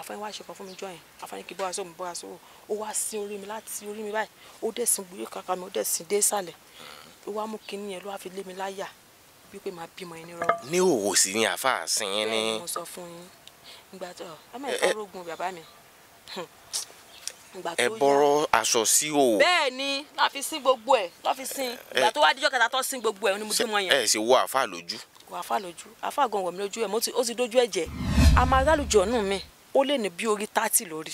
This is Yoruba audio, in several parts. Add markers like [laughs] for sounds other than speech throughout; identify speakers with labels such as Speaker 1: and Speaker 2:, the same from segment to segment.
Speaker 1: àfọyín wá ṣe kan fún mi jọ yẹn àfọyín kì í bọ́ra sóò mi bọ́ra sóò ó wá sí orí mi láti orí mi báyìí ó dẹ̀ sin gbúrí kankan mi ó dẹ̀ sin dé ìsàlẹ̀ mm. ó wá mú kinní yẹn ló wá fi lé mi láyà wípé màá bímọ ẹni rọ.
Speaker 2: ní òwò sí ni àfa àsìn yín ni. mo
Speaker 1: sọ fún yín ìgbà tó ẹ mẹ́rin kọ́ rógun bàbá mi. [laughs] ẹ bọ́rọ̀
Speaker 2: aṣọ sí òwò. bẹ́ẹ̀
Speaker 1: ni la fi sin gbogbo ẹ̀ la fi sin eh, ìgbà eh. tó wá díjọ́ kẹta tó sin gbogbo ẹ̀ ni mo bímọ yẹn. ẹ
Speaker 2: ṣe wo àfa lójú.
Speaker 1: wo àfa lójú àfa gan wọ̀ mí lójú ẹ̀ ó ti dójú ẹ̀jẹ̀ a máa rálùjọ́ nù mí ó lè ní bí orí tátì lórí.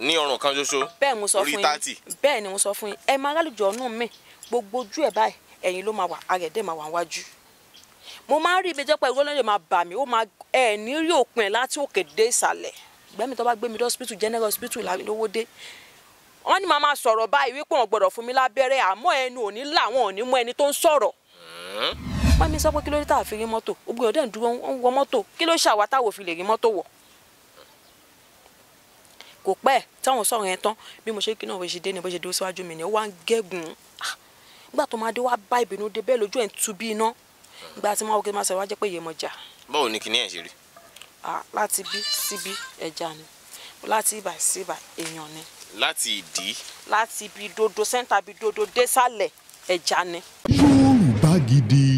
Speaker 2: ní ọrùn kan ṣoṣo orí tátì.
Speaker 1: bẹ́ẹ̀ ni mo sọ fún yín ẹ máa rálùjọ ọ̀nù mi gbogbo ojú ẹ̀ báyìí ẹ̀yìn ló máa wà ara ẹ̀ dẹ̀ máa wà wájú. mo máa ń rí ibi jẹ́pẹ́ ìwé lọ́yọ̀ máa bà mí ó máa ẹ̀ ní rí òpin láti òkè dé ìsàlẹ̀ gbẹ́mi tó bá gbé mi dé hospital general hospital lówó dé wọ́n ní màá máa sọ̀rọ̀ báyìí wípé wọ́n gbọ́dọ̀ fún mi lábẹ́rẹ́ àmọ́ ẹnu òní làwọn òní mú ẹni tó ń sọ̀rọ̀ bá mi sọ pé kí ló dé tá a fi rí mọ́tò ogun ọ̀dẹ́ ń dúró ń wọ mọ́tò kí ló ṣàwá táwọn òfin lè rí mọ́tò wọ̀ kò pẹ́ táwọn sọ̀rọ̀ yẹn tán bí mo ṣe kí náà bó ṣe dé ni bó ṣe dé síwájú mi ni ó wá ń gégùn ah! nígbà tó máa dé wá bá ìbínú dé bẹ́ẹ̀ lójú ẹ̀ ń tu iná nígbà tí wọ́n máa sọ wá pé iye mọ̀ jà.
Speaker 2: báwo ni kìnìún ẹ̀ ṣe rí.
Speaker 1: Ah! láti bí síbí ẹja ni láti ibà síbà
Speaker 2: èèyàn ni. láti ìdí.
Speaker 1: láti
Speaker 3: ibi dodo sẹ́ńtà ibi dodo désàlẹ̀ ẹja ni.
Speaker 4: Yorùbá Gidi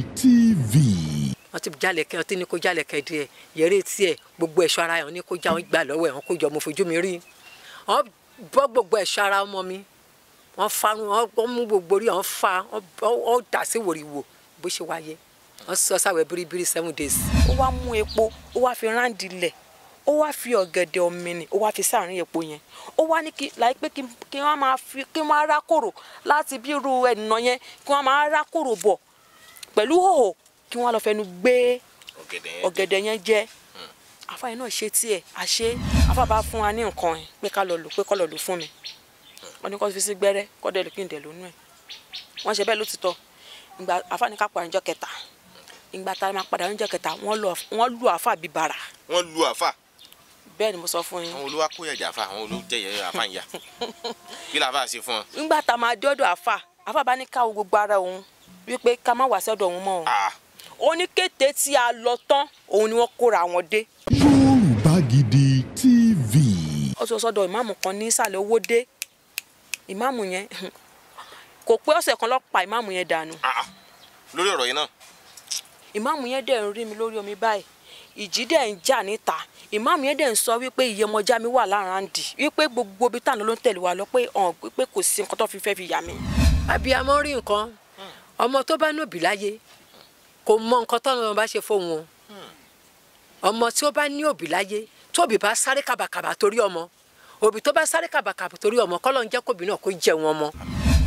Speaker 3: wọn ti jálẹ̀kẹ́ wọn ti ní kó jálẹ̀kẹ́ díẹ̀ yẹrẹ tiẹ̀ gbogbo ẹ̀ṣọ́ ara ẹ̀ wọn ní kó já wọn gbà lọ́wọ́ ẹ̀ wọn kó jọ mo fojú mi rí wọn bọ́ gbogbo ẹ̀ṣọ́ ara ọmọ mi wọn farun wọn mú gbogbo rí wọn fa wọn dà sí wòrìwò bó ṣe wáyé wọn sọ sáwẹ biribiri seven days. ó wá mú epo ó wá fi ráǹdì lẹ̀
Speaker 1: ó wá fi ọ̀gẹ̀dẹ̀ ọ̀mìnì ó wá fi sáàrin epo yẹn ó wá ní kí láì pé kí wọ́n máa fi kí wọ́n á rákòrò láti bí irú ẹ̀nà yẹn kí wọ́n máa rákòrò bọ̀ pẹ̀lú hòhò kí wọ́n lọ fẹnu gbé ọ̀gẹ̀dẹ̀ yẹn jẹ afa hmm. yẹn náà ṣe tiẹ̀ àṣe afa bá fún wa ní nǹkan ẹ̀ pé ká lọ lò pé kọ́ lọ lò fún mi hmm. wọ́n ní kó fi sí gbẹ́rẹ́ kó dẹ̀ lò kí lónú ẹ̀ wọ́n ṣe bẹ́ẹ̀ ló ti tọ́ ìgbà afa ní ká pa kẹta hmm. ìgbà tá a máa padà àyànjọ kẹta wọ́n lu afa
Speaker 2: bíi bàrà. wọ́n lu afa bẹ́ẹ̀ ni mo sọ fún yín. àwọn olówó akóyàjà àfa àwọn olójẹyẹ àfa ń ya kí la àfa ṣe fún ọ.
Speaker 1: nígbà tá a máa dọ́dọ̀ àfa àfa bá ní káwọ gbogbo ara òun wípé ká má wá sọ́dọ̀ òun mọ́ o. Ah ó ní kété tí a lọ tán òun ni wọ́n kóra wọn dé. Yorùbá
Speaker 4: Gidi TV.
Speaker 1: ó ti sọ́dọ̀ ìmáàmù kan ní ìsàlẹ̀ owó dé ìmáàmù yẹn [laughs] kò pé ọ̀sẹ̀ kan ló pa ìmáàmù yẹn dànù. Ah, ah. lórí ọ̀rọ̀ yìí náà. ìmáàmù yẹn dẹ̀ ń rí mi lórí omi báyìí ìjì dẹ̀ ń jà níta ìmáàmù yẹn dẹ̀ ń sọ wípé ìyẹmọjá mi wà lára ń dì wípé gbogbo ibi táwọn ló ń tẹ̀lé wa lọ pé kò
Speaker 3: sí nǹkan tó fi fẹ́ fi yà mí. abiyamọ rí nǹkan hmm. ọmọ tó bá nòbí láyé kò mọ nǹkan tọ́lọ́run bá ṣe fóun o ọmọ tí ó bá ní òbí láyé tóbi bá sáré kàbàkàbà torí ọmọ òbí tó bá sáré kàbàkàbà torí ọmọ kọ́lọ́n jẹ́ kóbi náà kó jẹun ọmọ.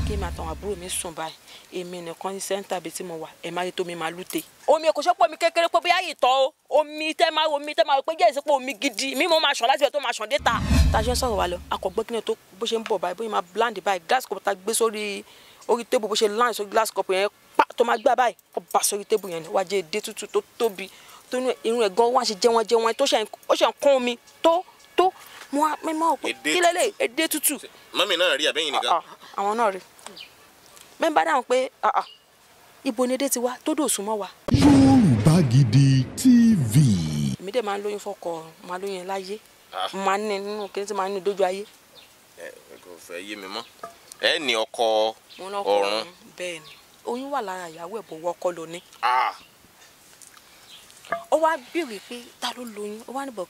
Speaker 3: kí n máa tàn àbúrò mi sùn
Speaker 1: báyìí èmi nìkan ní sẹ́ńtà bíi tí mo wà ẹ̀ máa rí tómi máa lùtè. omi kò ṣọ́pọ̀ mi kékeré pé bóyá ìtọ́ o omi tẹ́ máa omi tẹ́ máa pé jẹ́ ìsìnkú omi gidi mi mo máa ṣàn láti ibẹ̀ tó máa ṣàn déta. tá a ṣe ń sọ̀rọ̀ wa lọ akọ̀gbẹ́ kí ni tó bó ṣe ń bọ̀ báyìí bó máa bland báyìí gas cup ta gbé sórí orí tébù bó ṣe land sórí glass cup yẹn pa tó máa gbá báyìí kó bá sórí tébù yẹn ni wá jẹ́ èdè tútù tó tóbi tó ní irun ẹ̀ gan wá ṣe jẹ́wọ́n jẹ́wọ́n tó ṣe ó ṣe kún omi tó tó mo wá mi mọ́ òpin kí lélẹ̀ èdè tútù.
Speaker 2: mọ́mì náà rí àbẹ́yìn nìkan. Ah,
Speaker 1: ah, àwọn náà rí mẹ́ńbà dáhùn pé ah, ibo ni èdè ti wá tó dòsùn mọ́ wa.
Speaker 4: Yorùbá Gidi TV.
Speaker 1: èmi dẹ̀ máa ń lóyún fọkọ máa lóyún láyé máa ní nínú kí n ti máa ní dójú ayé.
Speaker 4: ẹ kò fẹ́
Speaker 2: yé mi mọ́ ẹ ní ọkọ ọ̀run.
Speaker 1: bẹ́ẹ̀ ni oyún wà lára ìyàwó ẹ̀ bọ̀ wọ́kọ́ ló ní. ó wá béèrè pé ta ló lóyún ó wá níbọ̀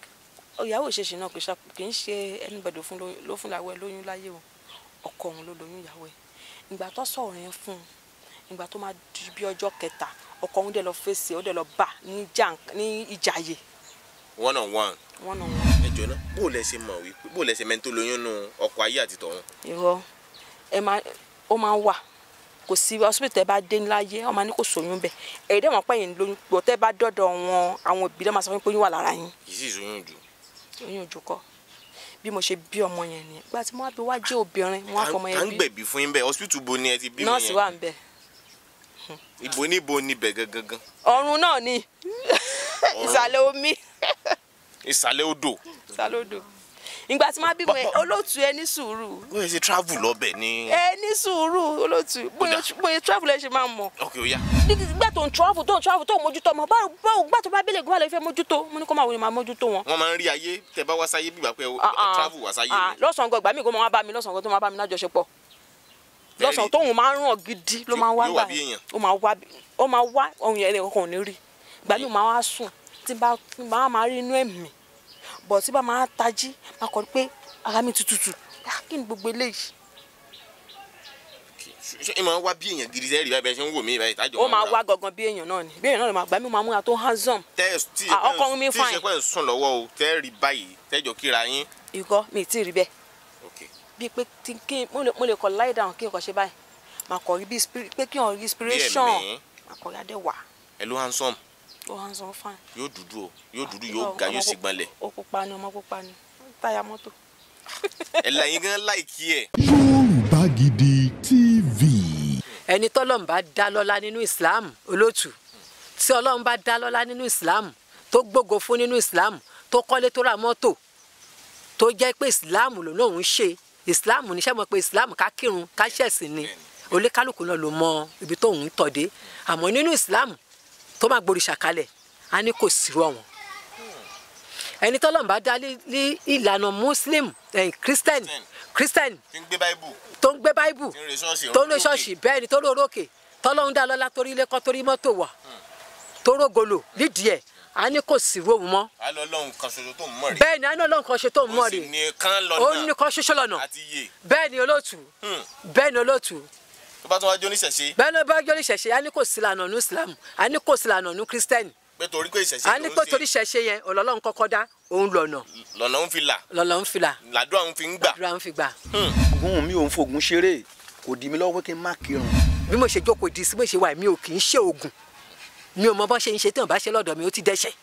Speaker 1: ìyàwó ìṣèṣì náà kì í ṣe ẹnìbẹ̀dọ̀ ló fún ìyàwó ẹ̀ lóyún láyé o ọkọ òun ló lóyún ìyàwó ẹ̀ ìgbà tó sọ̀rọ̀ yẹn fún un ìgbà tó máa di bí ọjọ́ kẹta ọkọ òun dẹ̀ lọ fèsì ó dẹ̀ lọ bà ní ìjàyè. one on one. one on
Speaker 2: one. ẹ jọ̀ọ́ náà bó lẹ ṣe mọ̀ wípé bó lẹ ṣe mẹ́ńtó lóyún nù ọkọ ayé àti tọ̀hún.
Speaker 1: irọ́ ẹ máa ó máa wà kò sí hospital tẹ́ bá dé láyé ọmọ ní kò sóyún bẹ́ẹ̀ ẹ̀ẹ́dẹ́ wọn pẹ́yìn lóyún pọ̀ tẹ́ bá dọ́dọ̀ wọn àwọn òbí lọ́mọ sọ fún pé oyún wà lára yín.
Speaker 2: yìí sì sóyún jù.
Speaker 1: oyún jù kọ́ bí mo ṣe bí ọmọ yẹn nìyẹn gba tí mo wá bí wá jẹ́ obìnrin mo wá fọmọ yẹn bí. à ń gbẹ̀bí
Speaker 2: fún yín bẹ́ẹ̀ hospital bo ni ẹ ti bí mi yẹn. nọ́ọ̀sì wà ń bẹ̀. ibo ní ibo ni bẹ̀ gangan.
Speaker 1: ọ̀run náà ni ìsàlẹ̀ omi.
Speaker 2: ìsàlẹ̀ odò. ìsàlẹ̀ odò
Speaker 1: ìgbà tí máa bímọ ẹ olóòtú ẹ ní sùúrù.
Speaker 2: bó ṣe travel lọ́bẹ̀ ni. ẹ
Speaker 1: ní sùúrù olóòtú bóyá travel ẹ ṣe máa mọ. ok oya. nígbà tó ń travel tó ń travel tó ń mójútó ọmọ báwo báwo gbà tó bá bílẹ̀ gbọ́ àlọ́ ìfẹ́ mójútó mo ní kó máa wọlé máa mójútó wọn.
Speaker 2: wọ́n máa ń rí ayé tẹ bá wá sáyé bíbá pé ah, ah. travel wá sáyé. Ah,
Speaker 1: lọ́sàn-án gbọ̀ngbà mi kò máa bá mi lọ́sàn-án tó máa bá mi lájọṣepọ̀ lọ́sàn-án tóun máa ń ràn gidi ló máa wá gbà ó máa wá ọ̀hún ẹ̀rẹ̀ ọkàn ò ní rí gbà mí máa wá sùn tí bá máa rí inú ẹ̀mí bọ̀ tí bá máa tají máa kọ́ pé ara mi tutù kí ni gbogbo eléyìí.
Speaker 2: ṣé ẹ máa wá bí èèyàn gidi sẹ́ẹ̀rì bá bẹ́ẹ̀ ṣe ń wò mí báyìí tájọ́ máa ń ó máa wá gangan bí èèyàn
Speaker 1: náà ni bí èèyàn náà ni màá gbà mí máa múra tó handsome.
Speaker 2: tẹ́ẹ̀sì tí ìṣẹ́pẹ́ ń sùn lọ́wọ́ o tẹ́ẹ̀rì báyìí tẹ́jọ́ kíra yín.
Speaker 1: ìkọ́ mi ì tí ì rí bẹ́ẹ̀ bíi pé kí mo lè kọ́ lie down kí n kọ́ ṣe báyìí màá kọ́ rí bíi pé kí n rí inspiration màá kọ́ rí adé ó handsome fine.
Speaker 2: yóò dúdú o yóò dúdú yóò ga yóò sì gbalẹ̀. ó
Speaker 1: pupa ni
Speaker 3: ọmọ pupa ni táyà mọ́tò. [laughs] ẹ lẹ́yìn gan láìkí
Speaker 4: ẹ̀. Yorùbá Gidi TV.
Speaker 3: ẹni tọ́lọ́run bá dá lọ́lá nínú Islam olóòtú tí Ọlọ́run bá dá lọ́lá nínú Islam tó gbógo fún nínú Islam tó kọ́lé tó ra mọ́tò tó jẹ́ pé Islam ló náà ń ṣe Islam níṣẹ́ mọ̀ pé Islam ká kírun ni oníkálukú náà ló mọ ibi tóun tọ̀ dé àmọ́ nínú Islam tó máa gborìṣà kalẹ̀ a ní kò sí rọ̀ wọ́n ẹni tọ́lọ́run bá dá ní ìlànà muslim christian christian tó ń gbé báíbù tó ń lé ṣọ́ọ̀ṣì bẹ́ẹ̀ ni tó ló rókè tọ́lọ́run dá lọ́lá torí ilé kọ́ torí mọ́tò wà tó rógolo nídìí ẹ̀ a ní kò sí róhùn mọ́.
Speaker 2: a lọ lọ́hùn kan ṣoṣo tó ń mọ̀ rè. bẹ́ẹ̀
Speaker 3: ni a ní ọlọ́hùn kan ṣoṣo tó ń mọ̀ rè. ó sì ní kan lọ́nà àti yè. bẹ́ẹ̀ ni olóòtú hmm. bẹ́ẹ̀ ni olóòtú
Speaker 2: tó bá tún wá jó ní ìṣẹ̀ṣe.
Speaker 3: bẹ́ẹ̀ ni bá jó ní ìṣẹ̀ṣe a ní kò sí lànà ní islam a ní kò sí lànà ní kírísítẹ́nì. pé torí pé ìṣẹ̀ṣe ló ń ṣe a ní pé torí ìṣẹ̀ṣe yẹn ọlọ́run kọ́kọ́ dá òun lọ̀nà. lọ̀nà ń fi là. lọ̀nà ń fi là.
Speaker 2: làdúrà ń fi ń
Speaker 3: gbà. làdúrà ń fi gbà. ogun hmm. mi ò ń fògùn ṣeré kò dì mí lọ́wọ́ kí n má kírun. bí mo ṣe jókòó di sí mo ṣe wà mí ò kì í ṣe oògùn mi ò mọ bọ́ ṣe ń ṣe tí wọn bá ṣe lọ́dọ̀ mi ó ti dẹ́ṣẹ̀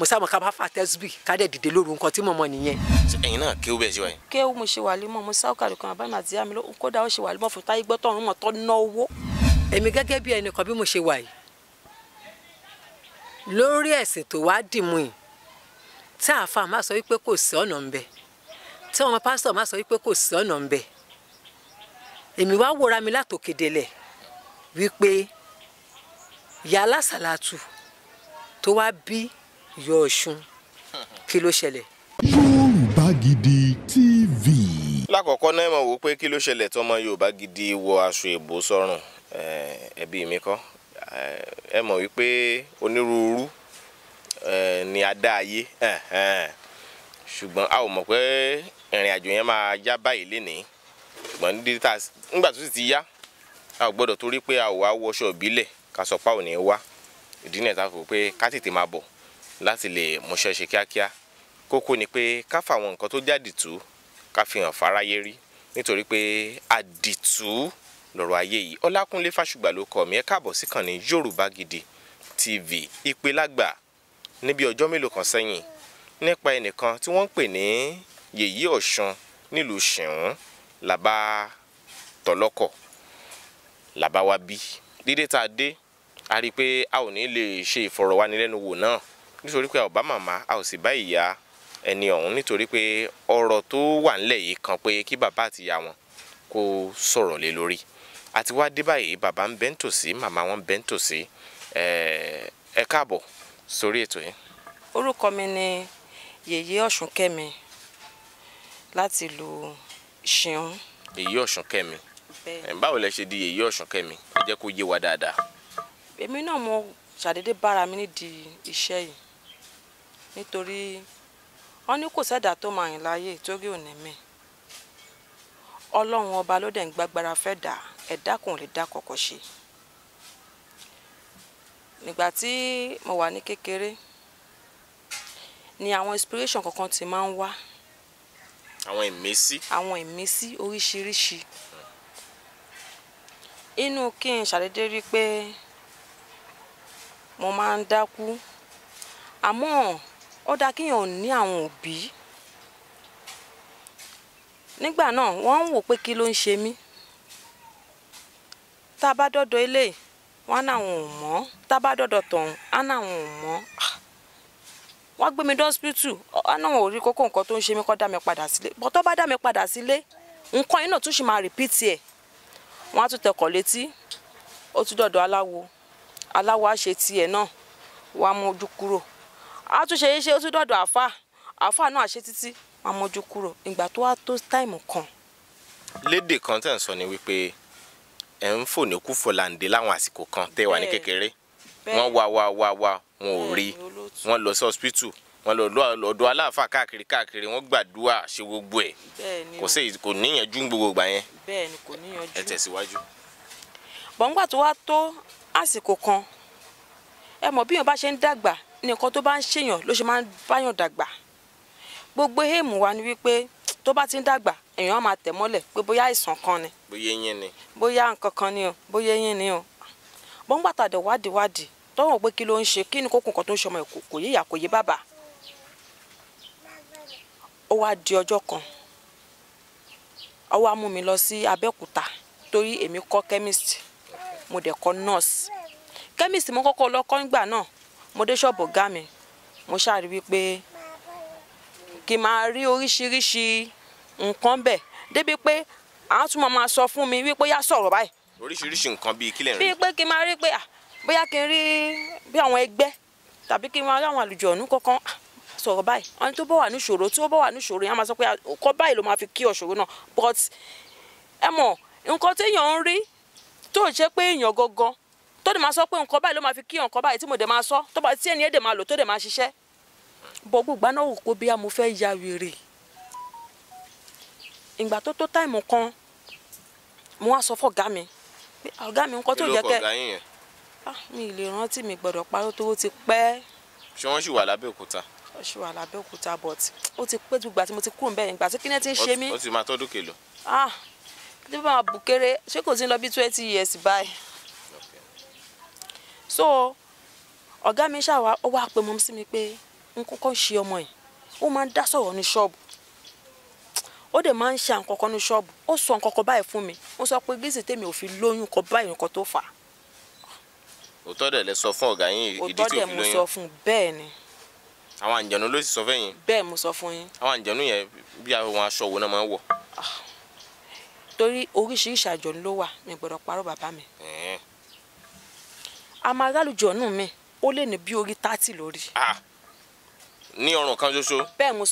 Speaker 3: mo sábà ká bá fà tẹ́sibì ká dẹ̀ dìde lóru nǹkan tí mo mọ̀ nìyẹn. ẹ̀yin náà kéwú bẹ́ẹ̀ sí wa yẹn.
Speaker 1: kéwú mo ṣe wàlímọ mo sáwùkàrì kan àbámi àti yá mi ló
Speaker 3: kódà ó ṣe wàlímọ fún táyé gbọ́ tọ̀run mọ̀ tọ́ ná owó. èmi gẹ́gẹ́ bí ẹnìkan bí mo ṣe wà yìí lórí ẹ̀sìn tó wá dìmú yìí tí àáfàá má sọ wípé kò sí ọ̀nà ńbẹ tí àwọn pásítọ̀ má sọ wípé kò sí ọ̀nà ńbẹ èmi wá wòra mi látòkèdélẹ̀ wípé ìyá alásàlátù tó wá bí yọ ọ̀ṣun kí ló ṣẹlẹ̀.
Speaker 4: Yorùbá Gidi TV.
Speaker 2: lákọ̀ọ́kọ́ náà mọ̀ wò pé kí ló ṣẹlẹ̀ tọmọ Yorùbá Gidi wọ aṣọ èbó sọ́rùn ẹbí mi kọ́ ẹ mọ̀ wípé onírúurú ni a dá ayé ṣùgbọ́n a ò mọ̀ pé ìrìn àjò yẹn máa já báyìí lénìí ṣùgbọ́n nígbà tó sì ti yá a ò gbọ́dọ̀ torí pé a ò wá wọṣọ ìbílẹ̀ ká sọ pa ò ní wá ìdí náà ta fò pé ká tètè máa bọ̀ láti lè múṣẹ́ ṣe kíákíá kókó ni pé ká fàwọn nǹkan tó jádìtú ká fi hàn fáráyé rí nítorí pé àdìtú lọ̀rọ̀ ayé yìí ọlákúnlé fásùgbà ló kọ mí ẹ káàbọ̀ sí kàn ní yorùbá gidi tv ìpèlágbà níbi ọjọ́ mélòó kan sẹ́yìn nípa ẹnìkan tí wọ́n ń pè ní yèyí ọ̀ṣun nílùú ṣẹ̀wọ̀n làbá tọlọ́kọ̀ làbá wa bí dídé tá a dé a rí i pé a ò ní lè ṣe ìfọ̀rọ̀wánilẹ́nuwò náà nítorí pé a ò bá màmá a ò sì bá ìyá ẹni ọ̀hún nítorí pé ọ̀rọ̀ tó wà ńlẹ̀ yìí kan pé kí bàbá àti ìyá wọn kó sọ̀rọ̀ lé lórí àti wá dé báyìí bàbá ń bẹ ń tòsí màmá wọn bẹ ń tòsí ẹ káàbọ̀ sórí ètò yìí.
Speaker 1: orúkọ mi ni yèyé ọ̀ṣunkẹ́mi láti ìlú ṣeun.
Speaker 2: yèyé ọ̀ṣunkẹ́mi báwo lẹ ṣe di yèyé ọ̀ṣunkẹ́mi ẹ jẹ́ kó yé wa dáadáa.
Speaker 1: èmi náà mo ṣàdédé bára mi nídìí iṣẹ́ yìí nítorí wọ́n ní kò sẹ́dá tó máa yìn láyé torí òní mi ọlọ́run ọba ló dẹ̀ ń gbàgbára fẹ́ dà ẹ̀dá kò lè dá kọ̀kọ̀ ṣe nígbà tí mo wà ní kékeré ni àwọn inspiration kankan ti máa ń wá
Speaker 2: àwọn ìmísí
Speaker 1: àwọn ìmísí oríṣiríṣi inú kí n ṣàdédé rí i pé mo máa ń dákú àmọ́ ó dáa kéèyàn ò ní àwọn òbí nígbà náà wọ́n ń wò pé kí ló ń ṣe mí tá a bá dọ́dọ̀ eléyìí wọ́n á náwọn ò mọ̀ tá a bá dọ́dọ̀ tọ̀hún á náwọn ò mọ̀ ah! wọ́n gbé mi dọ́sípítù á náwọn ò rí kókó nǹkan tó ń ṣe mí kó dá mi padà sílé bọ́ tó bá dá mi padà sílé nǹkan yìí náà tún ṣì máa rìpíìtì ẹ̀ wọ́n á tún tẹkọ̀ létí ó tún dọ̀dọ̀ aláwo aláwo á ṣe tiẹ̀ náà wàá mójú kúrò a tún ṣe é ṣe ó tún dọ̀dọ̀ àfa àfa náà ṣe títí máa mójú kúrò ìgbà tó wá tó táìmù kan.
Speaker 2: lédè kan tẹ̀ ń sọ ni wípé ẹ̀ ń fò ní kú fòlàǹdé láwọn àsìkò kan tẹ́ wà ní kékeré wọ́n wá wá wá wá wọn ò rí wọ́n lọ sí hospital wọ́n lọ ọ̀dọ̀ aláàfáà káàkiri káàkiri wọ́n gbàdúrà ṣe gbogbo ẹ̀ kò sí kò níyànjú gbogbo ìgbà yẹn ẹ tẹ̀síwájú.
Speaker 1: bọ̀ǹgbà tó wá tó àsìkò kan ẹ mọ̀ bí èèyàn bá ṣe ń dàgbà nǹkan tó bá ń ṣèyàn ló ṣe máa ń báyàn dàgbà gbogbo èèmù wa ni wípé tó bá ti ń dàgbà èèyàn máa tẹ̀ mọ́lẹ̀ pé bóyá àìsàn kan ni.
Speaker 2: bóyá eyín ni.
Speaker 1: bóyá nǹkan kan ni o bóyá eyín ni o. bọ́ńgbàtà dẹ̀ wádìí wádìí tọ́wọ́n pé kí ló ń ṣe kí ni kókùn kan tó ń ṣe ọmọ ẹ̀ kò yé ìyá kò yé bàbá. ó wá di ọjọ́ kan ó wá mú mi lọ sí Abẹ́òkúta torí èmi kọ́ chemist mo dẹ̀ kọ́ nurse chemist mo kọ́kọ́ lọ kọ́ náà mo dé ṣọ́ọ̀bù ọ̀gá mi mo ṣàrí wípé kí n máa rí oríṣiríṣi nǹkan bẹ̀ débi pé àwọn tún máa sọ fún mi wípé yá sọ̀rọ̀ báyìí.
Speaker 2: oríṣiríṣi nǹkan bíi kílẹ̀
Speaker 5: rí. bíi
Speaker 1: pé kí n máa rí pé ah, bóyá kí n rí bí àwọn ẹgbẹ́ tàbí kí n máa rí àwọn àlùjọ̀nú kankan ah, sọ̀rọ̀ báyìí ọ̀ni tó bọ̀ wà níṣòro tó bọ̀ wà níṣòro yẹn á máa sọ pé ọkọ ah, báyìí ló máa fi kí ọ̀ṣòro náà but ẹ mọ̀ nǹkan téèyàn ń rí tó jẹ́ pé èèyàn gangan tó dẹ̀ máa sọ pé nǹkan báyìí ló máa fi kí nǹkan báyìí tí mo dẹ̀ máa sọ tó bá tí ẹni ẹ̀ dẹ̀ máa lò tó dẹ̀ máa ṣiṣẹ́ bọ́ gbogbo àná wò kó bíyà mo fẹ́ ya wèrè ìgbà tó tó táìmù kan mo wá sọ fọ́gá mi ọ̀gá mi nǹkan tó yẹ kẹ́ ah, mi ì lè rántí mi gbọ́dọ̀ parọ́ tó ti pẹ́.
Speaker 2: ṣé wọ́n ṣì wà lábẹ́òkúta.
Speaker 1: wọ́n ṣì wà lábẹ́òkúta but ó ti pẹ́ ju ìgbà tí mo ti kúrò bẹ́ẹ̀ ìgbà tí kíní ti ń ṣe mí. ó
Speaker 2: ti máa tọ́dún kèlò.
Speaker 1: ah bí wọ́n máa bù kéré ṣé kò sí lọ bí twenty years báyìí so ọ̀gá mi ṣàwá ó wá pe mọ́ sí mi pé n kọ́kọ́ ṣe ọmọ yìí ó máa ń dá sọ̀rọ̀ ní ṣọ́ọ̀bù ó dẹ̀ máa ń ṣe àǹkọ̀kọ̀ ní ṣọ́ọ̀bù ó sọ àǹkọ̀kọ̀ báyìí fún mi ó sọ pé gbèsè tèmi ò fi lóyún kọ báyìí nǹkan tó fà á.
Speaker 2: òótọ́ dẹ̀ lẹ sọ fún ọ̀gá yín ìdí tí ò fi
Speaker 1: lóyún bẹ́ẹ̀ ni.
Speaker 2: àwọn àǹjẹ̀nu ló sì sọ fẹ́ yín.
Speaker 1: bẹ́ẹ̀ mo sọ fún yín.
Speaker 2: àwọn àǹjẹ̀nu yẹn bí àwọn aṣọ wo náà máa ń wọ̀. Ah.
Speaker 1: torí oríṣiríṣi àjọ̀nú ló wà mi gbọ́dọ̀ parọ́ bàbá mi. Eh amaralujọ̀nù mi ó lè ní bí orí tátì lórí.
Speaker 2: ní ọrùn kan ṣoṣo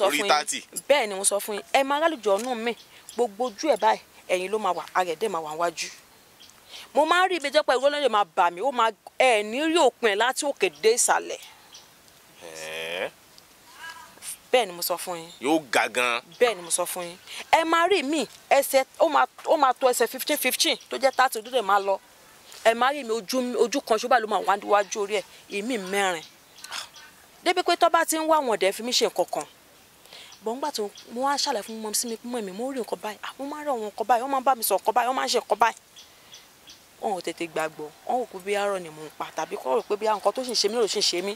Speaker 2: orí tátì.
Speaker 1: bẹ́ẹ̀ ni mo sọ fún yín ẹ máa rálùjọ̀nù mi gbogbo ojú ẹ̀ báyìí ẹ̀yìn ló máa wà ara ẹ̀ dẹ̀ máa wà wájú. mo máa ń rí ibi jẹ́pẹ́ ìwé lọ́yọ̀ máa bà mí ó máa ẹ̀ ní rí òpin ẹ̀ láti òkè dé ìsàlẹ̀. bẹ́ẹ̀ ni mo sọ fún
Speaker 2: yín. yóò ga gan.
Speaker 1: bẹ́ẹ̀ ni mo sọ fún yín. ẹ máa rí mi ẹsẹ̀ ó máa tó ẹsẹ̀ fifteen fifteen tó jẹ́ thirty ó dẹ̀ máa ẹ má rí mi ojú kan ṣùgbọ́n ló máa wá níwájú orí ẹ̀ èmi mẹ́rin débi pé tọ́ bá ti ń wá àwọn ọ̀dẹ́ fi mí ṣe nǹkan kan bọ̀ ńgbà tó mo wá ṣàlàyé fún mọ́ sí mi mọ́ mi mo rí nǹkan báyìí àwọn ah, máa ń rẹ̀ wọn nǹkan báyìí wọ́n máa ń bá mi sọ nǹkan báyìí wọ́n máa ń ṣe nǹkan báyìí wọn ò tètè gbàgbọ́ wọn ò kú bí arọ ni mò ń pa tàbí kọ́ rò pé bí nǹkan tó ṣì ń ṣe mí ló ṣì ń ṣe mí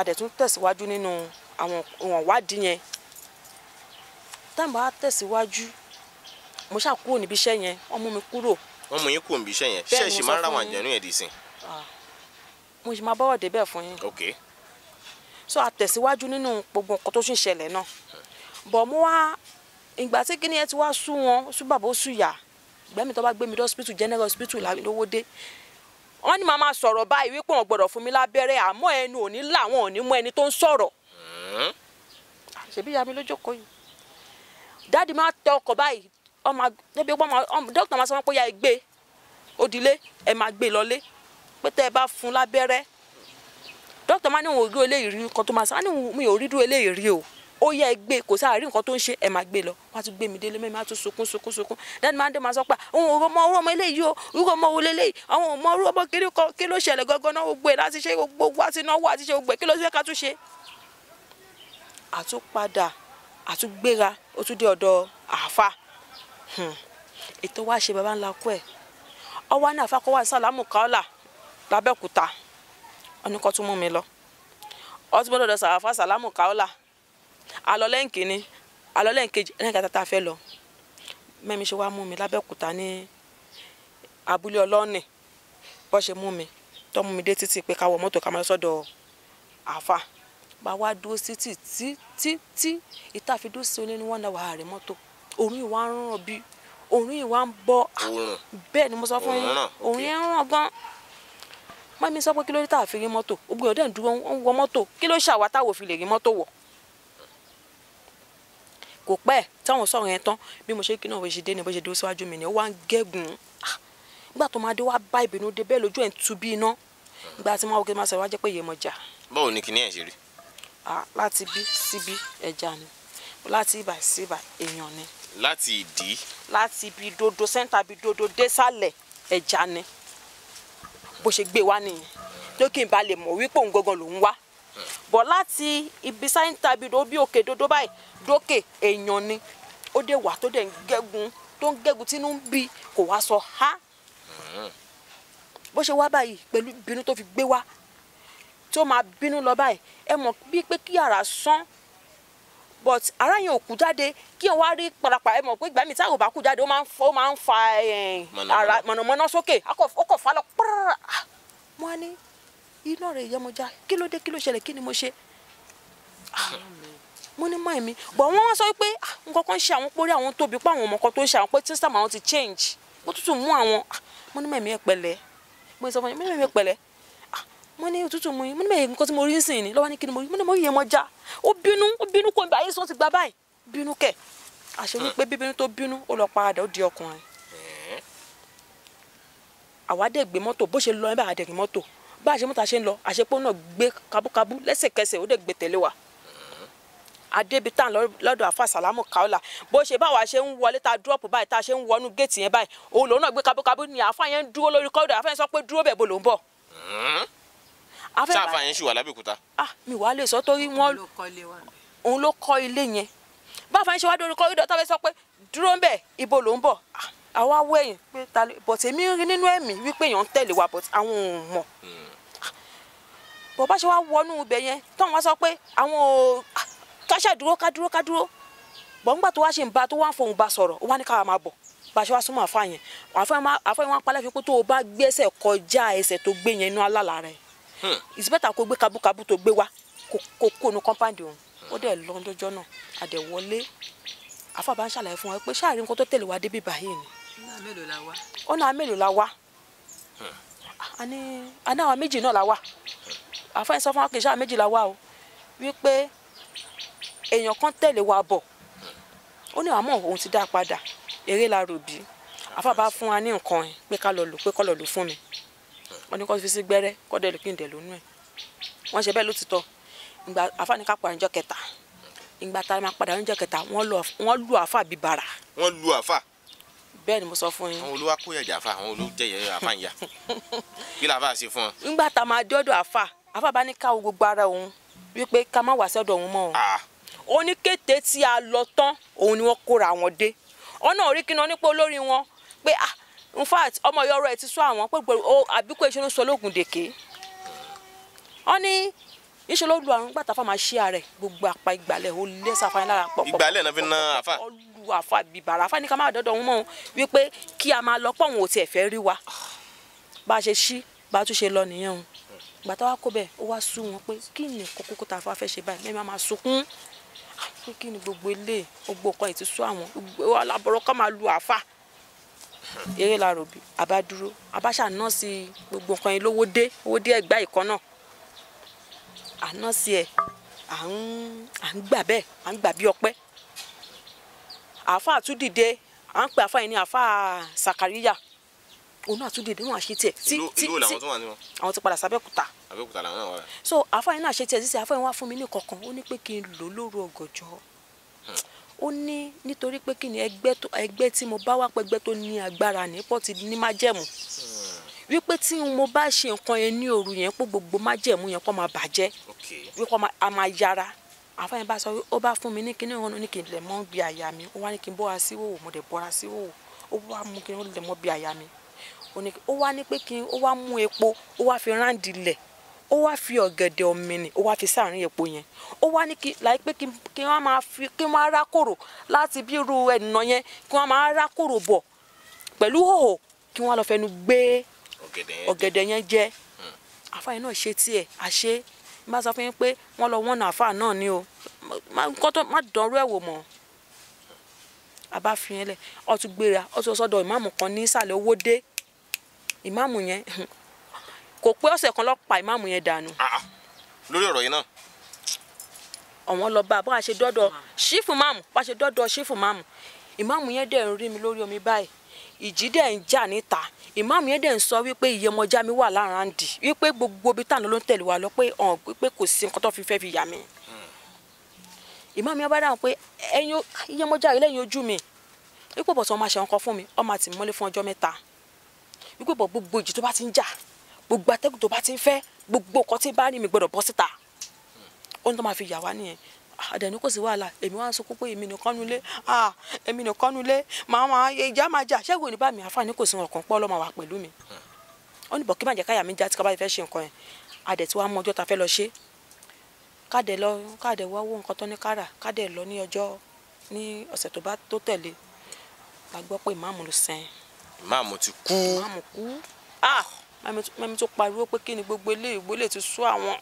Speaker 1: àdẹ̀tún tẹ̀síwájú nínú àwọn ìwọ̀n wádìí yẹn táwọn bá tẹ̀síwájú mo ṣàkúrò níbi iṣẹ́ yẹn wọ́n mú mi kúrò
Speaker 2: wọ́n mú yín kò ń bí iṣẹ́ yẹn ṣẹ́ẹ̀ṣì máa ń ráwọn àjẹnú yẹn dì sí.
Speaker 1: Ah. mo sì máa bọ́wọ̀ débẹ̀ fún yín. ok. so àtẹ̀síwájú nínú gbogbo nǹkan tó tún ṣẹlẹ̀ náà bọ̀ mo wá ìgbà tí kíni ẹ ti wá sú wọn sú bàbá ó sú yà gbẹ́mi tó bá gbé mi lọ hospital general hospital lówó dé wọ́n ní màá máa sọ̀rọ̀ báyìí wípé wọ́n gbọ́dọ̀ fún mi lábẹ́rẹ́ àmọ́ ẹnu òní làwọn òní mú ẹni tó ń sọ̀rọ̀ hmm. ah, ṣèbí ya mi lójókòó yìí dáàdi máa tẹ ọkọ̀ báyìí ọmọ débi pé dókítà máa sọ wọn pé ya gbé òdìlé ẹ máa gbé lọlé pé tẹ́ ẹ bá fún lábẹ́rẹ́ dókítà máa ní òun ò rí eléyìí rí nǹkan tó máa sọ mi ò rí dúró eléyìí rí o ó yẹ ẹ gbé kò sáà rí nǹkan tó ń ṣe ẹ máa gbé lọ wọn á tún gbé mi délé mẹ́rin á tún sunkún sunkún sunkún dáni máa ń dé máa sọ pé òun ò mọ orú ọmọ eléyìí o orú ọmọ wo leléyìí àwọn ọmọ orú ọmọ kiri kọ kí ló ṣẹlẹ̀ gangan náà gbogbo ẹ̀ láti ṣe gbogbo àti náwó àti ṣe gbogbo ẹ̀ kí ló ṣe ká tún ṣe. àtúnpadà àtúngbéra ó tún dé ọ̀dọ̀ àáfàá Hmm. ètò wa ṣe baba ńlá kú ẹ̀ ọwọ́ ní àfakọ́wá sàlámù kaola làbẹ́òkúta ọ̀nìkan tún mú mi lọ ọtí gbọ́dọ̀ sàràfà sàlámù kaola alọ́lẹ́ǹkì ni alọ́lẹ́ǹkejì ẹ̀rẹ́ǹkà tá a fẹ́ lọ mẹ́mi ṣe wá mú mi lábẹ́òkúta ní abúlé ọlọ́ọ̀nì bọ́ ṣe mú mi tọ́ mú mi dé títì pé ká wọ mọ́tò ká sọ́dọ̀ àfà bá wá dúró sí títí títí ìta fi dúró sí oní ní wọ́n náà wà á rí mọ́tò òórùn ìwà ń ràn bí òórùn ìwà ń bọ́ ah, bẹ́ẹ̀ ni mo sọ fún yín òórùn yẹn ń ràn gan mami sọ pé kí ló dé tá a fi rí mọ́tò gbogbo ọ̀dẹ́ ń dúró ń wọ mọ́tò kí ló ṣàwá táwọn òfin lè rí mọ́tò wọ̀ kò pẹ́ táwọn sọ̀rọ̀ yẹn tán bí mo ṣe kí náà bó ṣe dé ni bó ṣe dúró síwájú mi ni ó wá ń gẹ́gùn ah, nígbà tó máa dé wá bá ìbínú dé bẹ́ẹ̀ lójú ẹ̀ ń tu bí iná nígbà tí máa wọ́n máa sọ̀rọ̀ wá jẹ́ pé yé mọ̀jà.
Speaker 2: báwo ni kìnìún ẹ̀ ṣe rí.
Speaker 1: Ah, láti bí síbí ẹja ni láti ibà sí
Speaker 2: èèyàn ni láti ìdí.
Speaker 1: láti ibi dodo sẹ́ńtà ibi dodo désàlẹ̀ ẹja ni bó ṣe gbé wá nìyẹn lókè ìbá lè mọ̀ wípé òun gangan lòún wá bọ̀ láti ibi sẹ́ńtà ibi dodo bí òkè dodo báyìí dókè èèyàn ni ó dé wà tó dẹ̀ ń gẹ́gun tó ń gẹ́gun tínú ń bí kò wá sọ ha bó ṣe wá báyìí pẹ̀lú ìbínú tó fi gbé wá tó máa bínú lọ báyìí ẹ mọ̀ bíi pé kí yàrá sán but ara yẹn ò kú jáde kí n wá rí parapa ẹ mọ̀ pé ìgbà mi táwọn ò bá kú jáde ó máa ń fa ó máa ń fa eh, ara mọ̀nàmọ́ná sókè ó kọ̀ fa lọ pẹ́rẹ́rẹ́ mo á ní iná rẹ̀ ìyọmọjá kí ló dé kí ló ṣẹlẹ̀ kí ni mo ṣe mo ní mọ́ ẹ̀mí bọ̀ wọ́n wá sọ pé nǹkan kan ṣe àwọn pórí àwọn tóbi pé àwọn ọmọ kan tó ń ṣe àwọn pé system àwọn ti change mo tútù mú àwọn mo ní mọ́ ẹ̀mí ẹ̀pẹ̀lẹ́ mo sọ fún mi mo ní mọ́ ẹ̀mí ẹ̀pẹ̀lẹ́ mo ní òtútù mu yín mo ní bẹ́ẹ̀ nǹkan tí mo rí ń sìn ni lọ́wọ́ ní kí ni mo rí mo ní mo rí yẹmọ já ó bínú ó bínú kò ní báyìí sọ ti gba báyìí bínú kẹ̀ àṣẹ wípé bíbínú tó bínú ó lọ padà ó di ọkùnrin àwa dẹ̀ gbé mọ́tò bó ṣe lọ ẹ bá a dẹ̀ gbé mọ́tò bá a ṣe mọ́tò a ń lọ àṣepọ̀ náà gbé kabúkabú lẹ́sẹ̀kẹsẹ̀ ó dẹ̀ gbé tẹ̀lé wa adébi tán lọ́dọ̀ àfa sàlámù kaola bó ṣe báwa ṣe ń wọlé ta dúrọ́pù báyìí tá a ṣe ń wọnú géètì yẹn báyìí òun lòun náà gbé kabúkabú ni àfa yẹn ń dúró lórí kọ́ọ̀dọ̀ àfa yẹn sọ pé dúró bẹ̀ bó lòun bọ̀
Speaker 2: sáfà yẹn ṣì wà lábẹ́òkúta.
Speaker 1: ah mi wàá lè sọ torí wọn òun ló kọ́ ilé yẹn báfa yẹn ṣe wá dórí kọ́rídọ̀ tó fẹ́ sọ pé dúró ń bẹ̀ ibo ló ń bọ̀ àwa ah, wọ ẹ̀yìn pé ta lè bọ̀t èmi rí nínú ẹ̀mí wípé èèyàn ń tẹ̀lé wa bọ̀t àwọn ò mọ̀ hmm. bọ̀bá ṣe wá wọnú ibẹ̀ yẹn tọ́wọ́n wá sọ pé àwọn ò ah, káṣẹ́ dúró ká dúró ká dúró bọ̀ǹgbà tó wá ṣe ń ba tó wá ń fohùn ba sọ̀rọ̀ ó wá ní káwa máa bọ̀ bá a ṣe wá súnmọ́ àfa yẹn àfa yẹn wá palẹ́ fi pé tó o bá gbé ẹsẹ̀ kọjá ẹsẹ̀ tó gbé yẹn inú alálàá Hmm. it's better kó gbé kábúkábú tó gbé wá kó kó nu compound òun ó dẹ̀ lọ lọ́jọ́ náà àdẹ̀wọlé àfàbà ń ṣàlàyé fún wa pé ṣáàrin nǹkan tó tẹ̀lé wa débi báyìí ni.
Speaker 3: ọ̀nà mélòó la wá.
Speaker 1: ọ̀nà mélòó la wá. àní hmm. àní àwọn méjì náà la wá àfẹ́yìn sọ fún wa kì í ṣáà méjì la wá o wípé èèyàn kan tẹ̀lé wa bọ̀ ó ní àmọ́ òun ti dá a padà eré la rò bí àfàbà fún wa ní nǹkan pé ká lọ lò pé kọ́ lọ lò fún mi wọ́n ní kó fi sí gbẹ́rẹ́ kó dẹ̀ kí n dẹ̀ lónú ẹ̀ wọ́n ṣe bẹ́ẹ̀ ló ti tọ́ ìgbà àfa ní ká pa ọjọ́ kẹta ìgbà tá a máa padà ọjọ́ kẹta wọ́n lu àfa bíi bàrà. wọ́n lu àfa. bẹ́ẹ̀ ni mo sọ fún yín.
Speaker 2: àwọn olówó akóyàjà àfa àwọn olówó jẹyẹ àfa ìyá kí la àfa ṣe fún ọ.
Speaker 1: ìgbà tá a máa dé àfa àfa bá ní káwọ gbogbo ara òun wípé ká má wá sọ́dọ̀ òun mọ́ o ah. tí a lọ tán òun ni wọ́n kóra wọn dé ọ̀nà orí kí ni pé ah in fact ọmọ yọrọ ẹ ti sọ àwọn pé gbogbo àbíkú iṣẹ́ ló sọ lóògùn dèké wọ́n ní iṣẹ́ ló lu àrùn gbàtà fáwọn aṣíà rẹ̀ gbogbo apá ìgbàlẹ̀ ó lé sàfáyín lára pọ̀ pọ̀ ìgbàlẹ̀ náà fi ná àfà olú àfà bìbàrà àfà ní ká má dọ́dọ̀ wọn mọ́ wọn wípé kí a máa lọ pọ̀wọ̀n ò tiẹ̀ fẹ́ rí wa bá a ṣe ṣí bá a tún ṣe lọ nìyẹn o gbàtà wa kó bẹ́ẹ̀ ó wá sú wọn pé kí ni kókó kó ta fẹ́ ṣe báyìí mẹ́ẹ̀má máa sunkún pé kí ni gbogbo ilé gbogbo ọkọ ẹ̀ ti sú àwọn eré la rò bí àbá dúró àbá ṣà nọ́ọ̀sì gbogbo nǹkan yẹn lówó dé owó dé ẹgbà ìkan náà à nọ́ọ̀sì ẹ̀ à ń gbà bẹ́ẹ̀ à ń gbà bí ọpẹ́ àáfàá tún dìde à ń pè àáfàá yẹn ní àáfàá sàkàríyà òun àtún dèdè wọn àṣetì ẹ tí tí tí àwọn ti padà sábẹ́kúta so àfọyín náà àṣetì ẹ sísè àfọyín wá fún mi ní kọ̀ọ̀kan ó ní pé kí n lò lóru ọ̀gànjọ́ ó ní nítorí pé kí ni ẹgbẹ́ tó ẹgbẹ́ tí mo bá wá pẹ́gbẹ́ tó ní agbára ní pọ́ọ̀tì ní májẹ̀mú wípé tí mo bá ṣe nǹkan yẹn ní òru yẹn pé gbogbo májẹ̀mú yẹn kó máa bàjẹ́ wípé a máa yára àfa yẹn bá sọ ó bá fún mi ní kíní ìrànú ní kí n lè mọ́ bí àyà mi ó wá ní kí n bọ́ra sí òwò mo dẹ̀ bọ́ra sí òwò ó wá mú kí n lè mọ́ bí àyà mi ó wá ní pé kí n ó wá mú epo ó wá fi ráǹdì lẹ̀ ó wá fi ọ̀gẹ̀dẹ̀ ọ̀mìnì ó wá fi sáàrin epo yẹn ó wá ní kí láì pé kí wọ́n máa fi kí wọ́n ará kòrò láti bí irú ẹ̀nà yẹn kí wọ́n máa ará kòrò bọ̀ pẹ̀lú hòhò kí wọ́n lọ fẹnu gbé ọ̀gẹ̀dẹ̀ yẹn jẹ hmm. àfáà yẹn náà ṣe tiẹ̀ àṣe bá sọ fún yín pé wọ́n lọ wọ́n nà àfáà náà ni o má dánrú ẹ̀ wò mọ́ àbáfihàn lẹ̀ ó gbéra ó sọ́dọ̀ ìmáàmù kan ní ìsàlẹ̀ owó dé ìmáàmù yẹn kò pé ọ̀sẹ̀ kan lọ́ọ́ pa ìmáàmù yẹn dànù. Ah, ah. lórí ọ̀rọ̀ yìí náà. ọ̀wọ́n lọ bá a bá a ṣe dọ́dọ̀ ṣífù máàmù bá a ṣe dọ́dọ̀ ṣífù máàmù ìmáàmù yẹn dẹ̀ ń rí mi lórí omi báyìí ìjì dẹ̀ ń jà níta ìmáàmù yẹn dẹ̀ ń sọ wípé ìyẹmọjá mi wà láràndì wípé gbogbo ibi táwọn ló ń tẹ̀lé wa lọ pé ọ̀n pé kò sí nǹkan tó fi fẹ́ fi yà mí. Hmm. ìmáàmù yẹn bá dáhùn pé ẹyin ìyẹmọjá rẹ lẹ́yìn ojú mi wípé bọ̀tọ̀ ọmọ àṣẹ wọn kan fún mi ọmọ gbogbo atẹ́gùn tó bá ti ń fẹ́ gbogbo nǹkan tí bá ní mi gbọ́dọ̀ bọ́ síta ohun tó máa fi yà wá nìyẹn àdẹ̀nu ah, kò sí wàhálà èmi wá ń sọ pé èmi nìkan nulẹ̀ ah, èmi nìkan nulẹ̀ màá máa ìjà máa jà ṣẹ́gun òní bá mi àfààní kò sí ọkàn pọ́ lọ́mọ wa pẹ̀lú mi ó ní bọ̀kí bàjẹ́ káyà mi já tí ká fẹ́ ṣe nǹkan yẹn àdẹ̀ tí wàá mọ ọjọ́ ta fẹ́ lọ ṣe káàdẹ̀ lọ káàdẹ̀ wá owó nǹkan tó ní kára káàdẹ̀ lọ ní ọjọ́ ní ọ̀sẹ̀ tó bá tó tẹ̀lé la gbọ́ pé ìmáàmù ló sẹ́yìn. ah mẹ́mi tó pariwo pé kí ni gbogbo eléyìí gbogbo eléyìí ti sú àwọn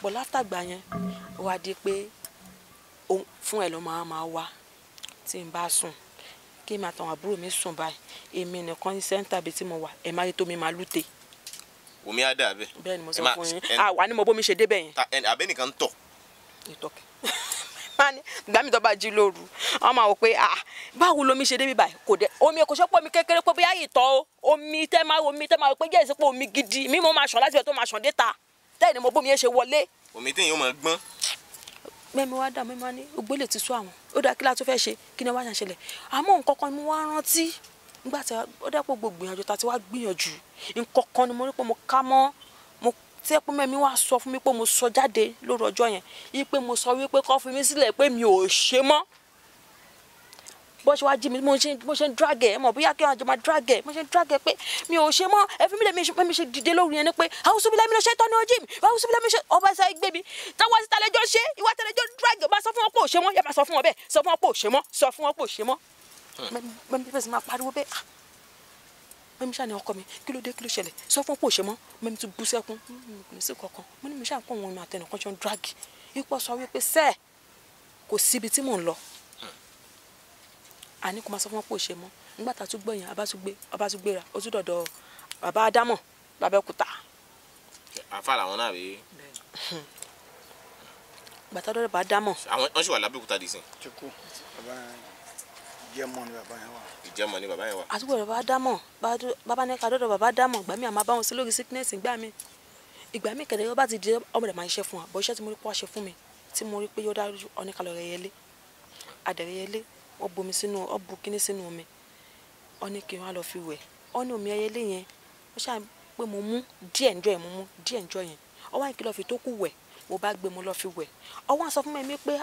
Speaker 1: bọ̀ látàgbà yẹn ó wá di pé fún ẹ̀ ló máa máa wá tí n bá sùn kí màá tàwọn àbúrò mi sùn báyìí èmi nìkan ní sẹ́ńtà bíi tí mo wà ẹ̀ máa yẹ tó mi máa lùtè.
Speaker 2: omi á dà bẹ́ẹ̀. bẹ́ẹ̀ ni mo sọ fún yín àwa ni mo bó mi ṣe débẹ̀ yẹn. abẹ́nìkan ń tọ̀. ìtọ́kẹ́
Speaker 1: ní ìgbà mi tó bá jí lóru wọn máa wò pé ah báwo lomi ṣe débi báyìí kò dé omi kò ṣe pé omi kékeré pé bóyá ìtọ̀ o omi tẹ́ máa omi tẹ́ máa wò pé jẹ́ ìsìnkú omi gidi mi mo máa ṣàn láti ibẹ̀ tó máa ṣàn déta tẹ́ẹ̀ ni mo bómi yẹn ṣe wọlé.
Speaker 2: omi tí èèyàn máa gbọ́n. mẹ́mi wá dà mí máa
Speaker 1: ní ògbélé ti sú àwọn ó dáa kí la tó fẹ́ ṣe kí ni wá ṣàṣẹlẹ̀ àmọ́ nǹkan kan ni wọ́n á rántí nígbà tí ó dẹ́pọ̀ gbogbo ìgbìyànjú ta ti wá gbìyànjú nǹkan ni mo rí pé mo ká mọ́ tí ẹ pé mẹ́mi wá sọ fún mi pé mo sọ jáde lóru ọjọ́ yẹn yìí pé mo sọ wípé kọ́ fi mí sílẹ̀ pé mi ò ṣe mọ́ bó ṣe wá jí mi mo ṣe ń drag ẹ mọ bóyá kí wọn jọ máa drag ẹ mo ṣe ń drag ẹ pé mi ò ṣe mọ ẹfí mi lè mi ṣe dìde lórí yẹn ni pé àwùsù mi lẹ́mi lọ ṣe tọ́nu ojú mi àwùsù mi lẹ́mi ṣe ọba ẹsẹ̀ gbé mi táwọn ti talẹ́jọ́ ṣe ìwà talẹ́jọ́ drag ẹ máa sọ fún wọn pé ò ṣe mọ́ yẹ máa sọ fún wọn bẹ́ẹ̀ sọ fún wọn pé ò ṣe mọ́ sọ fún wọn pé ò ṣe mọ́ mẹ́mi bẹ́ẹ̀ sì máa pariwo bẹ́ẹ̀ ah, mẹ́mi ṣáà ní ọkọ mi kí ló dé kí ló ṣẹlẹ̀ sọ fún pò ṣe mọ́ mẹ́mi ti bú sẹ́kún kò sí kankan mo ní mi ṣáà ń pọ̀ wọn ìmọ̀ ṣe ń dragi ipò sọ wípé sẹ́ẹ̀ kò síbi tí mò ń lọ àní kò máa sọ fún pò ṣe mọ́ nígbà tá a tún gbẹ̀yìn abá tún gbéra dọ̀dọ̀ bàbá Ádámọ̀ l'Abẹ́òkúta.
Speaker 2: àfa làwọn náà rèé.
Speaker 1: bàtà dọ́dọ̀ bàbá Ádámọ̀.
Speaker 2: àwọn wọ́n wà l'Abẹ́òkúta dì ìjẹmọ ni bàbá yẹn wà. ìjẹmọ ni bàbá yẹn wà.
Speaker 1: àtúgbò rẹ bá dámọ̀ bàbá ní ká dọ́dọ̀ bàbá dámọ̀ ìgbà mi àmọ́ bá wọn sí lórí sickness ìgbà mi ìgbà mi kẹ̀dẹ̀ yóò bá ti di ọmọ rẹ̀ máa ń fún wa bọ́ iṣẹ́ tí mo rí pọ́ ṣe fún mi tí mo rí pé yóò dájú ọ̀nìkalọ̀ rẹ̀ yẹlé àdẹ̀rẹ̀ yẹlé wọ́n bomi sínú ọ bu kíní sínú omi ọ̀nì kí wọ́n á lọ fi wẹ̀ ọ̀nì omi ẹyẹlé yẹn ó ṣáà pé mo mú díẹ̀ ǹjọ́ yẹn mo mú díẹ̀ ǹjọ́ yẹn ọwọ́ àyìnkí lọ fi tó kù wẹ̀ mo bá gbé e, mo lọ fi wẹ̀ ọwọ́ àsọ fún mi pé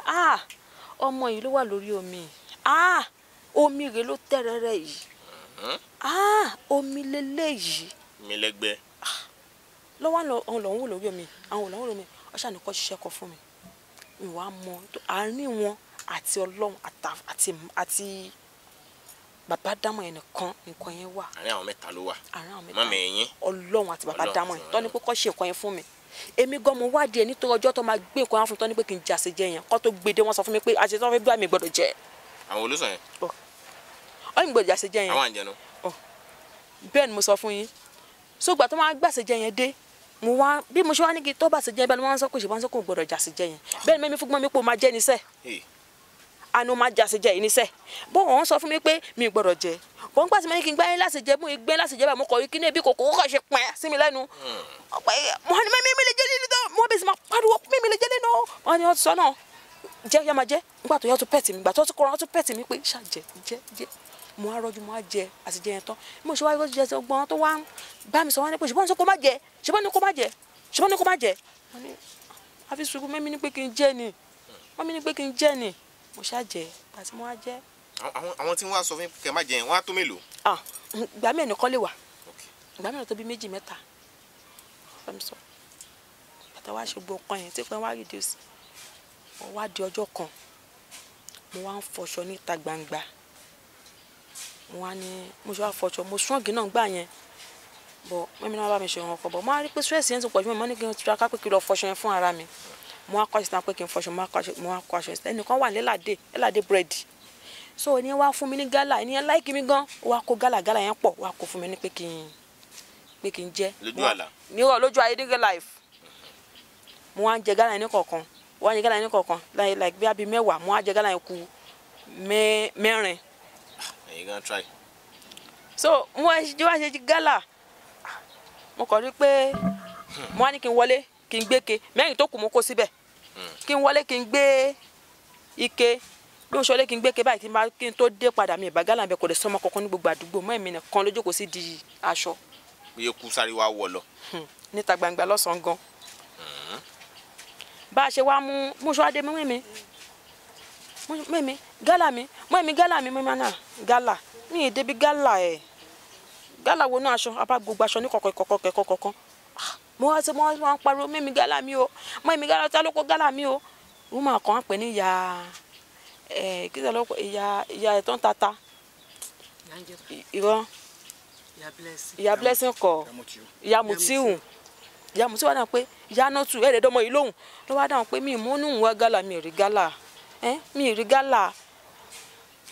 Speaker 1: ọmọ yìí ló wà lórí omi ah omi rẹ̀ ló tẹ́rẹ̀rẹ̀ ah, yìí omi lélẹ̀ yìí.
Speaker 2: mi lẹ́gbẹ́. Ah,
Speaker 1: lọ́wọ́ àwọn lọ́n wò lórí omi àwọn lọ́n wò lórí omi ọ̀ṣà ni ṣiṣẹ́ kọ fún mi ìwà mọ àárín wọn àti ọlọ́run àti bàbá dámọ̀ yẹn nìkan nǹkan yẹn wà.
Speaker 2: àárín àwọn mẹ́ta ló wà. àárín àwọn mẹ́ta mọ́mí ẹ̀yìn.
Speaker 1: ọlọ́run àti bàbá dámọ̀ yẹn tọ́ni pé kọ́ ṣe nǹkan yẹn fún mi èmi gan mo wádìí ẹ nítorí ọjọ́ tó máa gbé nǹkan yẹn fún mi tọ́ni pé kì í jàse jẹ yẹn kọ́ tó gbé dé wọ́n sọ fún mi pé àṣetán fẹ́ bí àmì gbọ́dọ̀ jẹ́ àwọn olóṣàn yẹn. ọyìn gbòdì àṣejẹ yẹn. àwọn àjẹnu. bẹ́ẹ̀ ni mo sọ fún yín sógbà tó máa gbàṣejẹ yẹn dé mo wá bí mo ṣe wá ní kí tó bá ṣe jẹ bẹ́ẹ̀ ni wọ́n sọ pé ṣe wọ́n sọ pé kò gbọ́dọ̀ jà sí jẹ yẹn bẹ́ẹ̀ ni mẹ́mí fún mi pé o máa jẹ́ níṣẹ́ àná o máa jà sí jẹ yìí níṣẹ́ bó wọ́n sọ fún mi pé mi gbọ́dọ̀ jẹ wọ́n gbà sí kí n gbá yín láti jẹ mú i gbé láti jẹ bá mo kọ̀ kí ní ebi kòkó kò ṣe pẹ́ sí mi lẹ́nu hmm. mo ní mímí lè jẹ́ nínú mo bẹ̀ máa pariwo mímí lè jẹ́ nínú wọn ni wọ́n jẹ́ yá máa jẹ́ nígbà tó yá tó pẹ̀tì mi gbà tó kọ́ra tó pẹ̀tì mi pé ṣàjẹ́ jẹ́ jẹ́ mo á rọ́jú mo á jẹ àtijẹ́ yẹn tán mo ṣe wá yọ jẹ ọgbọ́n tó wá ń bá mi sọ wá ní pé ṣùgbọ́n ní kó má jẹ ṣùgbọ́n ní kó má jẹ ṣùgbọ́n ní kó má jẹ wọ́n ní àfi sùkú mẹ́mi ní pé kí n jẹ́ ni wọ́n mi ní pé kí n jẹ́ ni mo ṣàjẹ́ àti mo á jẹ́.
Speaker 2: àwọn tí wọ́n á sọ fún kẹ́ má jẹ yẹn wọ́n á tó mélòó.
Speaker 1: Ah, ìgbà mẹ́rin nìkan lè wà ìgbà mẹ́rin tó bí méjì mẹ́ta bàtà wá ṣe gbọ́ ọkàn yẹn tí pé wọ́n á reduce wá di ọjọ́ kan mo wá ń fọṣọ níta gbangba mo wá ní mo ṣe wá fọṣọ mo ṣọ́ọ̀gì náà gbà yẹn bọ̀ mẹ́mi náà bá mi ṣe ìrànwọ́ kọ́ bọ̀ mo wá rí pé stress yẹn ti pọ̀ jù mí mo ní kí n tiraka pé kí n lọ fọṣọ yẹn fún ara mi mo wá kọ́ aṣọ pé kí n fọṣọ mo wá kọ́ aṣọ ẹnìkan wà lẹ́làdé lẹ́làdé búrẹ́dì so ẹni wá fún mi ní gálà ẹni yẹn láìkí mi gan wá kó gálà gálà yẹn pọ̀ wá kó fún mi ní pé kí n pé kí n jẹ lójú àlá ní lójú ayé nígbà life mo wá ń jẹ gálà yẹn ní kọ̀ọ̀kan wọ́n á jẹ gálà yẹn kọ̀ọ̀kan láyé like bí abi mẹ́wàá mo á jẹ gálà yẹn ku mẹ́rin. try. so mo wá ṣe wá ṣe gálà mo kàn rí pé mo wá ní kí n wọlé kí n gbé ke mẹ́rin tó kù mo kó síbẹ̀ hmm. kí n wọlé kí n gbé ike bí mo ṣọlé kí n gbé ke báyìí kí n tó dé padà mi ìbá gálà mi kò lè sọmọ kankan ní gbogbo àdúgbò mọ́ èmi nìkan lójókòó sí di aṣọ.
Speaker 2: bí eku sáré wá wọ lọ. Hmm.
Speaker 1: níta gbangba lọ́sàn-án gan-an bá a ṣe wá mú mọ́ṣúádé mọ́mí mọ́mí gálà mi mọ́mí gálà mi mọ́mí náà gálà mi ì débi gálà ẹ̀ gálà wo náà aṣọ abá gbogbo aṣọ ní kọ̀kọ̀kọ̀kọ̀ kọ̀ọ̀kan ah, mo wá sí mo wá ń pariwo mọ́mí gálà mi o mọ́mí gálà ta ló kó gálà mi o rúmọ̀ kan pè ní ìyá ẹ̀ kí ló lọ́kọ̀ ìyá ìyá ẹ̀ tó ń tata ìrọ́ ìyá blessing kọ̀ ìyá mutiu ìyá mutiu wà náà pé yanatu ẹ̀ẹ́dẹ́dọ́mọ yìí lóhùn ló wá dáhùn pé mi ìmúnú wa gálà mi rí gálà ẹ mi rí gálà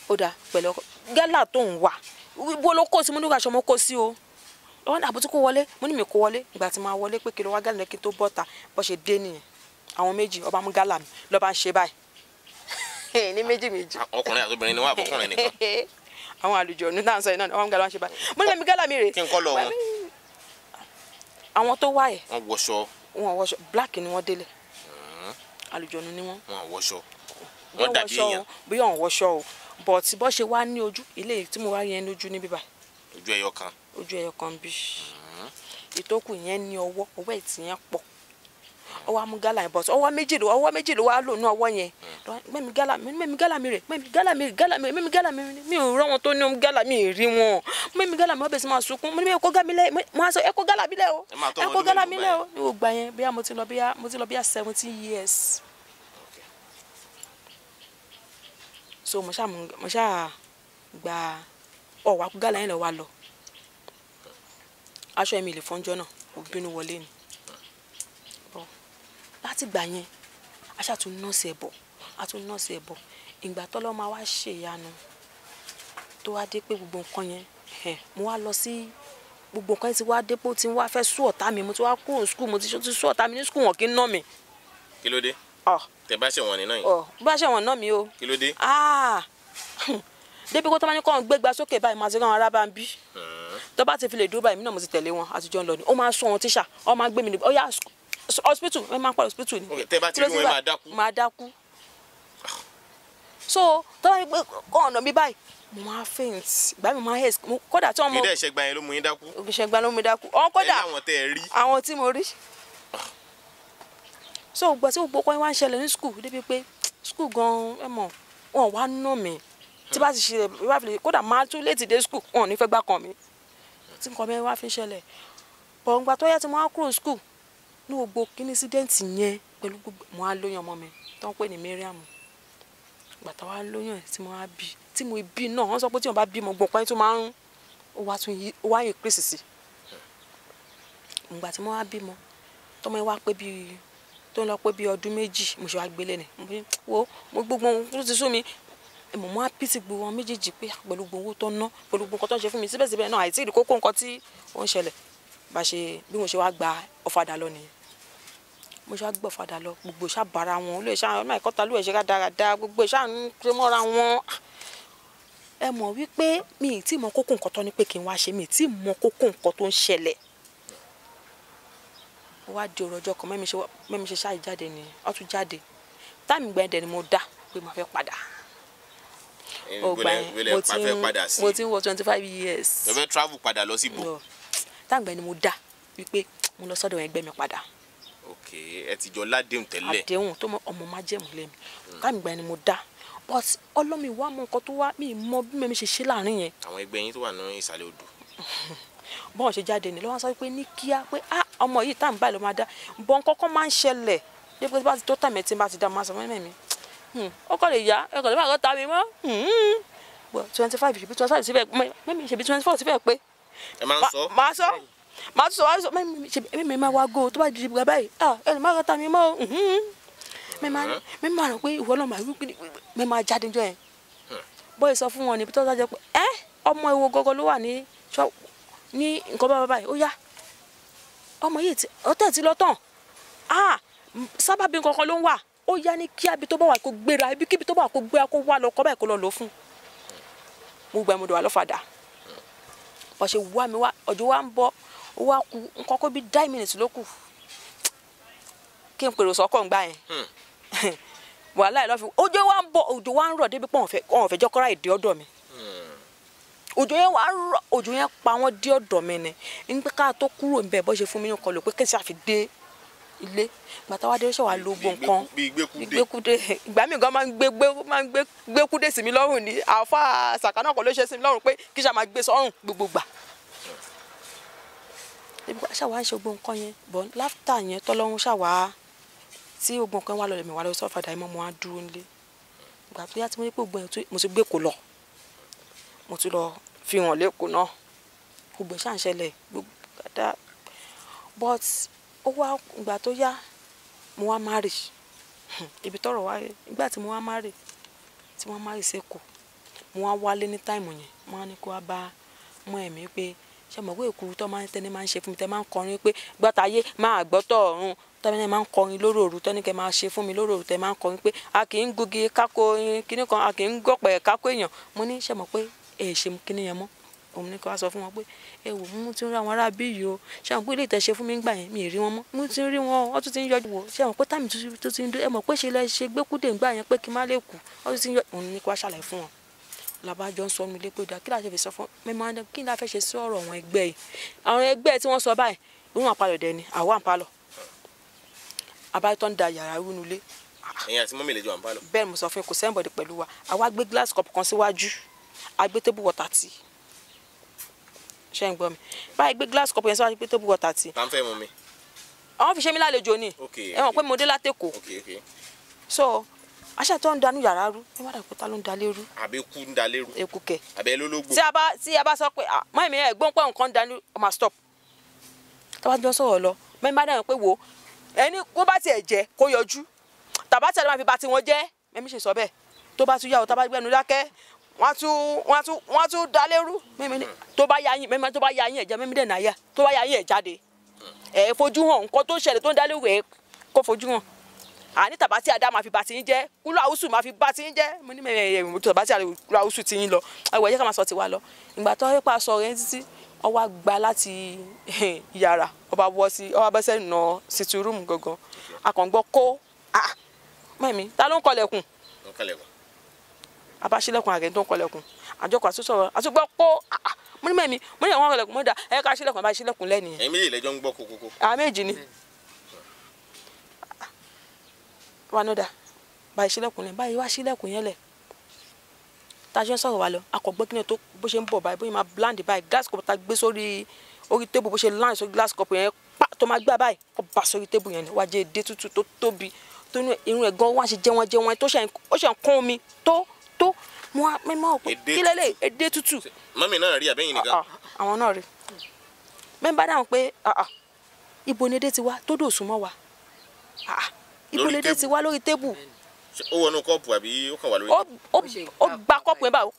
Speaker 1: ó dà pẹ̀lú ọkọ gálà tó ń wà bó ló kó sí mo ní aṣọ mo kó sí o wọn àbútí kó wọlé mo ní mi kó wọlé ìgbà tí máa wọlé pé kí ló wá gálà kí n tó bọ́ta bó ṣe dé nìyẹn àwọn méjì ọba mú gálà mi lọ́ba ń ṣe báyìí [laughs] ní méjì méjì. Ah,
Speaker 2: ọkùnrin àti obìnrin ni wọn àbọkùnrin nìkan.
Speaker 1: [laughs] àwọn àlùjọ ní náà sọ yìí náà wọn ń gàlọ́ wọn ṣe báyìí mo ní mi gálà mi rè. kí n kọ́ lọ wọn. àwọn tó wá ẹ̀. wọ́n wọṣọ wọn wọṣọ black ni wọn délé àlùjọ̀nù ni wọn.
Speaker 2: wọn wọṣọ wọn dàbí èèyàn.
Speaker 1: bóyá wọn wọṣọ o but bó ṣe wá ní ojú ilé tí mo wá yẹn lójú níbí báyìí. ojú ẹyọ kan. ojú ẹyọ kan bí. ìtókù yẹn ní ọwọ́ ọwọ́ ìtì yẹn pọ̀ ọwọ́ amú gálà yẹn bọ̀ ọwọ́ méjì ló ọwọ́ méjì ló wá lò ní ọwọ́ yẹn mẹ́mi gálà mẹ́mi gálà mi rè mẹ́mi gálà mi rè gálà mi rè mẹ́mi gálà mi rè mi ò rọ́ wọn tó ní gálà mi rí wọn mẹ́mi gálà mi wọ́n bẹ̀rẹ̀ sí máa sunkún mo ní ẹ̀kọ́ mi lẹ̀ mo á sọ ẹ̀kọ́ mi lẹ̀ o ẹ̀kọ́ gálà mi lẹ̀ o ní o gbà yẹn bóyá mo ti lọ bóyá mo ti lọ bóyá seventeen years so mo ṣáà mo ṣáà gba ọ̀wà gálà yẹn lọ wa lọ aṣọ ẹ̀mí ìlẹ̀fọ́njọ́ náà òbínú wọlé ni látìgbà yẹn a ṣáà tún nọ́ọ̀sì ẹ̀ bọ̀ a tún nọ́ọ̀sì ẹ̀ bọ̀ ìgbà tọ́lọ́ máa wá ṣe ìyanu tó wá dé pé gbogbo nǹkan yẹn mo wá lọ sí gbogbo nǹkan yẹn ti wá dé pé ó ti wá fẹ́ sú ọ̀tá mi mo ti wá kúrò skul mo ti sú ọ̀tá mi ní skul wọn kì í ná mi.
Speaker 2: kí ló dé tẹ bá ṣe wọn ní náà yìí.
Speaker 1: bá ṣe wọn náà mi o. kí ló dé. Ah! [laughs] débi kó tó bá ní kó ń gbégbá sókè báyìí máa ti rán ara ń bí. Hmm. tó bá ti fi lè dúró báyìí mi náà mo ti tẹ̀lé wọn àtijọ́ ń lọ ni ó máa sún wọn hospital ẹ máa ń pàdé hospital ni. ok tẹ bá ti rí wọn máa dákú. máa dákú. so tọ́wọ́ yìí pé kọ́ ọ̀nà mi báyìí mo máa faint ìgbà mi máa hes mo kódà tí wọ́n mọ. ilé ìṣẹ̀gbà yẹn ló mú yín dákú. ìṣẹ̀gbà ló mú mi dákú. ọ̀hún kódà àwọn tí mo rí. so gbà tí gbogbo ọkọ yín wá ń ṣẹlẹ̀ ní skul débi pé skul gan-an ẹ mọ̀ wọn wá nà mí tí bá ti ṣe ìwà fi kódà máa tún léètì dé skul wọn ò ní fẹ́ gbà kàn mí tí nǹkan mi wá fi ń ṣẹlẹ̀ bọ̀ ń tó yẹ ti mo kúrò skul ní gbogbo kíní sídẹ́ǹtì yẹn pẹ̀lú gbogbo mo á lóyún ọmọ mi tó ń pè ní Mariam gbàtà wa lóyún ẹ̀ tí mo á bí tí mo bí náà wọ́n sọ pé tí wọ́n bá bí mo gbọ̀n pẹ́yìn tó máa ń ó wá tún ó wá yìn kírísì sí ìgbà tí mo wá bímọ tọmọ ẹ wá pé bíi tó ń lọ pé bíi ọdún méjì mo ṣe wá gbélé ni wo mo gbogbo ohun tó ti sún mi mo mú apítì gbogbo wọn méjèèjì pé ah, pẹ̀lú gbogbo owó tó ná pẹ̀lú gbogbo nǹkan tó ń ṣe fún mi síbẹ̀síbẹ̀ náà àìtí ìdíkókó nǹkan tí ó ń ṣẹlẹ̀ bá ṣe bí mo ṣe wá gba ọ̀fadà lọ nìyẹn mo ṣá gbọ́ lọ gbogbo ṣá bára wọn olóyè ṣá ọmọ ìkọ́ta lóyè ṣe ká dáradára gbogbo ṣá ń ṣe mọ́ra wọn. ẹ mọ̀ wípé mi ì tí mọ kókó nǹkan tó ní pé kí n wá ṣe mi ì tí mọ kókó nǹkan tó ń ṣẹlẹ̀. ó wá di òru kan mẹ́mi ṣe ṣáà jáde ni ó tún jáde táàmì gbẹ̀dẹ̀ ni mo dá pé mo fẹ́ padà
Speaker 5: mo ti ń wọ twenty five years.
Speaker 1: tó travel padà lọ sí ibò. táàgbà ni mo dá wípé mo lọ sọ́dọ̀ ẹgbẹ́ mi padà
Speaker 2: ok ẹ ti jọ ládéhùn tẹ́lẹ̀. àdéhùn
Speaker 1: tó mọ ọmọ má jẹ̀mú lẹ́mi káàmì gbà ni mo dá but ọlọ́mi wá mọ nǹkan tó wá mi mọ bí mẹ́mi ṣe ṣe láàrin yẹn.
Speaker 2: àwọn ẹgbẹ́ yín tó wà ní ìsàlẹ̀ odò.
Speaker 1: [laughs] bọ́n ṣe jáde ní lọ́wọ́ sọ pé ní kíá pé ah ọmọ yìí táà ń báyìí ló máa dá bọ́n kọ́kọ́ máa ń ṣẹlẹ̀ dípò tí bá ti tó tàmí tí bá ti dá máa sọ mẹ́mẹ́ mi hmm, ó kọ́ lè yá ẹ kọ́ lè má kọ́ ta mi mọ́ hmm. twenty five ṣe bí twenty five ṣe bẹ́ẹ̀ mẹ́mi ṣe bí twenty four ṣe bẹ́ẹ̀ pé.
Speaker 2: ẹ máa ń sọ. máa
Speaker 1: sọ màá tún sọ wá sọ mẹ́mi máa wá go tó bá di ìgbà báyìí ah ẹnu má kọta mi mọ́ o mẹ́mi mm-hmm. máa rò pé ìwọ náà máa wí pé mẹ́mi máa jáde jọ yẹn bọ́ọ̀ sọ fún wọn níbi tó sájọ pé ẹ́ ọmọ ìwo gọ́gọ́ ló wà ní ní nǹkan bá báyìí ó yá ọmọ yìí ọtẹ̀ tí lọ tàn ah sábàbí kankan ló ń wà ó yá ní kí abi tó bá wà kó gbéra ibi kíbi tó bá wà kó gbéra kó wá lọ kọ́ báyìí kó lọ lò fún mo gbà mo dò wà lọ́fàdà bó ṣe wá mi wa ń bọ̀ ó wá ku nǹkan kó bí dáì mínítì ló kù kí n pèrò sọ́kọ̀ ńgbà yẹn hmm. [laughs] wàhálà ìlọ́fi ojú wa ń bọ̀ òjò wa ń rọ̀ débi pọ̀ ọ̀n fẹ́ jọ́kọ́ra èdè ọ̀dọ̀ mi hmm. òjò yẹn wà á rọ̀ òjò yẹn pa wọ́n dé ọ̀dọ̀ mi ni nígbà ká tó kúrò níbẹ̀ bọ́ ṣe fún mi ní ọkọ̀ lò pé kẹ́sì àfi dé ilé gbàtà wa dé ṣe wà gbọ̀n kan gbẹ́kúdé [laughs] ìgbà míì gan máa ń gbẹ́kúdé sí mi lọ́rùn ni àfa sàkánà kan ló ṣe sí mi lọ́rùn pé kí ebi ṣàwá ń ṣe gbogbo nǹkan yẹn bọ̀ láfítà yẹn tọ́lọ́run ṣàwá tí gbogbo nǹkan wà lọ́lẹ̀ mi wà lọ́wọ́ sọ́fàdà yìí mọ́ mo á dúró nílé ìgbà tó yá tí mo ní pé gbogbo yẹn mo ti gbé kó lọ mo ti lọ fi hàn lẹ́kọ̀ọ́ náà gbogbo ṣáà ń ṣẹlẹ̀ gbogbo dá but ó wá ìgbà tó yá mo wá marry [laughs] ibi tọ́rọ̀ wá ìgbà tí mo wá marry tí wọ́n marry sí Èkó mo wá wálé ní táìmù yẹn mo wá ní kó wá bá mọ́ ẹ̀mí pé ṣe mọ̀ pé èkuru tó máa ń tẹ́ni máa ń ṣe fún mi tẹ́ máa ń kọrin pé gbọ́ta ayé máa gbọ́tọ̀ ọ̀run tọ́mìnà máa ń kọrin lórí òru tọ́ni kẹ́ máa ṣe fún mi lórí òru tẹ́ máa ń kọrin pé a kì í ń gugi kákó kinní kan a kì í ń gọ̀pẹ̀ kákó èèyàn mo ní ṣe mọ̀ pé ẹ̀ ṣe kinní yẹn mọ́ òun ní kí wọ́n sọ fún wọn pé ẹ wò mú ti ń rí àwọn ará bí yìí o ṣé àwọn pé ilé ìtẹ̀ṣe fún mi ń gbà yẹn mi ì rí wọn mọ́ mú ti ń rí wọn wọ́n tún ti ń yọjú wò ṣé àwọn pé táàmì tó ti ń dún ẹ mọ̀ pé ṣe lẹ ṣe gbẹ́kúdè ń gbà yẹn pé kí n má lè kú wọ́n tún ti ń yọjú òun ní kí wọ́n ṣàlàyé fún wọn làbájọ ń sọ nu ilé pé dà kí láti fi sọ fún mi máa ń kí n láfẹ́ ṣe sí ọ̀rọ̀ àwọn ẹgbẹ́ yìí àwọn ẹgbẹ́ tí wọ́n sọ báyìí ìwọ̀n àpalọ̀ dẹ̀ ni àwọn àpalọ̀ abájọ́ ń da yàrá irú nu ilé.
Speaker 2: ẹ̀yin àti mọ́mí ìlẹ́jọ́ àpalọ̀.
Speaker 1: bẹ́ẹ̀ mo sọ fún yín kò sẹ́ńbọ̀dì pẹ̀lú wa àwa gbé glass cup kan síwájú a gbé table water tì ṣe ń gbọ́ mi báyìí gbé glass cup yẹn síwájú gbé table water tì. tá n fẹ́ mọ mi. àwọn fi ṣe mí lálejò
Speaker 2: ni ẹ̀wọ̀n pé mo dé látẹ̀kọ̀
Speaker 1: so àṣà tó ń danú yàrá rú ẹ má dàgbé ta ló ń dalé rú.
Speaker 2: àbẹ kú ń dalé rú. eku kẹ. àbẹ lólógbò. tí a bá
Speaker 1: tí a bá sọ pé mọ èmi ẹ gbọ́n pé nǹkan ń danú ọ máa stop. tọ́ba jọ sọ̀rọ̀ lọ mẹ́rin má dàgbé pé wo ẹni kó bá tiẹ̀ jẹ́ kó yọjú tàbá tí a máa fi ba tiwọn jẹ́ mẹ́mi ṣe sọ bẹ́ẹ̀ tó bá tún yà ó tá bá gbẹ́nu dákẹ́ wọ́n tún wọ́n tún wọ́n tún dalé rú mẹ́mi tó bá yà yín mẹ́mi tó bá yà yín ẹ̀jẹ̀ mẹ́mi dẹ̀ náà yà tó bá yà yín ẹ̀ jáde ẹ̀ fojú hàn nǹkan tó ṣẹlẹ̀ tó ń dalé rú ẹ̀ kó fojú hàn àní tàbátí àdá máa fi bá ti ń jẹ́ kúlọ̀ àwùsù máa fi bá ti ń jẹ́ mo ní mẹ́rin ẹ̀rìn tàbátí àdá àwùsù ti ń lọ ẹ̀wọ̀ ẹ̀jẹ̀ ká máa sọ tiwa lọ ìgbà tó ẹ̀ pa sọ rẹ̀ ń títí ọwọ́ gba láti eh, yàrá ọba bọ́ sí ọba bẹ́sẹ̀ nà situ rúùmù gangan akọ̀ǹgbọ́ kó ah, ah, mẹ́mi ta ló ń kọlẹ̀kùn abáṣílẹ̀kùn àgẹ̀ tó ń kọlẹ̀kùn àjọkọ̀ àtúnṣọ̀rọ̀ àtúgbọ́ kó ah, mo ní mẹ́mi mo ní àwọn ọ̀rẹ́lẹ̀kùn mọ́dà ẹ̀ka àṣílẹ̀kùn abáṣílẹ̀kùn lẹ́nìí.
Speaker 2: ẹ̀yin méjì ń gbọ́ kókókó.
Speaker 1: àmì èjì ni. Hmm wọn ní ó dà báyìí sílẹ̀kùn lẹ̀ báyìí wá sílẹ̀kùn yẹn lẹ̀ tá a ṣe ń sọ̀rọ̀ wa lọ akọ̀gbẹ́ kí ni tó bó ṣe ń bọ̀ báyìí bó máa bland báyìí glass cup ta gbé sórí orí tébù bó ṣe land sórí glass cup yẹn pa tó máa gbá báyìí kó bá sórí tébù yẹn ni wájú èdè tútù tó tóbi tó inú irun ẹ̀ gan wá ṣe jẹun jẹun tó ṣe ń kún omi tó tó mo wá mímọ́ òpin kí lélẹ̀ èdè tútù.
Speaker 2: mọ́mì náà rí àbẹ́yìn nìkan. Ah,
Speaker 1: ah, àwọn náà rí mẹ́ńbà dáhùn pé ah, ibo ni èdè ti wá tó dòsùn wa
Speaker 2: ìpolódé ti wá lórí tébù. ó wọnú kọ́ọ̀pù àbí ó kàn wá lórí. ó
Speaker 1: gba kọ́ọ̀pù yẹn báwo.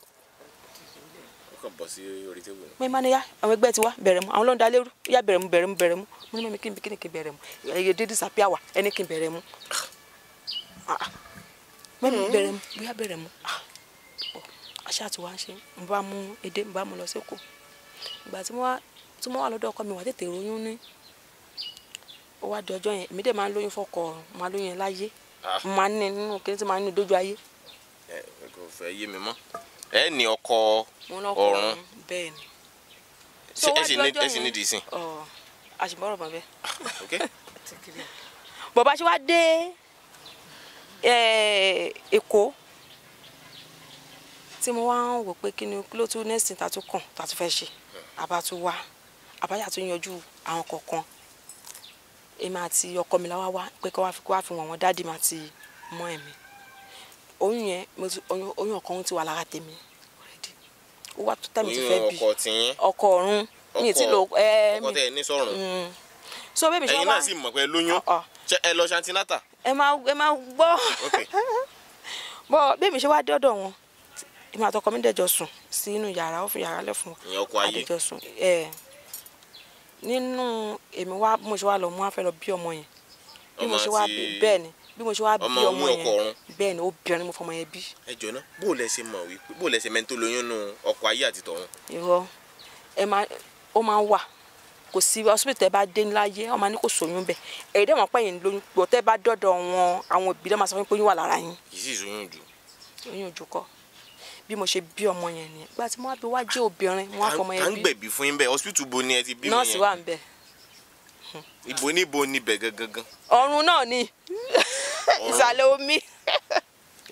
Speaker 2: ó kàn bọ̀ sí orí tébù.
Speaker 1: mi máa ní ya àwọn ẹgbẹ́ ti wá bẹ̀rẹ̀ mu àwọn ló ń dalérú ya bẹ̀rẹ̀ mu bẹ̀rẹ̀ mu bẹ̀rẹ̀ mu mo ní mọ̀ mi kí ni kí n bẹ̀rẹ̀ mu ẹ̀yẹ dé disapia wa ẹni kí n bẹ̀rẹ̀ mu ah, ah. mẹ́mi hmm. bẹ̀rẹ̀ mu bóyá bẹ̀rẹ̀ mu aṣáà ah. tí wàá ṣe ń bá mú edé ń bá mú lọ sí Èkó ìgbà tí mo wá lọ́dọ̀ ọkọ mi wà tètè ronú ní ó wá di ọjọ́ yẹn èmi dẹ̀ máa ń lóyún fọkọ máa lóyún yẹn láyé ah. máa ń ní nínú kí n ti máa ń ní dójú ayé.
Speaker 2: ẹ kò fẹ́ yé mi mọ́ ẹ ní ọkọ ọ̀run bẹ́ẹ̀ ni. ẹ sì ní dìísìn.
Speaker 1: àṣìbọ̀rọ̀ mọ̀ bẹ́ẹ̀. bọ̀bá ṣe wá dé èkó tí mo wá ń wò pé kí ni ló tún nẹ́sìn tá a tún kàn tá a tún fẹ́ ṣe àbá hmm. tún wá àbáyà tún yanjú àwọn kọ̀ọ̀kan èmi àti ọkọ mi láwa wá pé kí wọ́n fi kó wá fi wọ̀n wọn dáàdì mi àti mọ́ ẹ̀ mi oyún yẹn oyún ọkọ òun ti wà lára tèmi ó wá tó tẹ̀mí ti fẹ́ bí ọkọ ọ̀run mi ì lo eh, ẹ mi ọkọ tẹ ní sọ̀rọ̀ mm.
Speaker 2: so bébí ṣe wá ẹ̀yin náà sì mọ̀ pé lóyún ah, ah. ẹ lọ ṣantinátà.
Speaker 1: ẹ máa ẹ máa gbọ́ bọ́ bébí ṣe wá dọ́dọ̀ wọn ìmọ̀ àtọkọ mi dẹ̀jọ sùn sí yàrá ó fi yàrá lẹ̀ fún wa àdẹ̀jọ ẹ̀ nínú èmi wá bí mo ṣe wá lọ mú afẹ́ lọ bí ọmọ yẹn bí mo ṣe wá bí bẹ́ẹ̀ ni bí mo ṣe wá bí ọmọ yẹn bẹ́ẹ̀ ni obìnrin mo fọmọ yẹn bí.
Speaker 2: ẹ jọ náà bó o lẹ ṣe mọ wípé bó o lẹ ṣe mẹ́ni tó lóyún nù ọkọ ayé àti tọ̀hún.
Speaker 1: irọ́ ẹ máa ó máa ń wà kò sí hospital tẹ bá dé níláyé ọmọ ní kò sóyún bẹ ẹ dẹ́wọ̀n pẹ́ yẹn lóyún gbọ́ tẹ bá dọ́dọ̀ wọn àwọn òbí lọ́ọ́ máa sọ fún yín pé oyún wà lára yín.
Speaker 5: yìí sì
Speaker 2: sóyún jù.
Speaker 1: oyún jù kọ́ bí mo ṣe bí ọmọ yẹn nìyẹn ìgbà tí mo wá bí wá jẹ́ obìnrin mo wá fọmọ yẹn bí. à ń gbẹ̀bí
Speaker 2: fún yín bẹ́ẹ̀ hospital bo ni ẹ ti bí mi yẹn. nọ́ọ̀sì wà ń bẹ̀. ibo ní ibo ni bẹ̀ gangan.
Speaker 1: ọ̀run náà ni ìsàlẹ̀ omi.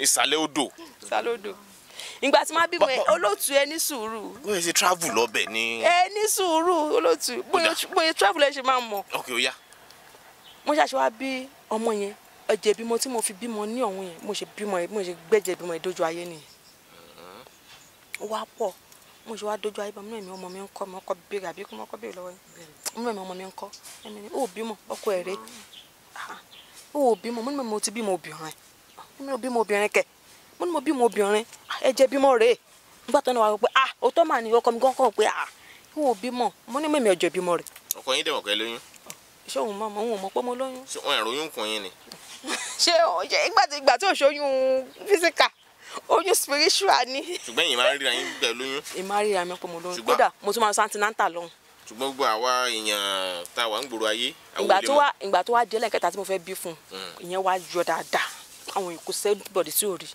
Speaker 2: ìsàlẹ̀ odò. ìsàlẹ̀ odò
Speaker 1: ìgbà tí ma bí mi olóòtú ẹ ní sùúrù.
Speaker 2: bó ṣe travel lọ́bẹ̀ ni.
Speaker 1: ẹ ní sùúrù olóòtú bó ṣe travel ẹ ṣe máa mọ̀. ok ó yá. mo ṣàṣẹ wá bí ọmọ yẹn ẹ̀jẹ̀ bímọ tí mo fi bímọ ní ọ̀hún yẹn mo ṣe bímọ mo ṣe gbẹ́jẹ̀ bímọ ìdójú ayé nìyẹn wá pọ̀ mo ṣe wá dojú ayé bámu náà mi ọmọ mi ń kọ́ mi ọkọ béèrè àbí kí mo kọ́ béèrè lọ́wọ́ yìí mo náà mi ọmọ mi ń kọ́ ẹ̀mí ni ó bímọ ọkọ ẹ̀rẹ́ ó bímọ mo ní mo ti bímọ obìnrin mo ní mo bímọ obìnrin kẹ mo ní mo bímọ obìnrin ẹ jẹ bímọ rèé nígbà tó ń wá pé ah òótọ́ mà ní ọkọ mi gan kàn pé ah ó bímọ mo ní mẹ́mi ọjọ́ bímọ rẹ̀.
Speaker 2: ọkọ yín dẹ̀mọ̀ pé lóyún.
Speaker 1: ṣé òun máa mọ òun mọ pé mo lóyún.
Speaker 2: ṣé wọn ẹ̀rọ oyún kùn yín ni.
Speaker 1: [laughs] ṣé ìgbà tí ìgbà tí ò oyún spiritual ni.
Speaker 2: ṣùgbọ́n èyí máa ń ríra yín gbẹ lóyún. èyí
Speaker 1: máa ń ríra mi pé mo lóyún kódà mo tún máa ń sọ antinanta lọ́hùn.
Speaker 2: ṣùgbọ́n gbogbo àwa èèyàn tá a wà ń gbòòrò ayé. ìgbà tó wá
Speaker 1: ìgbà tó wá di ẹlẹ́kẹta tí mo fẹ́ bí fún un mm. ìyẹn wá yọ dáadáa àwọn èkó sẹ́ńbọ̀dì tí
Speaker 2: ò rí.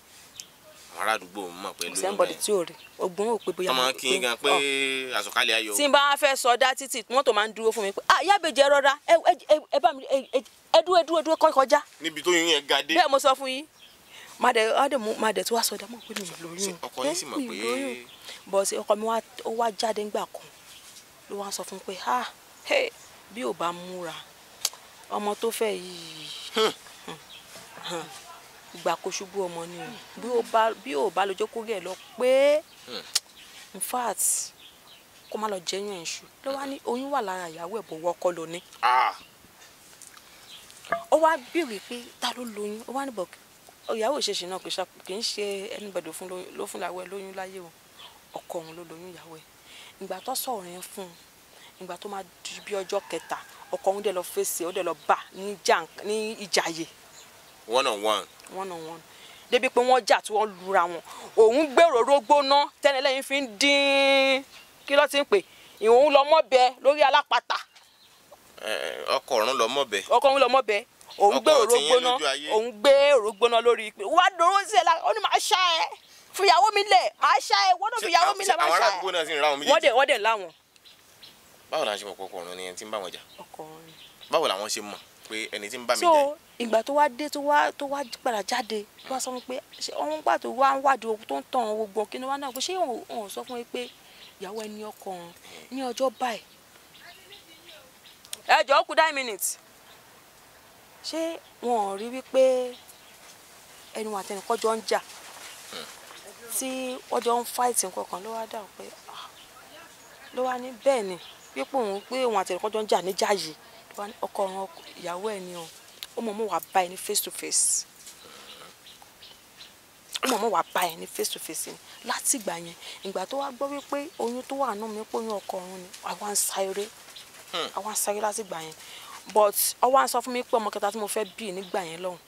Speaker 2: àwọn ará àdúgbò mọ̀ pé lóyún sẹ́ńbọ̀dì tí ò rí ogun ò pé bóyá. ọmọ kí n gan pé àsọ̀kalẹ̀ ayọ̀. tí n
Speaker 1: bá fẹ́ sọdá títì mọ́tò máa ń dúró fún mi pé ah yábèjẹ rọra má dẹ̀ ọ̀dẹ̀ mú má dẹ̀ tí wàá sọ dẹ̀ mọ̀ pé mi ò lóyún
Speaker 2: ọkọ yín sì mọ̀ pé
Speaker 1: bọ́sì ọkọ mi ó wá jáde ńgbà kan ló wá sọ fún pé ha ah, bí ò bá múra ọmọ tó fẹ́ yìí gbà kó ṣubú ọmọ ni o bí ò bá lọ jókòó rẹ̀ lọ pé in fact kó má lọ jẹyàn ẹṣu ló wá ní oyún wà lára ìyàwó ẹ̀ bò wọ́kọ́ lóní. Ah. ó wá béèrè pé ta ló lóyún ó wá ní bọ̀kì ìyàwó ìṣesì náà kì í ṣe ẹnubẹdọ ló fún ìyàwó ẹ lóyún láyé o ọkọ òun ló lóyún ìyàwó ẹ ìgbà tó sọ̀rọ̀ yẹn fún un ìgbà tó máa di bí ọjọ́ kẹta ọkọ òun dẹ̀ lọ fèsì ó dẹ̀ lọ bà ní ìjàyè. one on one. one on one débi pé wọ́n jà tí wọ́n lura wọn òun gbèrò rógbóná tẹ́nilẹ́yìn fi ń dín kí ló ti ń pè ìhun lọ mọ́bẹ lórí alápatà.
Speaker 2: ọkọ ọ̀run lọ mọ́bẹ.
Speaker 1: ọkọ ọ̀run lọ mọ́bẹ òun gbé òró gbóná òun gbé òró gbóná lórí ìpè wá dòró sí ẹ la ó ní máa ṣá ẹ fìyàwó mi lẹ máa ṣá ẹ wọ́n náà fìyàwó mi lẹ máa ṣá ẹ
Speaker 2: wọ́n dẹ̀ wọ́n dẹ̀ láwọn. báwo la ṣe mọ̀ pọ̀pọ̀ ọ̀run ni ẹni tí ń bá wọn jà báwo làwọn ṣe mọ̀ pé ẹni tí ń bá mi jà. so
Speaker 1: ìgbà tó wá dé tó wá tó wá padà jáde tó wá sọ fún pé ọmọ gbà tó wá ń wádìí ogun tó ń tàn gbogbo kí ni wọn náà ṣé òun sọ fún mi pé ìyàwó ẹni ọkọ ọ̀run ní ọjọ́ báyìí. Hmm. ẹ jọ̀ọ́ kú dáì mínítì ṣé wọn ò rí wípé ẹnu àtẹnìkọ́ jọ ń jà tí wọ́n jọ ń fáìtì nǹkan kan ló wá dà pé ah. ló wá ní bẹ́ẹ̀ ni pípò òun pé òun àtẹnìkọ́ jọ ń jà níjà yìí ló wá ní ọkọ òun ìyàwó ẹ̀ ni o ó mọ̀ mọ́ wàá bá ẹ ní face to face ó mọ̀ mọ́ wàá bá ẹ ní face to face ni láti ìgbà yẹn ìgbà tó wá gbọ́ wípé oyún tó wà nù mí pé oyún ọkọ òun ni àwa ń sáré hmm. àwa ń sáré láti ìgbà yẹn but ọwọ́ à ń sọ fún mi pé ọmọ kẹta tí mo fẹ́ bí nígbà yẹn lọ́hùn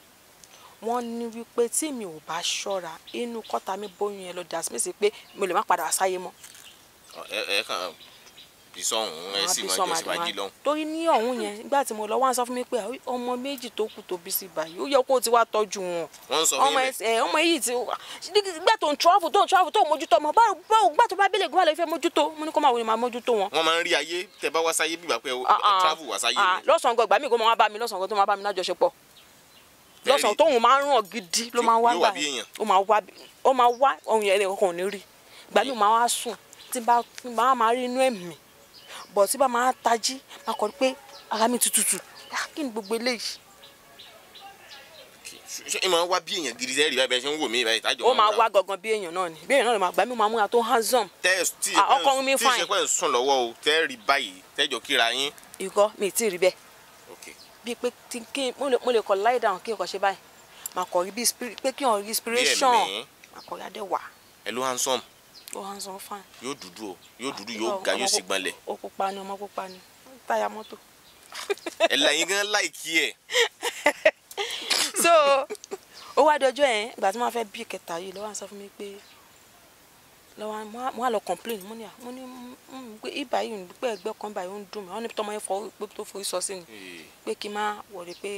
Speaker 1: wọ́n ní wípé tí mi ò bá ṣọ́ra inú kọ́ta mi bóyún yẹn lọ dà sí mi sí pé mi ò lè má padà sáyé mọ́.
Speaker 2: ẹ ẹ kàn bísọ̀ ọ̀hún ẹ sì máa jọ síwájú lọ́hùn.
Speaker 1: torí ní ọ̀hún yẹn nígbà tí mo lọ wá sọ fún mi pé ọmọ méjì tó kù tó bí sí báyìí ó yẹ kó o ti wá tọ́jú wọn. wọ́n sọ fún mi. ọmọ yìí ti gbà tó ń travel tó ń travel tó ń mójútó ọmọ báwo gbà tó bá bẹ́lẹ̀ gbọ́ ìfẹ́ mójútó mo ní kó máa wo ni máa mójútó wọn.
Speaker 2: wọ́n máa ń rí ayé tẹ bá wá bí gbàgbé ìgbà ah, ah. Ah,
Speaker 1: mi lọ́sàn máa wá sùn tí bá máa rí inú ẹ̀mí bọ̀ tí bá máa tají máa kọ́ pé ara mi ti tutù ah, kí ni gbogbo eléyìí.
Speaker 2: ṣé ẹ máa wá bí èèyàn gidi sẹ́ẹ̀rì báyìí bẹ́ẹ̀ ṣe ń wò mí báyìí tájọ. ó máa wá gangan bí èèyàn náà
Speaker 1: ni bí èèyàn náà ló máa gbà mí máa múra tó handsome.
Speaker 2: tẹ́ẹ̀sì ah, ọkùnrin mi fine. tí ìṣẹ́pẹ́ ń sùn lọ́wọ́ o tẹ́ẹ̀rì báyìí tẹ́jọ kíra yín.
Speaker 1: ìkọ́ mi ì tí ì rí bẹ́ẹ̀ bíi pé kí mo lè kọ́ lie down kí n kọ́ ṣe báyìí màá kọ́ rí bíi pé kí n handsome ó handsome fine.
Speaker 2: yóò dúdú o yóò dúdú yóò ga yóò sì gbọ́nlẹ̀.
Speaker 1: ó pupa ni ọmọ pupa ni táyà mọ́tò.
Speaker 2: [laughs] ẹ lẹ́yìn gan láìkí ẹ̀.
Speaker 1: so ó wá dọjọ́ yẹn ìgbà tí wọ́n fẹ́ bí kẹta yìí lọ́wọ́ à ń sọ fún mi pé lọ́wọ́ mo á lọ complain mo ní à ah, mo ní mm, mm, pé ibà yìí pé ẹgbẹ́ kan báyìí ó ń dùn mí wọ́n ní tọmọ yẹn fọwọ́ pé tó forí sọ sí ni pé kí n má wọ̀rẹ́ pé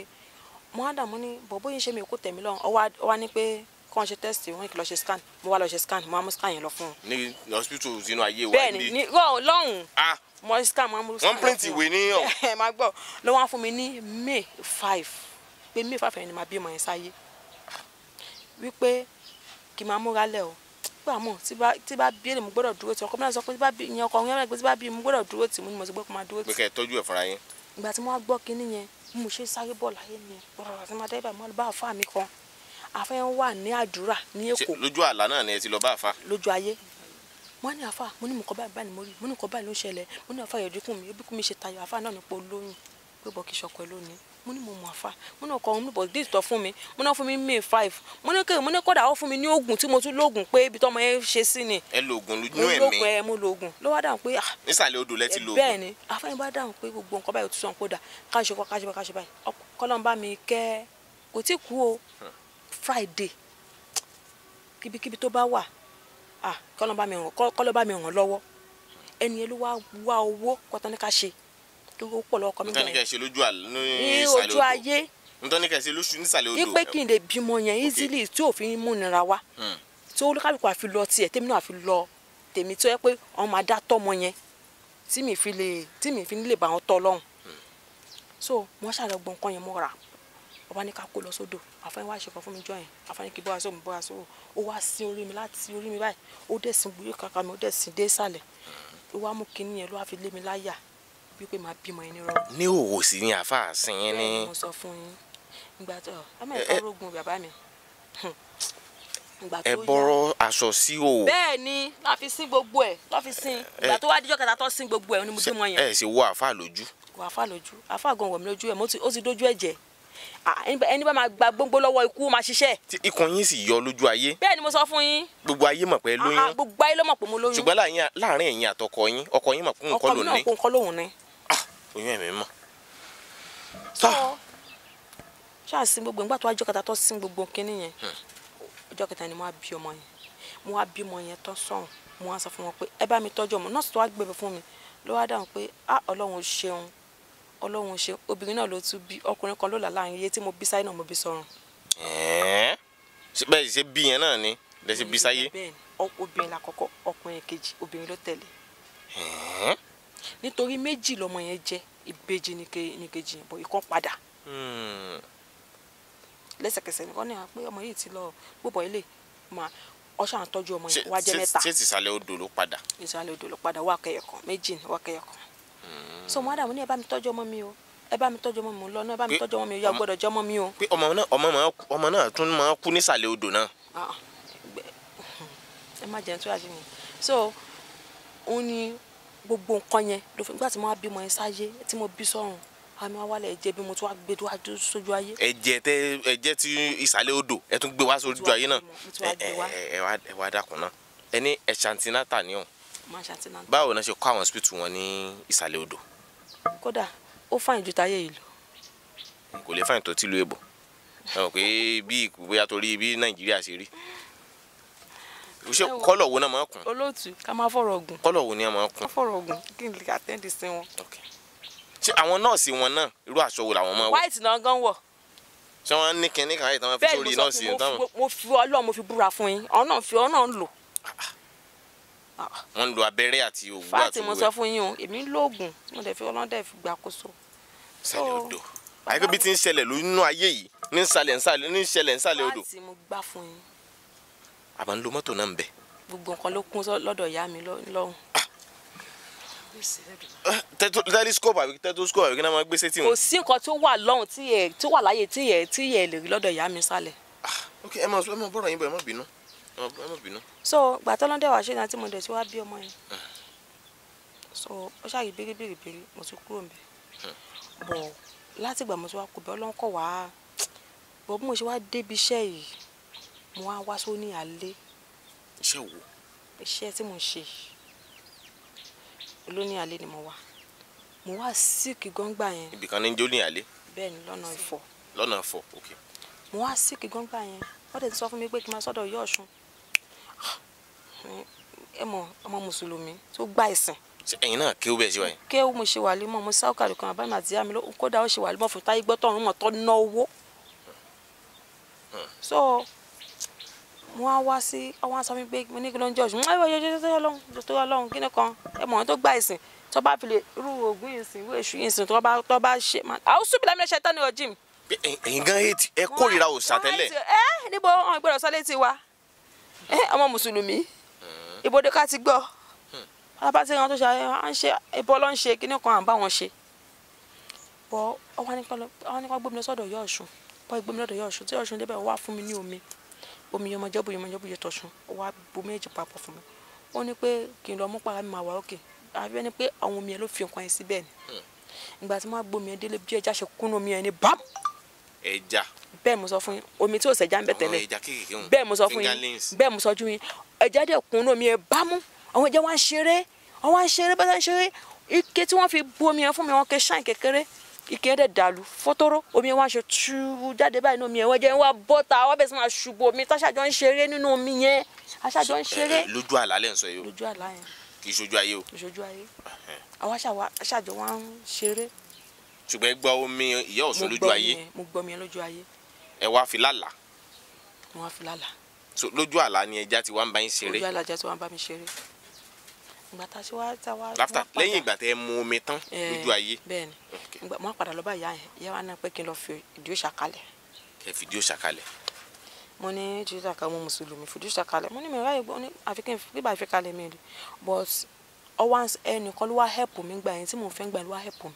Speaker 1: mo á dà mo ní bọ̀ bóyá ṣe mi kó tẹ̀mí lọ́wọ́ ọ wá ní pé kọ́ ṣe test wọn kì lọ ṣe scan mo wá lọ ṣe scan mo wá mú scan yẹn lọ fún un.
Speaker 2: ní hospital sínú ayé wa níbi. bẹ́ẹ̀ni ní lọ́hùn ah.
Speaker 1: mo scan mo wá mú scan lọ fún un. wọ́n print ìwé ní ọ̀. [laughs] ẹ máa gbọ́ ló wá fún mi ní may five pé may five yẹn ni màá bímọ yẹn sáyé wípé kì máa múra lẹ̀ o gbà mọ̀ tí bá bí èlé mo gbọ́dọ̀ dúró tì ọkọ mi náà sọ pé tí bá bí ìyẹn ọkọ mi náà tí bá bí mo gbọ́dọ̀ dúró tì mo ni mo sọ pé kò máa dúró tì. pé kẹ́ ẹ
Speaker 2: tọ́jú ẹ̀ fúnra yín.
Speaker 1: ìgbà tí mo wá gbọ́ kinní yẹn mo ṣe sáré bọ́ọ̀lù ayé mi bọ̀rọ̀ àti máa dẹ́ ibà mo bá àfa mi kan Afa ń wà ní àdúrà
Speaker 2: ní èkó. lójú àlá náà ni ẹ ti lọ bá àfa.
Speaker 1: lójú ayé wọn ní àfa mo ní mo kọ báyìí báyìí mo rí mo ní kọ báyìí ló ṣẹlẹ̀ mo ní àfa yọ̀dínkù mi ebíkú mi ṣe tayọ àfa náà nípa olóyún pé bọ́ kì í ṣọkọ ẹ lónìí mo ní mo mọ àfa mo ní ọkọ ọmọ bọ̀dé ìtọ́ fún mi mo ní wọ́n fún mi may five mo ní kéwì mo ní kọ́dà wọ́n fún mi ní oògùn tí mo tún lóògùn pé ibi tọ́mọ yẹn ṣe sí ni.
Speaker 2: ẹ lo oògùn lójú ẹ̀mí
Speaker 1: mo lóògùn ẹ mo lóògùn ló wá dáhùn pé. Ah,
Speaker 5: nísàlẹ̀ odò lẹ ti lóògùn. bẹ́ẹ̀ ni
Speaker 1: afẹ́yìn bá dáhùn pé gbogbo nǹkan báyìí ó ti sọ nǹkan dà káṣe kọ́ káṣe báyìí mi kẹ́ kò tí kú o friday kíbikíbi tó bá wà kọ́lọ́ bá mi ràn lọ́wọ́ ẹni yẹn ló wá wá owó kọ́tọ́ ní ká ṣe tó pọ̀ lọ́kọ́ mi bẹ̀rẹ̀
Speaker 2: ní ojú ayé nítorí kẹsì lóṣù nísàlẹ̀ odò. ipe kí
Speaker 1: n lè bímọ yẹn easily tí òfin múnira wa hmm. tí olúkálùkù àfi lọ tiẹ̀ tèmi náà àfi lọ tèmi tó yẹ pé ọmọ adá tọmọ yẹn tí mi fi lè tí mi fi lè bá wọn tọ lọ́hùn hmm. so mo ṣàlọ gbọǹkan yẹn mo rà ọba ní ká kó lọ sódò àfọyín wá ṣèkan fún mi jọ yẹn àfọyín kì í bọ́ra sóhùn bọ́ra sóhùn ó wá sí orí mi láti orí mi báyìí ó dẹ̀ sin gbúrí kankan mi ó dẹ̀ sin dé ìsàlẹ̀ ó wá mú kinní yẹn ló wá fi lé mi láyà bí pé màá bímọ ẹni rọ.
Speaker 2: ní òwò sí ni àfa àsìn yín ni. mo
Speaker 1: sọ fún yín ìgbà tó ọmọ ẹ̀ka bàbá mi. ẹ bọrọ
Speaker 2: aṣọ sí òwò. bẹ́ẹ̀
Speaker 1: ni la fi sin gbogbo ẹ̀ la fi sin ìgbà tó wá díjọ́ kẹta tó sin gbogbo
Speaker 2: ẹ̀ ni mo bímọ yẹn. ẹ ṣe wo àfa lójú.
Speaker 1: wo àfa lójú àfa gan wọ̀ mí lójú ẹ̀ mo ti ó ti dójú ẹni bá máa gba gbogbo lọ́wọ́ ikú máa ṣiṣẹ́.
Speaker 2: tí ikùn yín sì yọ lójú ayé. bẹ́ẹ̀ ni mo sọ fún yín. gbogbo ayé mọ̀ pé lóyún. gbogbo
Speaker 1: ayé ló mọ̀ pé mo lóyún. ṣùgbọ́n
Speaker 2: láàárín ẹ̀yin àtọkọ yín ọkọ yín mọ̀ pé nǹkan lòun ní. ọkọ mi náà kó nǹkan lòun ní. oyún ẹ̀mí mọ̀.
Speaker 1: sọ ah. ṣáàsì gbogbo ìgbà tó wá jọ́kẹta tó sin gbogbo kinní yẹn hmm. jọ́kẹta ni mo á bí ọmọ yẹn mo á bí ọmọ yẹn tán sọ̀hún mo á sọ fún wọn pé ẹ bá mi tọ́jú ọmọ nọ́ọ̀sì tó wá gbẹ̀bẹ̀ fún mi ló wá ọlọ́run ṣe obìnrin náà ló tún bí ọkùnrin kan ló là láàrin iye tí mo bí sáyé náà mo bí sọ́run.
Speaker 2: bẹ́ẹ̀ ṣe bí yẹn náà ni lè ṣe bí sáyé.
Speaker 1: obìnrin lákọ̀ọ́kọ́ ọkùnrin kejì obìnrin ló tẹ̀lé. nítorí méjì lọmọ yẹn jẹ́ ìbejì ní kejì bọ̀ ìkan padà.
Speaker 2: Hmm.
Speaker 1: lẹ́sẹ̀kẹsẹ̀ nìkan ní àwọn pé ọmọ yìí ti lọ gbọ́bọ̀ ilé máa ọṣà ń tọ́jú ọmọ yẹn wá jẹ́ mẹ́ta. ṣé
Speaker 2: ìsàlẹ̀ odò ló padà.
Speaker 1: ìsàlẹ̀ odò ló padà wá kẹyọ̀kan méjì wá kẹyọ̀kan. Mm. so mo àdàmú ni ẹ bá mi tọ́jú ọmọ mi o ẹ bá mi tọ́jú ọmọ mi lọ náà ẹ bá mi tọ́jú ọmọ mi o ya gbọ́dọ̀ jẹ́ ọmọ mi o.
Speaker 2: pé ọmọ náà ọmọ náà ọmọ náà tún máa kú nísàlẹ̀ odò náà.
Speaker 1: Ah, ah, ẹ má jẹun tó yà sí mi so òun ni gbogbo nǹkan yẹn lófin nígbà tí mo wá bímọ yẹn sáyé tí mo bí sọ́run àmì awalẹ̀ ẹ̀jẹ̀ bí mo tún wá gbé tó wá sójú ayé.
Speaker 2: ẹ̀jẹ̀ tẹ ẹ̀jẹ̀ ti ìsàlẹ̀ odò ẹ tún gbé wá sójú ayé náà ẹ wá dákun náà ẹni ẹ̀ ṣàǹtì náà tà ní ọ̀hún báwo ni wọ́n ṣe kọ́ àwọn hospital wọn ní ìsàlẹ̀ odò.
Speaker 1: kódà ó fàìn ju táyé yìí lọ.
Speaker 2: kò lè fàìn tó tìlú èbò ẹ mọ̀ pé bí bóyá torí bí nàìjíríà ṣe rí ṣe kọ́lọ̀ wo náà máa kún.
Speaker 1: olóòtú ká máa fọ̀rọ̀
Speaker 2: ọ̀gùn. kọ́lọ̀ wo ni a máa kún. ká
Speaker 1: fọ̀rọ̀ ọ̀gùn kí n lè àtẹ́ǹdì sí wọn.
Speaker 2: ṣé àwọn nọ́ọ̀sì wọn náà irú aṣọ wo làwọn máa wọ.
Speaker 1: white náà gan wọ̀.
Speaker 2: ṣé wọn ní kinní kan ayé tí wọn fi sórí nọ́ọ̀sì yìí táwọn.
Speaker 1: bẹ́ẹ̀ mo fi Ọlọ́run mo fi búra fún yín ọ̀nà fi ọ̀nà ń lò. Ah, ah
Speaker 2: wọ́n ń lo abẹ́rẹ́ àti òwú àti òwú. fáàtì mo sọ fún
Speaker 1: yín o èmi ń lo oògùn mo dẹ̀ fi ọlọ́dẹ̀ fi gbàkóso. sálẹ̀ odò
Speaker 2: àyíkó bí ti ń ṣẹlẹ̀ lónú ayé yìí ní sálẹ̀ nsálẹ̀ ní ṣẹlẹ̀ nsálẹ̀ odò. fáàtì mo gbà fún yín. àbá ń lo mọ́tò náà ń bẹ̀.
Speaker 1: gbogbo nǹkan ló kún lọ́dọ̀ ìyá mi lọ́hùn. Ah!
Speaker 2: Ah! tẹlifíṣkópù àbí tẹlifíṣkópù àbí kí n máa gbé sétí wọn. kò sí nǹkan tó wà lọ́hùn
Speaker 1: tí yẹ tó wà láyé tí yẹ tí yẹ lè rí lọ́dọ̀ ìyá ah!
Speaker 2: ok ẹ máa bọ̀rọ̀ yín bọ̀ ẹ
Speaker 1: so gbà tọ́lọ́dẹ̀ wá ṣe náà tí mo dẹ̀ tí wá bí ọmọ yẹn so ó ṣàyè bèrè mo ti kúrò ńbẹ̀ bọ̀ láti ìgbà mo ti wá kó bẹ́ẹ̀ ọlọ́run kọ̀ wá bọ̀ bí mo ṣe wá débi iṣẹ́ yìí mo wá wá só ní alẹ́. iṣẹ́ wo. iṣẹ́ tí mo ń ṣe lóní alẹ́ ni mo wà mo wá síìkì gọ́ngbà yẹn.
Speaker 2: ibìkan ní jóní alẹ́. bẹ́ẹ̀ ni lọ́nà Ifọ̀. lọ́nà Ifọ̀ ok.
Speaker 1: mo wá síìkì gọ́ngbà yẹn wọ́n tẹ̀ ti sọ fún mi pé kí n máa sọ́dọ̀ Ọ̀yọ́ Ọ̀ṣun ẹ mọ ọmọ mùsùlùmí tó gbá ìsìn.
Speaker 2: ẹ̀yin náà kéwú bẹ́ẹ̀ ṣe wáyé.
Speaker 1: kéwú mo ṣe wàlí mọ mo sáwùkàrì kan àbámi àti yá mi ló kódà ó ṣe wàlí mọ fún táyé gbọ́tọ̀ ọ̀run mọ̀ tọ́ ná owó. Hmm. so mo wá wá sí ọwọ́n sọ mi pé mo ní kí ló ń jẹ́ oṣù mo ń wá yọjọ́ tó yọ tó yọ lọ́hùn kí ni kan ẹ mọ̀ tó gbá ìsìn tó bá fi lè oògùn ìsìn ìwé èṣù ìsìn tó bá tó bá ṣe máa àwọn sùn bìlámi lè ṣe tán ní ọjì mi.
Speaker 2: ẹ̀yin gan ẹ kórìíra òòṣà tẹ́lẹ̀.
Speaker 1: ẹ níbo wọn gbọ́dọ̀ sọ létí wa ẹ eh, ọmọ mùsùlùmí ìbòde ká ti gbọ́ alábàtí kan tó ṣe à ń ṣe ìbọ ló ń ṣe kíní kan à ń bá wọn ṣe bọ ọwọ́ nípa gbómi lọ sọ́dọ̀ yọ ọ̀ṣun bọ ìgbómi lọ́dọ̀ yọ ọ̀ṣun tí ọ̀ṣun débẹ̀ wá fún mi ní omi omi yọmọjọbù yọmọjọbù yọ tọ̀ṣun wá bomi ẹ̀jẹ̀ papọ̀ fún mi ó ní pé kí n lọ mú para mi máa wà òkè àbí ẹni pé àwọn omi yẹn ló fi nǹkan yẹn síbẹ̀ ni ìgbà tí wọ́n gbómi yẹn délé bí ẹja ṣe kúnnú omi yẹn ni bam ẹja. bẹ́ẹ̀ mo sọ fún yín omi tí ò sẹ́jà ń bẹ tẹ́lẹ̀
Speaker 2: bẹ́ẹ̀ mo sọ fún yín
Speaker 1: bẹ́ẹ̀ mo sọ fún yín ẹja dẹ̀ kún omi ẹ bámú àwọn ẹja wá ń ṣeré wọ́n wá ń ṣeré bá ń ṣeré ike tí wọ́n fi bu omi yẹn fún mi wọ́n ké ṣáìn kékeré ike yẹn dẹ̀ dàlú fótóró omi yẹn wá ṣe túú jáde báyìí ní omi yẹn wọ́n jẹ́ wá bọ́ta wọ́n bẹ̀rẹ̀ sí máa ṣubú omi táṣàjọ ń ṣeré nínú omi yẹn aṣàjọ ń ṣeré.
Speaker 2: lójú àlá lẹ́ kì í ṣojú ayé o kì
Speaker 1: ayé àwọn aṣàjọ wá ń ṣeré
Speaker 2: ṣùgbọ́n ẹ gbọ́ omi ìyá ọ̀ṣun lójú ayé
Speaker 1: mo gbọ́ omi lójú ayé
Speaker 2: ẹ wá fi lálàá mo wá fi lálàá so lójú àlá ni ẹja ti wá ń bá yín ṣeré lójú àlá
Speaker 1: ẹja ti wá ń bá mi ṣeré ìgbà tá a ṣe wá tá a wá láfta lẹ́yìn
Speaker 2: ìgbà tẹ́ ẹ mu omi tán lójú ayé
Speaker 1: bẹ́ẹ̀ni ìgbà mo padà lọ ìyá yẹn ìyá wa náà pé kí n lọ fi ìdí òòṣà kalẹ̀
Speaker 2: kẹ́ fi ìdí òòṣà kalẹ̀
Speaker 1: mo ní jíjà kan mo mùsùlùmí fìdí òòṣà kalẹ̀ mo ní mi ráyè gbọ́ ní àfikún gbígbà ìfikalẹ̀ mi rí but ọwọ́ ẹnìkan ló wá help mi gbà yẹn tí mò fẹ́ gbà ló wá help mi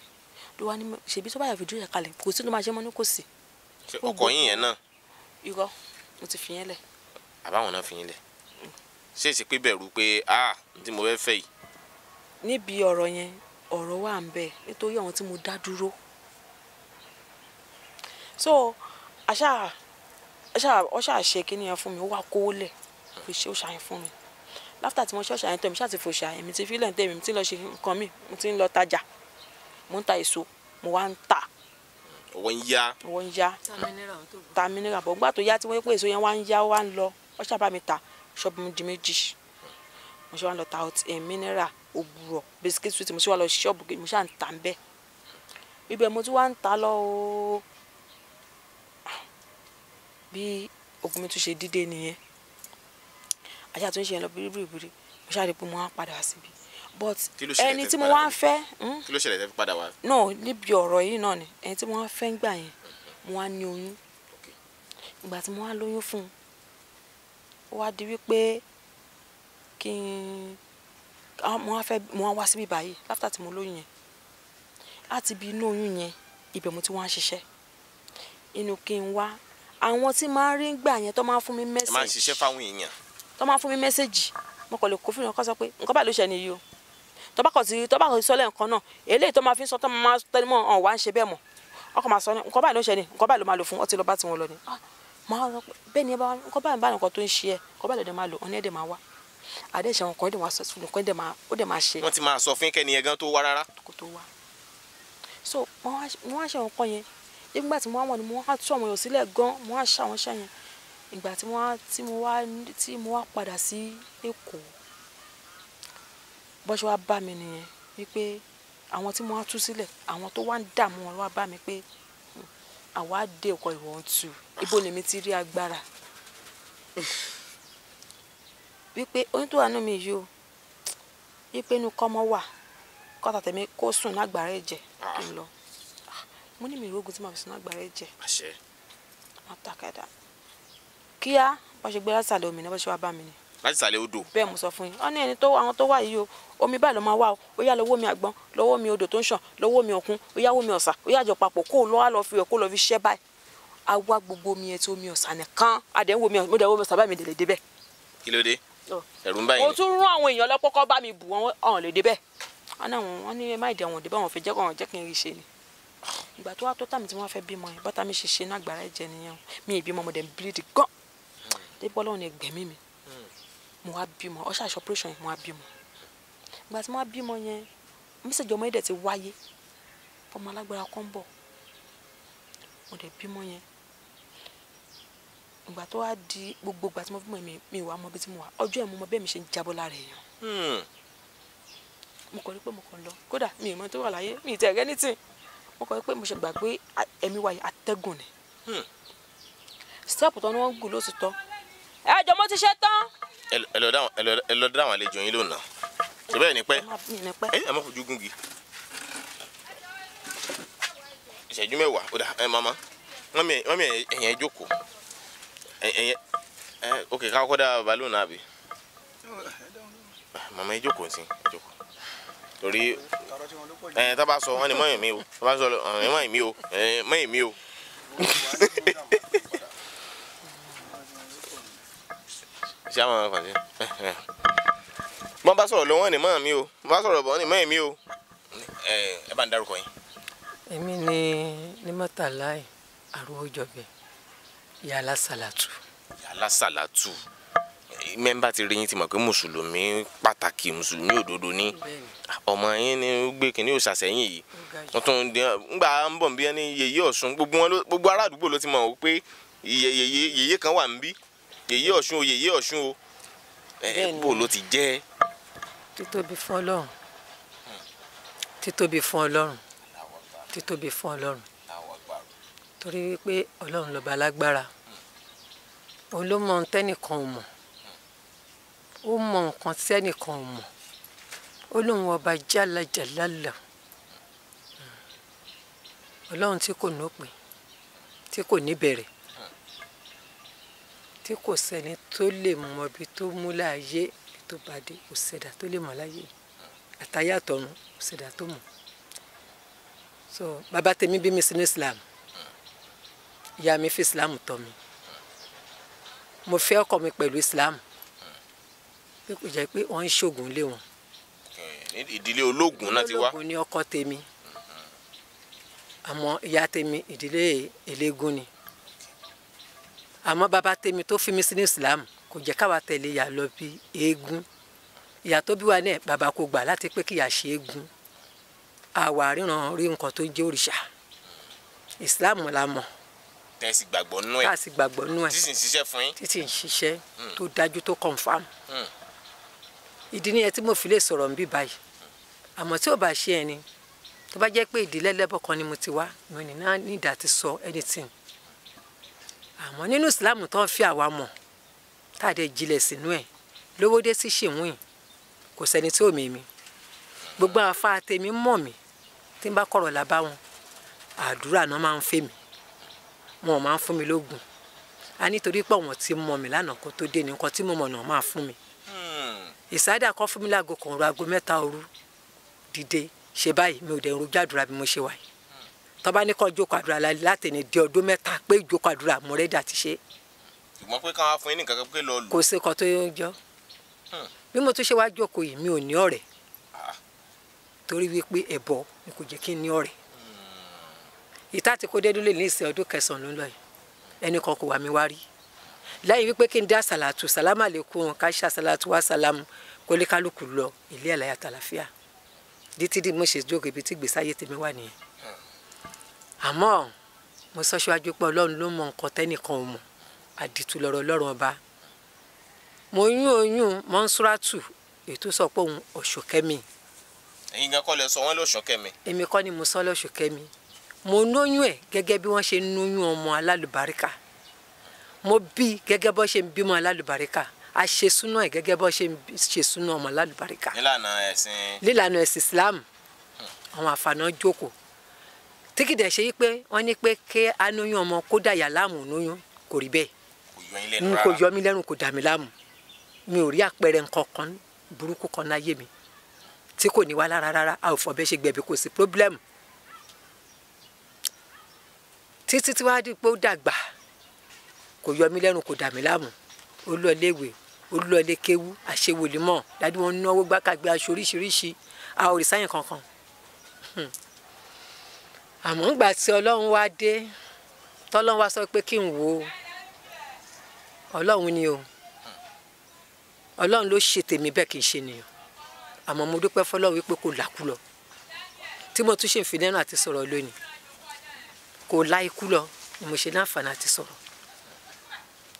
Speaker 1: ló wá ní ṣèbí tó bá yà fìdí yẹn kalẹ̀ kò sí ló máa ṣe mọ́ ní kò sí.
Speaker 2: ọkọ yín yẹn náà.
Speaker 1: irọ́ mo ti fi yẹn lẹ̀.
Speaker 2: àbáwọn náà fi yẹn lẹ̀ ṣé èsì pé bẹ̀rù pé ah tí mo fẹ́ fẹ́ yìí.
Speaker 1: níbi ọ̀rọ̀ yẹn ọ̀rọ̀ wà ń bẹ nítorí àwọn tí mo dá dúró. so àṣà àṣà ọṣà ṣe kíni yẹn fún mi ó wà kó lẹ̀ fi ṣe òṣà yẹn fún mi láfítà tí mo ṣe òṣà yẹn tó mi ṣáà ti fòṣà yẹn mi ti fi lẹ́ǹtẹ̀ mi ti lọ ṣe nǹkan mi mo ti ń lọ tajà mo ń ta èso mo wá ń tà wọ́n yá wọ́n yá ta mineral bọ̀ nígbà tó yá tí wọ́n pè èso yẹn wá ń yá wá ń lọ wọ́n ṣàbá mi ta ṣọ́ọ̀bù mi di méjì mo ṣe wá lọ ta mineral òwúrọ̀ bisikíìtì sweet mo ṣe wá lọ ṣọ́ọ̀bù mo ṣà ń tà ń bẹ́ẹ̀ ibẹ̀ mo tún wá ń ta lọ ooo bí ogun mi tún ṣe dídé nìyẹn àṣà tún yẹn lọ biribiribiri mo ṣáà rí i pé mo wá padà síbi but ẹni tí mo wá fẹ́.
Speaker 2: Hmm? kí ló ṣẹlẹ̀ tẹ́ fi padà wá.
Speaker 1: no níbi ọ̀rọ̀ yìí náà ni ẹni tí mo wá ń fẹ́ ń gbà yẹn mo wá ní oyún ìgbà tí mo wá lóyún fún un ó wá di wípé kí n mo wá fẹ́ mo wá wá síbí báyìí láfítà tí mo lóyún yẹn láti ibi inú oyún yẹn ibẹ̀ mo ti wá ń ṣiṣẹ́ inú kí n wá àwọn tí máa ń rí gbà yẹn tó máa ń fún mi mẹ́sẹ̀jì tó máa ń fún mi mẹ́sẹ̀jì mo kàn lè kó fún yàn kó sọ pé nǹkan báyìí ló ṣe nìyí o tọ́ba kọ̀ sí tọ́ba kọ̀ sí sọ́lẹ̀ nǹkan náà eléyìí tó máa fi ń sọ tó máa tẹ́lẹ̀ mọ́ ọ̀hún wá ń ṣe bẹ́ẹ̀ mọ́ ọkọ̀ máa sọ ní nǹkan báyìí ló ṣe ni nǹkan báyìí ló máa lò fún ọtí lọ bá tiwọn lọ ni ah, máa rọ pé bẹ́ẹ̀ ni ẹ bá wá nǹkan báyìí báyìí nǹkan tó ń ṣe ẹ nǹkan báyìí lọ́dẹ máa lò ọ̀nà ẹ̀dẹ̀ máa wá àdéhìṣẹ́ wọn kọ́ ẹ̀dẹ̀ máa sọ fún nǹkan ẹ̀dẹ̀ máa ó dẹ̀
Speaker 2: máa ṣe. wọ́n ti máa sọ fún kẹ́ni yẹn gan tó wá rárá. kò tó wá
Speaker 1: so mo wá ṣe àwọn nǹkan yẹn nígbà tí mo wá wọn ni mo wá tú àwọn èèyàn sílẹ̀ gan mo bó ṣe wá bá mi nìyẹn wípé àwọn tí mo wá tú sílẹ̀ àwọn tó wá ń dààmú wọn wá bá mi pé hmm, àwa dé ọkọ ìwọ̀n tù ibo lèmi ti rí agbára [sighs] wípé oyún tó wà nù mí yìí o wípé inú kọ́mọ wà kọ́ta tẹ̀mí kó sùn lágbára ẹ̀jẹ̀ kí n lọ ah, mo ní mi ìrógun tí màá fi sùn lágbára ẹ̀jẹ̀ màá tàkàdá kíá bá ṣe gbé lásàlẹ̀ omi náà ṣe wá bá mi ni láti sàlẹ̀ odò. bẹ́ẹ̀ mo sọ fún yín ọ́nà ẹni tó àwọn tó wà yìí o omi báyìí ló máa wá o ó yá mi àgbọn lọ́wọ́ mi odò tó ń sàn lọ́wọ́ mi ọ̀kun ó yá mi ọ̀sà ó yá papọ̀ kó o lọ́wọ́ lọ fi ọ̀ lọ fi ṣẹ́ báyìí a wá gbogbo omi ẹ̀ tí omi ọ̀sà nìkan adẹ̀ ń wo mi mo dẹ̀ wo mi ọ̀sà báyìí mi lè débẹ̀.
Speaker 2: kí ló dé ẹ̀rù ń báyìí. mo tún
Speaker 1: rún àwọn èèyàn lọ́pọ́kọ́ bá mi bù wọ́n ọ̀hún lè débẹ̀ mo wá bímọ ọ ṣàṣọ operation yẹn mo wá bímọ ìgbà tí mo wá bímọ yẹn mísèjì ọmọ yẹn dẹ̀ ti wáyé ọmọ alágbára kan bọ̀ mo dẹ̀ bímọ yẹn ìgbà tó wá di gbogbo ìgbà tí mo bímọ mi mi wà mọ bí tí mo wà ọjọ́ ẹ̀ mo mọ bẹ́ẹ̀ mi ṣe ń jábọ́ lára èèyàn
Speaker 5: hmm. mo
Speaker 1: kọ̀ rí pé mo kàn lọ kódà mi ì mọ tó wà láyé mi ì tẹ̀ rẹ́ nítìn mo kọ̀ rí pé mo ṣe gbàgbé ẹ̀mí wa yìí ni hmm. step tó ní wọ́n gùn lóṣù tọ́ ẹ jọ mo ti ṣe tán.
Speaker 2: ẹ lọ dá àwọn àlejò yín lónà ṣe bẹ́ẹ̀ ni pẹ́ ẹ má fojú gúngi ìṣẹ́jú mẹ́wàá ó dà ẹ mama wọ́n mi ẹ̀yìn ẹ jókòó ẹ̀yìn ẹ ok ká kọ́ dá balóò náà bi mama ẹ jókòó sí ẹ jókòó torí ẹ tá bá sọ wọn ni mọ̀yìn mi o tá bá sọ ẹ mọ̀yìn mi o ẹ mọ̀yìn mi o. [laughs] ṣé àwọn ọkàn sí mo bá sọ̀rọ̀ lọ́wọ́ ẹ̀ ní mọ́ mi o mo bá sọ̀rọ̀ bọ́ ní mọ́ mi o ẹ bá ń dárúkọ yín.
Speaker 3: èmi ni ní mọ́tàlá àrùwọ̀ jọ̀bẹ̀ yàrá sàlàtù.
Speaker 2: yàrá sàlàtù mẹ́ńbà ti rí yín ti mọ̀ pé mùsùlùmí pàtàkì mùsùlùmí òdodo ní ọmọ yín ni ó gbé kínní òṣàṣẹ́yìn yìí wọ́n tún nígbà ń bọ̀ bí ẹni yèyé ọ̀ṣun gbogbo ara àdúgbò ló ti mọ̀ pé yèyé kan wà ń bí yèyé ọ̀ṣun o yèyé ọ̀ṣun o bó ló ti jẹ́.
Speaker 3: títóbi fún ọlọ́run títóbi fún ọlọ́run títóbi fún ọlọ́run torí wípé ọlọ́run lọ́ba lágbára òun ló mọ tẹ́nìkan ò mọ̀ ó mọ nǹkan tẹ́nìkan ò mọ̀ ó lóun ọba jálajàlálà ọlọ́run tí kò nópin tí kò níbẹ̀rẹ̀ tí kò sẹ́ni tó lè mọ ibi tó mú láàyè tó bá dé kò sẹ́dá tó lè mọ láàyè àtàyà àtọ̀run kò tó mọ̀ so bàbá tèmi bí mi sí ní Islam ìyá mi fi Islam tọ́ mi mo fẹ́ ọkọ mi pẹ̀lú Islam pé kò jẹ́ pé wọ́n ń ṣoògùn lé wọn.
Speaker 2: ìdílé
Speaker 4: ológun náà ti wá ológun
Speaker 3: ni ọkọ tèmi àmọ́ ìyá tèmi ìdílé eléégún ni àmọ́ baba tèmi tó fi mí sí ní islam kò jẹ́ káwa tẹ̀lé ìyá lọ bí eégún ìyá tó bí wa náà bàbá kò gbà láti pé kíyà ṣe eégún àwa ríran rí nǹkan tó jẹ́ òrìṣà islam la mọ̀
Speaker 2: tẹ́sí gbàgbọ́ nú ẹ̀ tẹ́sí gbàgbọ́ nú ẹ̀ títí ń ṣiṣẹ́ fún yín títí ń
Speaker 3: ṣiṣẹ́ hmm. tó dájú tó confam hmm. ìdí nìyẹn tí mo fi lè sọ̀rọ̀ ń bí báyìí àmọ́ tí ò bá ṣe ẹni tó bá jẹ́ pé ìdílé lẹ́bọ̀ kan ni mo ti wá mi ò ní náà ti sọ anything àmọ́ nínú ìsìláàmù tó ń fi àwa mọ̀ tá a dẹ̀ jilẹ̀ sínú ẹ̀ lówó dé sí ṣèwìn kò sẹ́ni tí ò mímí gbogbo àwọn afá tèmi mọ̀ mí tí n bá kọ̀rọ̀ là wọn àdúrà náà máa ń fẹ́ mi wọn ò máa ń fún mi lóògùn a nítorí pé wọn ti mọ̀ mí lánàá kó tó dé ní nǹkan tí mo mọ̀ náà máa fún mi hmm. ìsáádà kan fún mi láago kan ro aago mẹ́ta òru dìde ṣe báyìí mi ò dẹ̀ ń rojọ́ àdúrà bí mo ṣe wáyé tó bá ní kó jókòó àdúrà lálẹ́ láti ní di ọdún mẹ́ta pé ìjókòó àdúrà àmúrẹ́dà ti ṣe.
Speaker 2: ṣùgbọ́n pé káwọn fún yín nìkan pé lọ lù. kò sí nǹkan tó yóò jọ hmm.
Speaker 3: bí mo tún ṣe wá jókòó yìí mi ò ní ọ̀rẹ́ ah. torí wípé ẹbọ ni kò jẹ́ kí n ní ọ̀rẹ́ hmm. ìta ti kó dédúlé ní ìsìn ọdún kẹsàn-án ló ń lọ yìí ẹnì kan kò wá mi wá rí lẹ́yìn wípé kí n dá sàlàtù sàlámà lè kú wọn ká ṣá sàlàtù wá sàlámù kó lè kálukú lọ ilé àlàyé àtàlàfíà títí di mo ṣe jókòó ibi tí gbèsáyé tèmi wà nìyẹn àmọ́ mo sọ síwájú pé ọlọ́run ló mọ nǹkan tẹ́nìkan ò mọ̀ àdìtú lọ́rọ̀ ọlọ́run ọba mo yún oyún mọ́ńsúrátù ètò sọ pé òun ọ̀ṣọ́kẹ́mi.
Speaker 2: ẹ̀yin gan kọ́ lẹ sọ wọ́n lọ́ṣọ́kẹ́mi.
Speaker 3: èmi kọ́ ni mo sọ lọ́ṣọ́kẹ́mi mo lóyún ẹ̀ gẹ́gẹ́ bí wọ́n ṣe ń lóyún ọmọ alálùbáríkà mo bí gẹ́gẹ́ bọ́ ṣe ń bímọ alálùbáríkà a ṣe súná ẹ̀ gẹ́gẹ́ bọ́ ṣe ń ṣe súná ọmọ alálùbáríkà.
Speaker 2: nílànà ẹ̀sìn.
Speaker 3: nílànà ẹ̀sìn Islam hmm. àwọn àfààná jókòó tí kìdẹ̀ ṣe yí pé wọ́n ní pé kí anúyún ọmọ kó dàyà láàmú núyún kò rí bẹ́ẹ̀ n kò yọ mí lẹ́nu kò dà mí láàmú mi ò rí àpẹẹrẹ nǹkan kan burúkú kan láyé mi tí kò ní wá lára rárá a ò fọ bẹ́ẹ̀ ṣe gbẹ̀bí kò sí pírọ́blẹ́mù títí tí wàá di pé ó dàgbà kò yọ mí lẹ́nu kò dà mí láàmú ó lọ léwe ó lọ lé àṣewòlímọ̀ dáadé wọn náwó gbákàgbé aṣọ oríṣiríṣi a ò rí sáyìn kankan. Hmm àmọ́ ńgbà tí ọlọ́run wá dé tọ́lọ́run wá sọ pé kí n wò ó ọlọ́run ni o ọlọ́run ló ṣe tèmi bẹ́ẹ̀ kì í ṣe nìyẹn àmọ́ mo dúpẹ́ fọlọ́run wípé kò làkú lọ tí mo tún ṣe ń fi lẹ́nu àti sọ̀rọ̀ lónìí kò la ikú lọ ni mo ṣe láǹfààní àti sọ̀rọ̀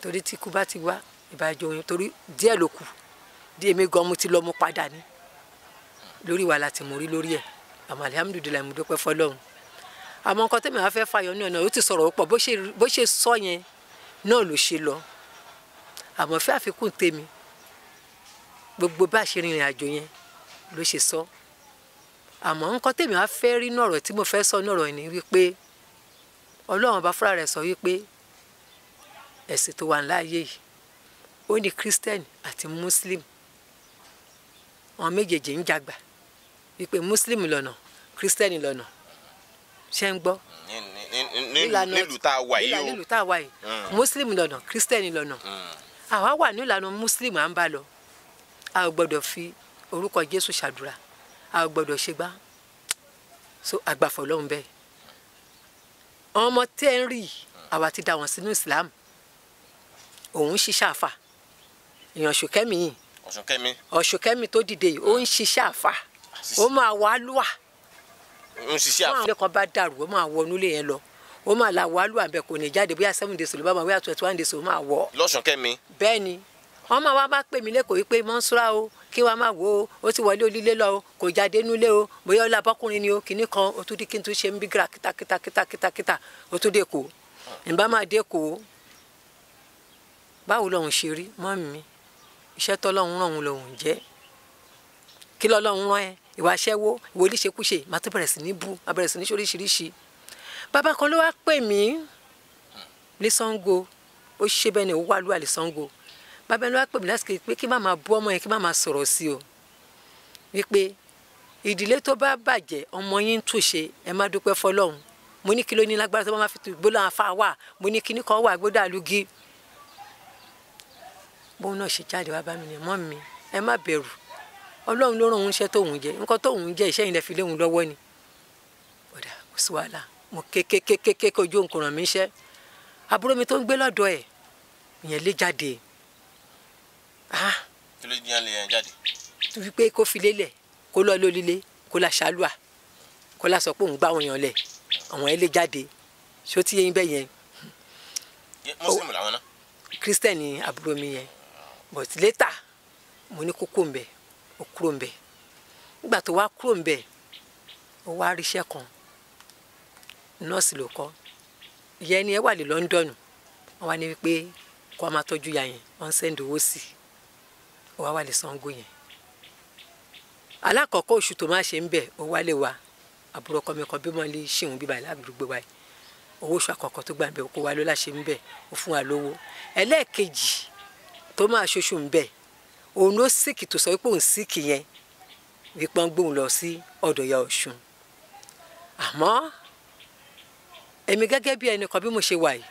Speaker 3: torí tí ikú bá ti wá ìbàjẹ́ oyin torí díẹ̀ ló kù díẹ̀ mi gan mo ti lọ mo padà ní lórí wàhálà tí mo rí lórí ẹ̀ àmọ́ alihamudulilayi mo dúpẹ́ fọlọ́run àmọ́ nǹkan tẹ́mi àá fẹ́ fàyọ ní ọ̀nà ó ti sọ̀rọ̀ pọ̀ bó ṣe sọ yẹn náà ló ṣe lọ àmọ́ fẹ́ àfikún tèmi gbogbo bá a ṣe rìnrìn àjò yẹn ló ṣe sọ àmọ́ nǹkan tèmi á fẹ́ rí nọ̀rọ̀ tí mo fẹ́ sọ nọ̀rọ̀ ni wípé ọlọ́run bá fúnra rẹ̀ sọ wípé ẹ̀sìn tó wà láàyè yìí ó ní christian àti muslim àwọn méjèèjì ń jàgbà wípé muslim lọ́nà christian lọ́nà ṣe ń gbọ́.
Speaker 2: nílùú tá a wà yìí o nílùú tá a wà yìí
Speaker 3: muslim lọ́nà kristẹni lọ́nà hmm. àwa wà nílànà muslim à ń bá lọ a ò gbọ́dọ̀ fi orúkọ jésù ṣàdúrà a ò gbọ́dọ̀ ṣe gbá so àgbàfọ̀ lọ́hùn bẹ́ẹ̀ ọmọ tẹ́ ń rí àwa ti dá wọn sínú islam òun ṣiṣẹ́ àfà èèyàn ṣùkẹ́mi yìí ọ̀ṣùnkẹ́mi tó dìde yìí ó ń hmm. ṣiṣẹ́ àfà ó máa wá lúwà
Speaker 2: n sisi àfọ. máa lẹ́kọ̀ọ́
Speaker 3: bá dàrú ó máa wọnú lé yẹn lọ ó máa la wàhálù àbẹ kò ní jáde bóyá seven days ló bá máa bóyá twenty one days ló máa wọ. lọ́sùn kẹ́mi. bẹ́ẹ̀ ni wọ́n máa wá bá pè mí lẹ́kọ̀ọ́ yìí pé o kí wàá máa wo ó ti wọlé onílé lọ o kò jáde nulẹ̀ o bóyá ọlá bọ́kùnrin ni o kìíní kan o tún di kí n tún ṣe ń bí gíra kìtàkìtàkìtàkìtà o tún dé kó nbá máa dé kó báwo lọ́hùn ṣe rí mọ́ mi iṣẹ́ tọ́lọ́hún ràn òun lòun jẹ́ kí lọ́lọ́hún rán ẹ ìwà aṣẹ́wó ìwà oníṣekúṣe màá tó bẹ̀rẹ̀ sí ní bú màá bẹ̀rẹ̀ sí ní ṣoríṣiríṣi bàbá kan ló wá pè mí lé Ṣàngó ó ṣe bẹ́ẹ̀ ni ó wá lúwà lé Ṣàngó bàbá ló wá pè mí lásìkò pé kí má máa bú ọmọ yẹn kí má máa sọ̀rọ̀ sí o wípé ìdílé tó bá bàjẹ́ ọmọ yín ń túnṣe ẹ má dúpẹ́ fọlọ́run mo ní kí ló ní lágbára tó bá máa fi gbóló àfa wà mo ní kíní kan wà gbódà lùgì bóun náà ṣe jáde wá bá mi ní mọ́ mi ẹ má bẹ̀rù ọlọ́run ló ràn òun iṣẹ́ tóun jẹ nǹkan tóun jẹ iṣẹ́ yìí lẹ fi léun lọ́wọ́ ni ọ̀dà kò sí wàhálà mo kékékékéké kojú nǹkan ràn mí iṣẹ́ àbúrò mi tó ń gbé lọ́dọ̀ ẹ̀ ìyẹn lé jáde
Speaker 2: kí ló dín àlè yẹn jáde.
Speaker 3: wípé kó fi lélẹ̀ kó lọ lólílé kó la ṣàlùwà kó la sọ pé òun gbá àwọn èèyàn lẹ̀ àwọn ẹ̀ lé jáde ṣó tí yẹn bẹ́ yẹn. mùsùlùmí làwọn náà. christian ni àbúrò mi yẹn but later mo ní ó kúrò ń bẹ nígbà tó wá kúrò ń bẹ ó wá ríṣẹ́ kan nọ́ọ̀sì ló kọ́ ìyá ẹni ẹ wà ní London wọ́n wá ní wípé kó a máa tọ́jú ya yẹn wọ́n ń sẹ́ńdì owó sí ó wá wà lè sango yẹn alákọ̀ọ́kọ́ oṣù tó máa ṣe ń bẹ̀ ó wálé wa àbúrò ọkọ mi kan bí wọ́n lè ṣìwọ̀n bíbá yìí ládùúgbò wa yìí owó oṣù àkọ́kọ́ tó gbà ń bẹ̀ kó wa ló láṣẹ ń bẹ̀ ó fún wa lówó ẹlẹ́ẹ̀kejì tó máa ṣoṣù ń bẹ̀ òun ló síkì tó sọ pé òun síkì yẹn wípé wọ́n gbóhùn lọ sí ọ̀dọ̀ ìyá ọ̀ṣun àmọ́ èmi gẹ́gẹ́ bí ẹnìkan bí mo ṣe wà yìí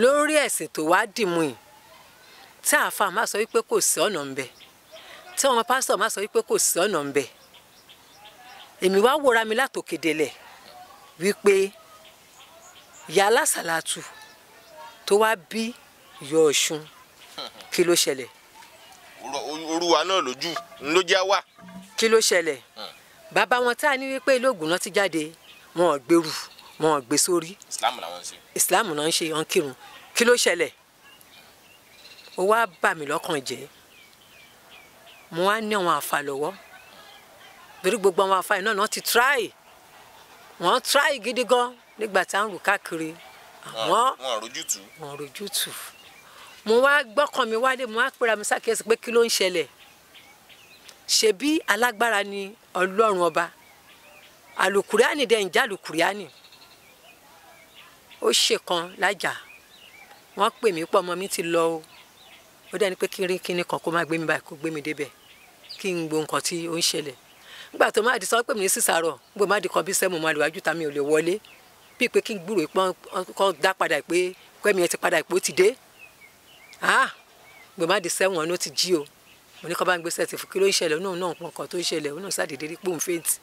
Speaker 3: lórí ẹ̀sìn tó wá dìmú yìí tí àáfàá má sọ wípé kò sí ọ̀nà ńbẹ tí ọmọ pásítọ̀ má sọ wípé kò sí ọ̀nà ńbẹ èmi wá wòra mi látòkè wípé ìyá alásàlátù tó wá bí ìyá ọ̀ṣun kí ló ṣẹlẹ̀.
Speaker 2: olúwa náà lójú ló jẹ́ wà.
Speaker 3: kí ló ṣẹlẹ̀ bàbá wọn tá a ní wípé ilóògùn náà ti jáde wọn ò gbèrú wọn ò gbé sórí.
Speaker 2: islam làwọn ń ṣe.
Speaker 3: islam náà ń ṣe ọ̀n kírun kí ló ṣẹlẹ̀ ó wá bà mí lọ́kàn jẹ́ mo wá ní àwọn àfà lọ́wọ́ torí gbogbo àwọn àfà yìí náà ti try wọ́n try gidi gan nígbà tá à ń rù káàkiri àwọn wọn wọn rojútùú mo wá gbọ́kàn mi wálé mo wá pera mi sákẹ́sì pé kí ló ń ṣẹlẹ̀ ṣebí alágbára ni ọlọ́run ọba alukuriani dẹ̀ ń já alukuriani ó ṣe kan lájà wọ́n pè mí pọ̀ ọmọ mi ti lọ o ó dẹ́ni pé kí n rí kíní kan kó má gbé mi báyìí kó gbé mi débẹ̀ kí n gbọ́ nǹkan tí ó ń ṣẹlẹ̀ nígbà tó má di sọ pé mi ní sísàárọ̀ gbọ́ má di kan bí sẹ́mu máa lò ta mi ò lè wọlé bíi pé kí n gbúròó pọ́n kọ́ dá padà pé kẹ́mi ẹ ti padà pé ó ti dé ah gbèmádìí sẹ́wọ̀n ló ti jí o mo ní kọ́ bá ń gbé sẹ́ẹ̀tì fún kí ló ń ṣẹlẹ̀ òun náà nǹkan tó ń ṣẹlẹ̀ òun náà ṣàdédé rí pòun fèǹtì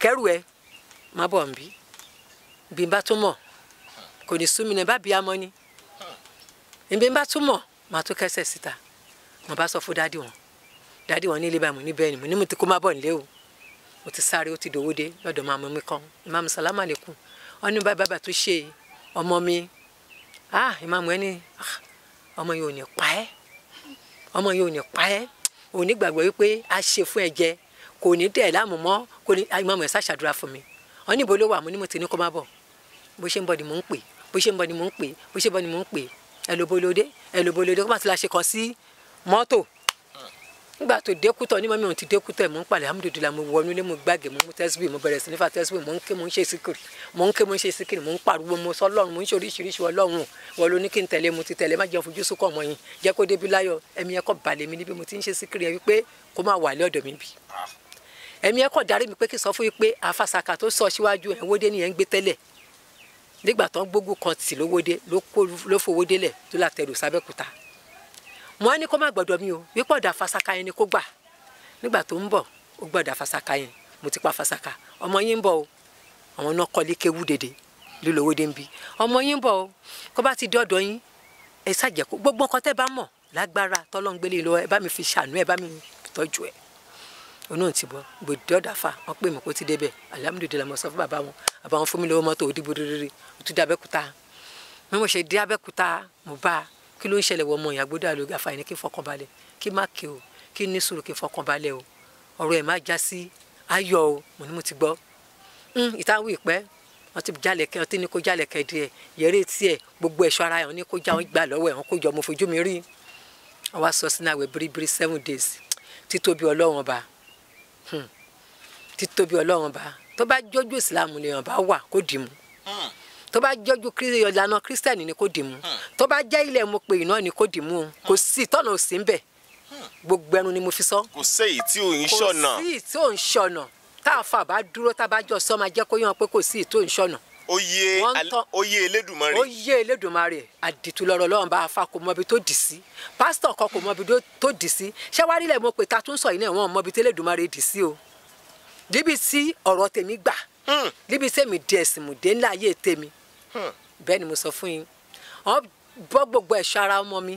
Speaker 3: kẹ́rù ẹ má bọ̀ ń bí bí n bá tún mọ̀ kò ní sú mi náà bá bí amọ́ ni bí n bá tún mọ̀ má tún kẹ́sẹ̀ síta mo bá sọ fún dádì wọn dádì wọn nílé báyìí mo ní bẹ́ẹ̀ ni mo ní mo ti kó má bọ̀ nílé o mo ti sáré ó ti dòwó dé lọ́dọ̀ máa mú mi kàn ìmáàmù sàlámà lẹ́kùn wọn ní bàbá tó ṣe ọmọ mi ah ìmáàmù ẹni ah ọmọ yìí ò ní pa ẹ́ ọmọ yìí ò ní pa ẹ́ ò ní gbàgbọ́ wípé a ṣe fún ẹ jẹ kò ní dẹ̀ láàmú mọ́ kò ní ìmọ̀mọ̀ ẹ̀ ṣàṣàdúrà fún mi ọ níbo ló wà mo ní mo ti ní kó má bọ̀ bó ṣe ń bọ̀ ni mò ń pè bó ṣe ń bọ̀ ni mò ń pè bó ṣe ń bọ̀ ni mò ń pè ẹ lóbo lóde ẹ lóbo lóde kó má ti la ṣe kàn sí mọ́tò nígbà tó dékútọ̀ ní mọ́mí òun ti dékútọ̀ ẹ̀ mọ́ ń palẹ̀ amúdòdìlà mo wọnú ilé mo gbàgẹ̀ mo mú tẹ́síbì mo bẹ̀rẹ̀ sí nífa tẹ́síbì mo ń ké mo ń ṣe síkìrì mo ń ké mo ń ṣe mo ń pariwo mo sọ lọ́run mo ń ṣe oríṣiríṣi ọlọ́run wọ́n ló ní kí n tẹ̀lé mo ti tẹ̀lé má jẹun fojú sókọ̀ ọmọ yín jẹ́ kó débi láyọ̀ ẹ̀mí ẹ̀kọ́ balẹ̀ mi níbi mo ti ń ṣe síkìrì ẹ̀ wípé kó má wà lé ọ̀dọ̀ mi níbi ẹ̀mí ẹ̀kọ́ darí mi pé kí n sọ fún yín pé àfàsàkà tó sọ síwájú ẹ̀ wóde ni ẹ̀ ń gbé tẹ́lẹ̀ nígbà mo á ní kó má gbọ́dọ̀ mi o wípé ọ̀dà fasaka yẹn ni kó gbà nígbà tó ń bọ̀ ó gbọ́dọ̀ fasaka yẹn mo ti pa fasaka ọmọ yín ń bọ̀ o àwọn náà kọ́lé kéwú dèdè lílowó dé ń bi ọmọ yín ń bọ̀ o kó bá ti dé ọ̀dọ̀ yín ẹ ṣàjẹ́ kó gbogbo nǹkan tẹ́ bá mọ̀ lágbára tọ́lọ́ngbélé e lọ ẹ bá mi fi ṣàánú ẹ bá mi tọ́jú ẹ onú ti bọ gbòdì ọ̀dà fa wọn pè mí kó ti débẹ̀ alihamudulilayi mo sọ fún bàbá wọn bàbá wọn fún mi lówó mọ́tò òdìbò rere òtún dé abẹ́kúta mo ṣe dé mo bá a kí ló ń ṣẹlẹ̀ wọ ọmọ ìyàgbọ́dọ̀ àlọ́ àfààní kí fọkànbalẹ̀ kí má ké o kí ní sùúrù kí fọkànbalẹ̀ o ọ̀rọ̀ ẹ̀ má já sí ayọ̀ o mo ní mo ti gbọ́ hmm, ìtawí ìpẹ́ wọ́n ti jalè kẹ́ ọtí ní kó jalè kẹ́ díẹ̀ yẹ̀rẹ́ tiẹ̀ gbogbo ẹ̀ṣọ́ ara ẹ̀ ní kó já gbà lọ́wọ́ ẹ̀ wọn kó jọ mo fojú mi rí wọ́n wá sọ sínú àwẹ̀ biribiri seven days títóbi ọlọ́run ọba hmm, títóbi ọlọ́run ọba tó bá jójú ìsìlámù lèèyàn bá wà kó dì mú. Hmm tó bá jọjú ìlànà kírísítẹ́nì ni kò dì mú hmm. tó bá jẹ́ ilẹ̀ mo pe iná ni kò dì mú hmm. kò sí tọ́nà òsì ń bẹ̀ hmm. gbogbo ẹnu ni mo fi sọ.
Speaker 2: kò séyìí tí ò ń
Speaker 3: ṣọ̀nà kò sí tí ò ń ṣọ̀nà tá a fà bá dúró tá a bá jọ sọ máa jẹ́ kó yàn pé kò sí tó ń ṣọ̀nà.
Speaker 4: oyè elédùnmarè.
Speaker 3: oyè elédùnmarè àdìtú lọ́rọ̀ lọ́run bá a fa kò mọbi tó dì sí pásítọ̀ kan kò mọbi tó dì sí ṣẹ́wárí lẹ̀ mo pè ta yìí náà wọ́n mọbi tó elédùnmarè dì sí o níbi tí ọ̀rọ̀ tèmi gbà níbi tèmi di ẹ̀sìn mùdé ńlá ayé tèmi Hmm. bẹ́ẹ̀ ni mo sọ fún yín wọ́n bọ́ gbogbo ẹ̀ṣọ́ ara ọmọ mi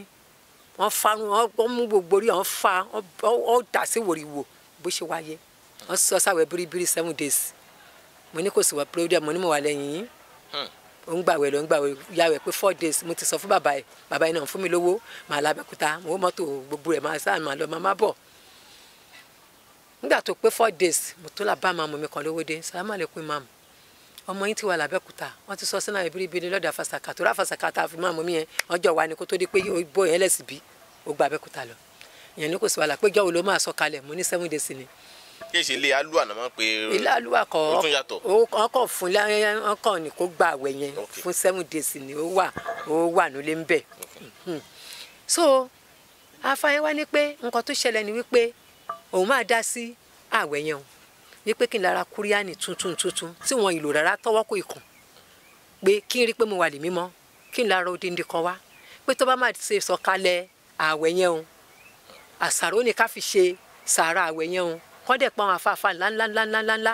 Speaker 3: wọ́n farun wọ́n mú gbogbo orí wọ́n fa wọ́n dà sí wòríwò bó ṣe wáyé wọ́n sọ sáwẹ̀ biribiri seven days mo ní kò sí wọ́n pírọ́dẹ̀ mo ní mo wà lẹ́yìn yín hmm. ó ń gbàwẹ̀ ló ń gbàwẹ̀ yàwẹ̀ pé four days mo ti sọ fún bàbá yìí bàbá yìí náà fún mi lówó màá lábẹ́kúta mo mọ́tò gbogbo rẹ̀ máa sáà máa lọ máa má bọ̀ nígbà tó pé four days mo tó là bá màmú mi kan lówó dé salamu alaykum ọmọ yín ti wà lábẹ́kúta wọ́n ti sọ sínú àwọn ìbíríbíri lọ́dọ̀ àfàsàkà tó ráfàsàkà tá a fi máa mọ̀ mí yẹn ọjọ́ wa ni kó tó dé pé bó yẹn lẹ́sìn bí ó gba àbẹ́kúta lọ ìyẹn ní kò sí wàhálà péjọ wo ló máa sọ kalẹ̀ mo ní seven days ni.
Speaker 2: kí èsì ilé alúwà náà máa ń pe ilé alúwà kọ
Speaker 3: ọkàn fún ọkàn ni kò gba àwẹ̀ yẹn fún seven days ni ó wà ó wà nílé ń bẹ̀. Hmm. so afáyẹn wá ní pé nǹkan tó ṣẹlẹ̀ ni wípé òun máa dá sí àwẹ̀ yẹn o wípé kí n lára kúríánì tuntun tuntun tí wọn ìlò rárá tọwọ́ kò ìkùn pé kí n rí pé mo wà lè mímọ́ kí n lára odindi kan wá pé tó bá má ṣe sọ̀kalẹ̀ ààwẹ̀ yẹn o àṣàrò ni ká fi ṣe sàárà ààwẹ̀ yẹn o kọ́ dẹ̀ pa àwọn afáfá ńláńláńláńláńlá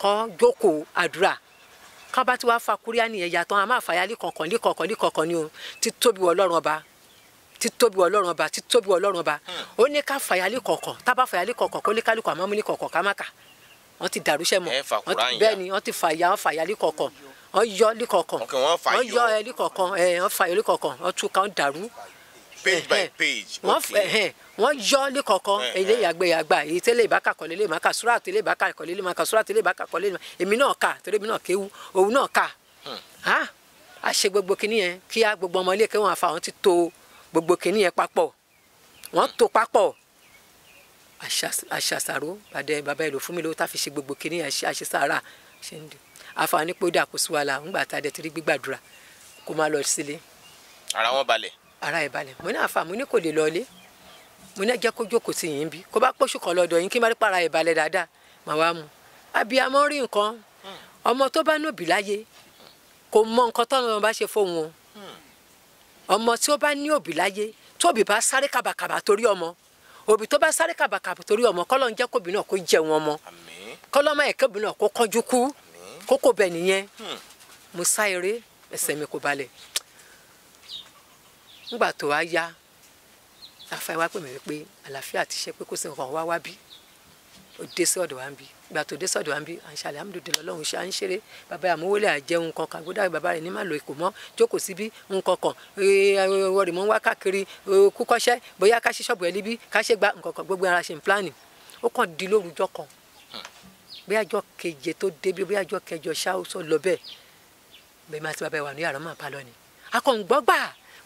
Speaker 3: kan jókòó àdúrà ká bá fa kúríánì yẹn yàtọ̀ àwọn máa fàyà líkọ̀ọ̀kan líkọ̀ọ̀kan líkọ̀ọ̀kan ni o ti tóbi wọ títóbi ọlọ́run ọba títóbi ọlọ́run ọba ó ní ká fàyàlì kọ̀ọ̀kan tábà fàyàlì kọ̀ọ̀kan kó lè kálukú àmọ́múlì kọ̀ọ̀kan ká má kà wọ́n ti dàrúṣẹ́ mọ́ bẹ́ẹ̀ ni wọ́n ti fàyà wọ́n fàyàlì kọ̀ọ̀kan wọ́n yọ lì kọ̀ọ̀kan wọ́n yọ ẹ lì kọ̀ọ̀kan wọ́n fàyà lì kọ̀ọ̀kan wọ́n tún ká ń dàrú.
Speaker 2: page by page
Speaker 3: okay. wọ́n yọ lì kọ̀ọ̀kan èyí yàgbẹ́yàgbà èyí tẹ́lẹ̀ ìbáka kọ̀lé lè má ka súrà tẹ́lẹ̀ ìbáka kọ̀lé lè má ka súrà tẹ́lẹ̀ ìbáka kọ̀lé lè má èmi náà kà torí èmi náà kéwu òun náà hmm. ṣe gbogbo kinní kí á gbogbo ọmọ ilé kéwọn àfa àwọn ti tó o gbogbo kìnìún yẹn papọ̀ wọ́n tó papọ̀ àṣàṣàrò bàdẹ bàbá ẹ lò fún mi lówó tá a fi ṣe gbogbo kìnìún yẹn àṣesára ṣe ń dùn àfààní pé ó dà kó sí wàhálà ńgbà tá a dẹ ti gbígbàdúrà kó má lọ sílé. ara wọn balẹ̀. ara ẹ balẹ̀ mo ní àfa mo ní kò lè lọlé mo ní jẹ́ kó jókòó sí yín bí kó bá pọ̀ṣù kan lọ́dọ̀ yín kí má rí para ẹ balẹ̀ dáadáa màá wá mu abiyamọ rí nǹkan hmm. ọmọ tó bá nóbì láyé kò mọ nǹkan tọ́nà bá ṣe fóun o ọmọ tí ó bá ní òbí láyé tóbi bá sáré kàbàkàbà torí ọmọ òbí tó bá sáré kàbàkàbà torí ọmọ kọ́lọ́ ń jẹ́ kóbi náà kó jẹun ọmọ kọ́lọ́ máa ẹ̀kẹ́bi náà kó kánjú kú kókó bẹ̀ nìyẹn hmm. mo eré ẹsẹ̀ mi kò balẹ̀ nígbà tó wá yá àfàìwá pè mí pé àlàáfíà ti ṣe pé kó sì ń hàn wá wá bí òde sọ̀dọ̀ wa ń bí ìgbà tó dé sọ̀dọ̀ wa ń bí à ń ṣe alihamudulilayi lọ́lọ́run ṣe à ń ṣeré bàbá àmúwọlé àjẹun nǹkan kan gbọ́dọ̀ bàbá rẹ̀ ní má lo ìkò mọ́ jókòó síbí nǹkan kan ọwọ́ rẹ̀ mọ́ wá káàkiri kúkọ́ṣẹ́ bóyá ká ṣe ṣọ́ọ̀bù ẹ̀ níbí ká ṣe gba nǹkan kan gbogbo ara ṣe ń pílánì ó kàn di lórúkọ kan bóyá ọjọ́ keje tó débi bóyá ọjọ́ kẹjọ ṣáà ó sọ lọ bẹ́ẹ̀ bẹ́ẹ̀ má ti bàbá wa ní àrọ́ máa bá lọ ni akọ̀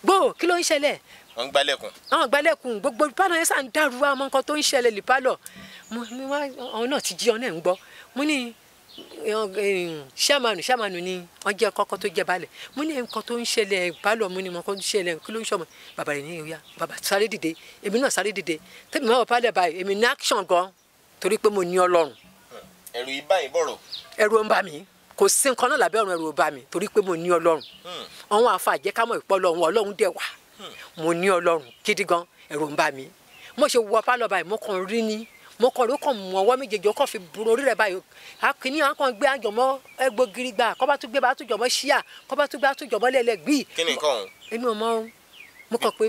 Speaker 3: gbó kí ló ń ṣẹlẹ̀. wọ́n ń gbálẹ̀kùn. àwọn gbálẹ̀kùn gbogbo ìpàdé yẹn sàn dàrú àmọ́ nǹkan tó ń ṣẹlẹ̀ lìpálọ̀ àwọn náà ti jí ọ náà ń gbọ́ mo ní eh, ṣàmánù ṣàmánù ni wọ́n jẹ́ kọ́kọ́ tó jẹ́ balẹ̀ mo ní nǹkan tó ń ṣẹlẹ̀ ìpálọ̀ mo ní mọ̀ nǹkan tó ń ṣẹlẹ̀ kí ló ń ṣọmọ bàbá rẹ̀ ní ìyá bàbá sáré dìde èmi náà sáré dìde tẹ́mi máa wọ pálẹ̀ báyìí èmi ní action gan torí pé mo ní Ọlọ́run. ẹ̀rù ibà ìbọ̀rọ̀. ẹ̀rù ń bà mí kò sí nǹkan náà lábẹ́ ọ̀run ẹ̀rù ọba mi torí pé mo ní ọlọ́run àwọn hmm. àfàjẹ́ ká mọ̀ ìpọ́ ọlọ́run ọlọ́run dẹ̀ wà hmm. mo ní ọlọ́run gidi gan ẹ̀rù ń bà mí mo ṣe wọ pálọ̀ báyìí mo kàn rí ni mo kàn rí kàn mú ọwọ́ méjèèjì ọkàn fi bu orí rẹ̀ báyìí akínní à ń kàn gbé àjọmọ́ ẹgbò giri gbà kọ́bá tún gbé bá tún jọmọ́ ṣíà kọ́bá tún gbé bá tún jọmọ́ lẹ́lẹ́gbì. kí ni nǹkan ọ̀hún.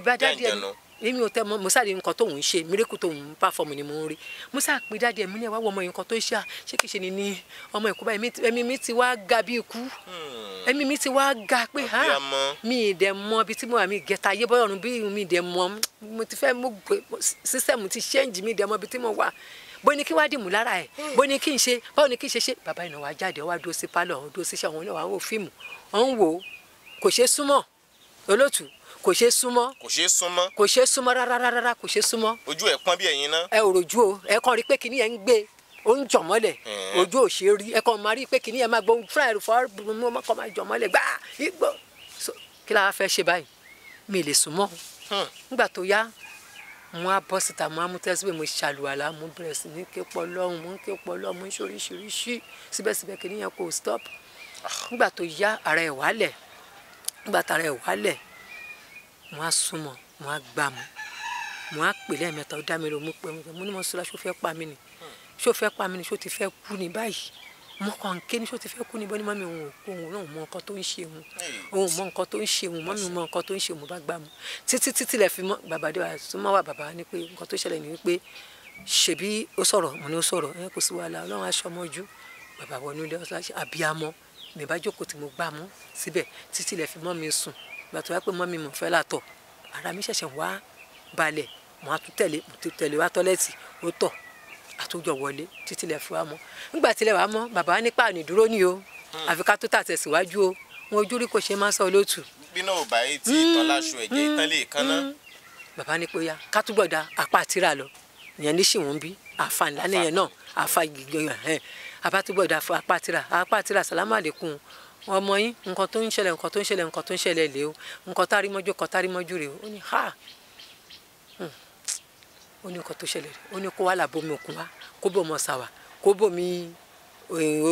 Speaker 3: èmi ò èmi ò tẹ mọ mo sáré nǹkan tóun ṣe mírèkù tóun pàfọ́ọ̀mù ni mo ń rí mo sá pé dáadé ẹ̀mí ní ẹ̀wá wọ ọmọ yìí nǹkan tó ṣe à ṣé kìí ṣe ni ní ọmọ ìkú báyìí ẹ̀mí mi ti wá ga bí ikú hmm. ẹ̀mí mi ti wá ga pé ha mi ì dẹ̀ mọ bí tí mo wà mí gẹ̀ta ayé bọ́yọ̀ ọ̀run bí mi ì dẹ̀ mọ mo ti fẹ́ mo gbé sísẹ́mù ti ṣẹ́ǹjì mi ì dẹ̀ mọ bí tí mo wà bó ní kí wá dìmú lára ẹ hmm. bó ní kí n ṣe báwo ní kí n ṣe ṣe bàbá ìnáwó wa jáde wá dúró sí pálọ̀ dúró sí ṣe àwọn oníwàá wò fíìmù ọ̀ wò kò ṣe súnmọ́ olótùú kò ṣe súnmọ́ kò ṣe súnmọ́ kò ṣe súnmọ́ rárá kò ṣe súnmọ́.
Speaker 2: ojú ẹ̀ pọ́n bí ẹ̀yin náà.
Speaker 3: ẹ ò rojú o ẹ kàn rí pé kinní yẹn ń gbé ó ń jọ̀ mọ́lẹ̀ ojú ò ṣe rí ẹ kàn máa rí pé kinní yẹn máa gbọ́ fúnra ẹ̀rù fọ́ mo kàn máa jọ̀ mọ́lẹ̀ gbá igbó kí la fẹ́ ṣe báyìí mi lè súnmọ́ hmm. nígbà tó yá mo á bọ́ síta mo á mú tẹ́sí mo ṣàlùwàlà mo bẹ̀rẹ̀ sí ní ké pọ̀ mo ń ké pọ̀ lọ́hùn mo ń ṣoríṣiríṣi síbẹ̀síbẹ̀ kinní yẹn kò stop ah. nígbà tó yá ara ẹ̀ wálẹ̀ nígbà tára ẹ̀ wálẹ̀ mo á súnmọ́ mo á gbà mọ́ mo á pè lẹ́ẹ̀mẹ́ta ó dá mi lò mo pè mo ní mo sọ́la ṣó fẹ́ pa mí ni ṣó fẹ́ pa mí ni ṣó ti fẹ́ kú ni báyìí mo kàn ń ké ní ṣó ti fẹ́ kú ni bọ́ ní mọ́mí òun òkú òun náà mọ nǹkan tó ń ṣe òun òun mọ nǹkan tó ń ṣe òun mọ́mí mọ nǹkan tó ń ṣe òun bá gbà mọ́ títí títí lẹ fi mọ́ bàbá dé wa súnmọ́ wa bàbá ni pé nǹkan tó ṣẹlẹ̀ ni wípé ṣebí ó sọ̀rọ̀ mo ní ó sọ̀rọ̀ ẹ kò sí wàhálà ọlọ́run aṣọ ọmọ ojú bàbá wọnú ilé ọ̀sán àbíamọ́ mi bá jókòó tí mo gbà mọ́ síbẹ̀ títí lẹ mọ́ mi sùn ìgbà tó wá pé mọ́ mi mọ̀ fẹ́ látọ̀ ara mi ṣẹ̀ṣẹ̀ wá balẹ̀ mo á tún tẹ̀lé mo ti tẹ̀lé wá tọ́lẹ́tì ó tọ̀ àtúnjọ wọlé títí lẹ̀ fi wá mọ́ nígbà tí lẹ̀ wá mọ́ bàbá wa nípa àní dúró ní o hmm. àfi ká tó tàtẹ̀síwájú o wọn ojú rí kò ṣe máa ń sọ olóòtú.
Speaker 2: bínú ò bá yìí tí ìtọ́láṣọ hmm. ẹ̀jẹ̀ ìtọ́lé hmm.
Speaker 3: ìkànnà. bàbá ní pé ya ká túbọ̀ da apá àtìrà lọ ìyẹn ní ṣìwọ̀n bí àfa ńlá nìyẹn náà àfa gígé ẹ̀ abátúbọ̀ da apá àtìrà apá àtìrà sàlámù àlékún ọmọ yín nǹkan tó ń ṣẹlẹ̀ nǹkan tó ń ṣẹlẹ̀ nǹkan tó ń ṣẹlẹ̀ lé o nǹkan tá a rí mọ́jú nǹkan tá a rí mọ́jú rè o ó ní ha hmm. ó ní nǹkan tó ṣẹlẹ̀ rè ó ní kó wá làbomi òkun wa kó bò mọ́ sàwà kó bò mí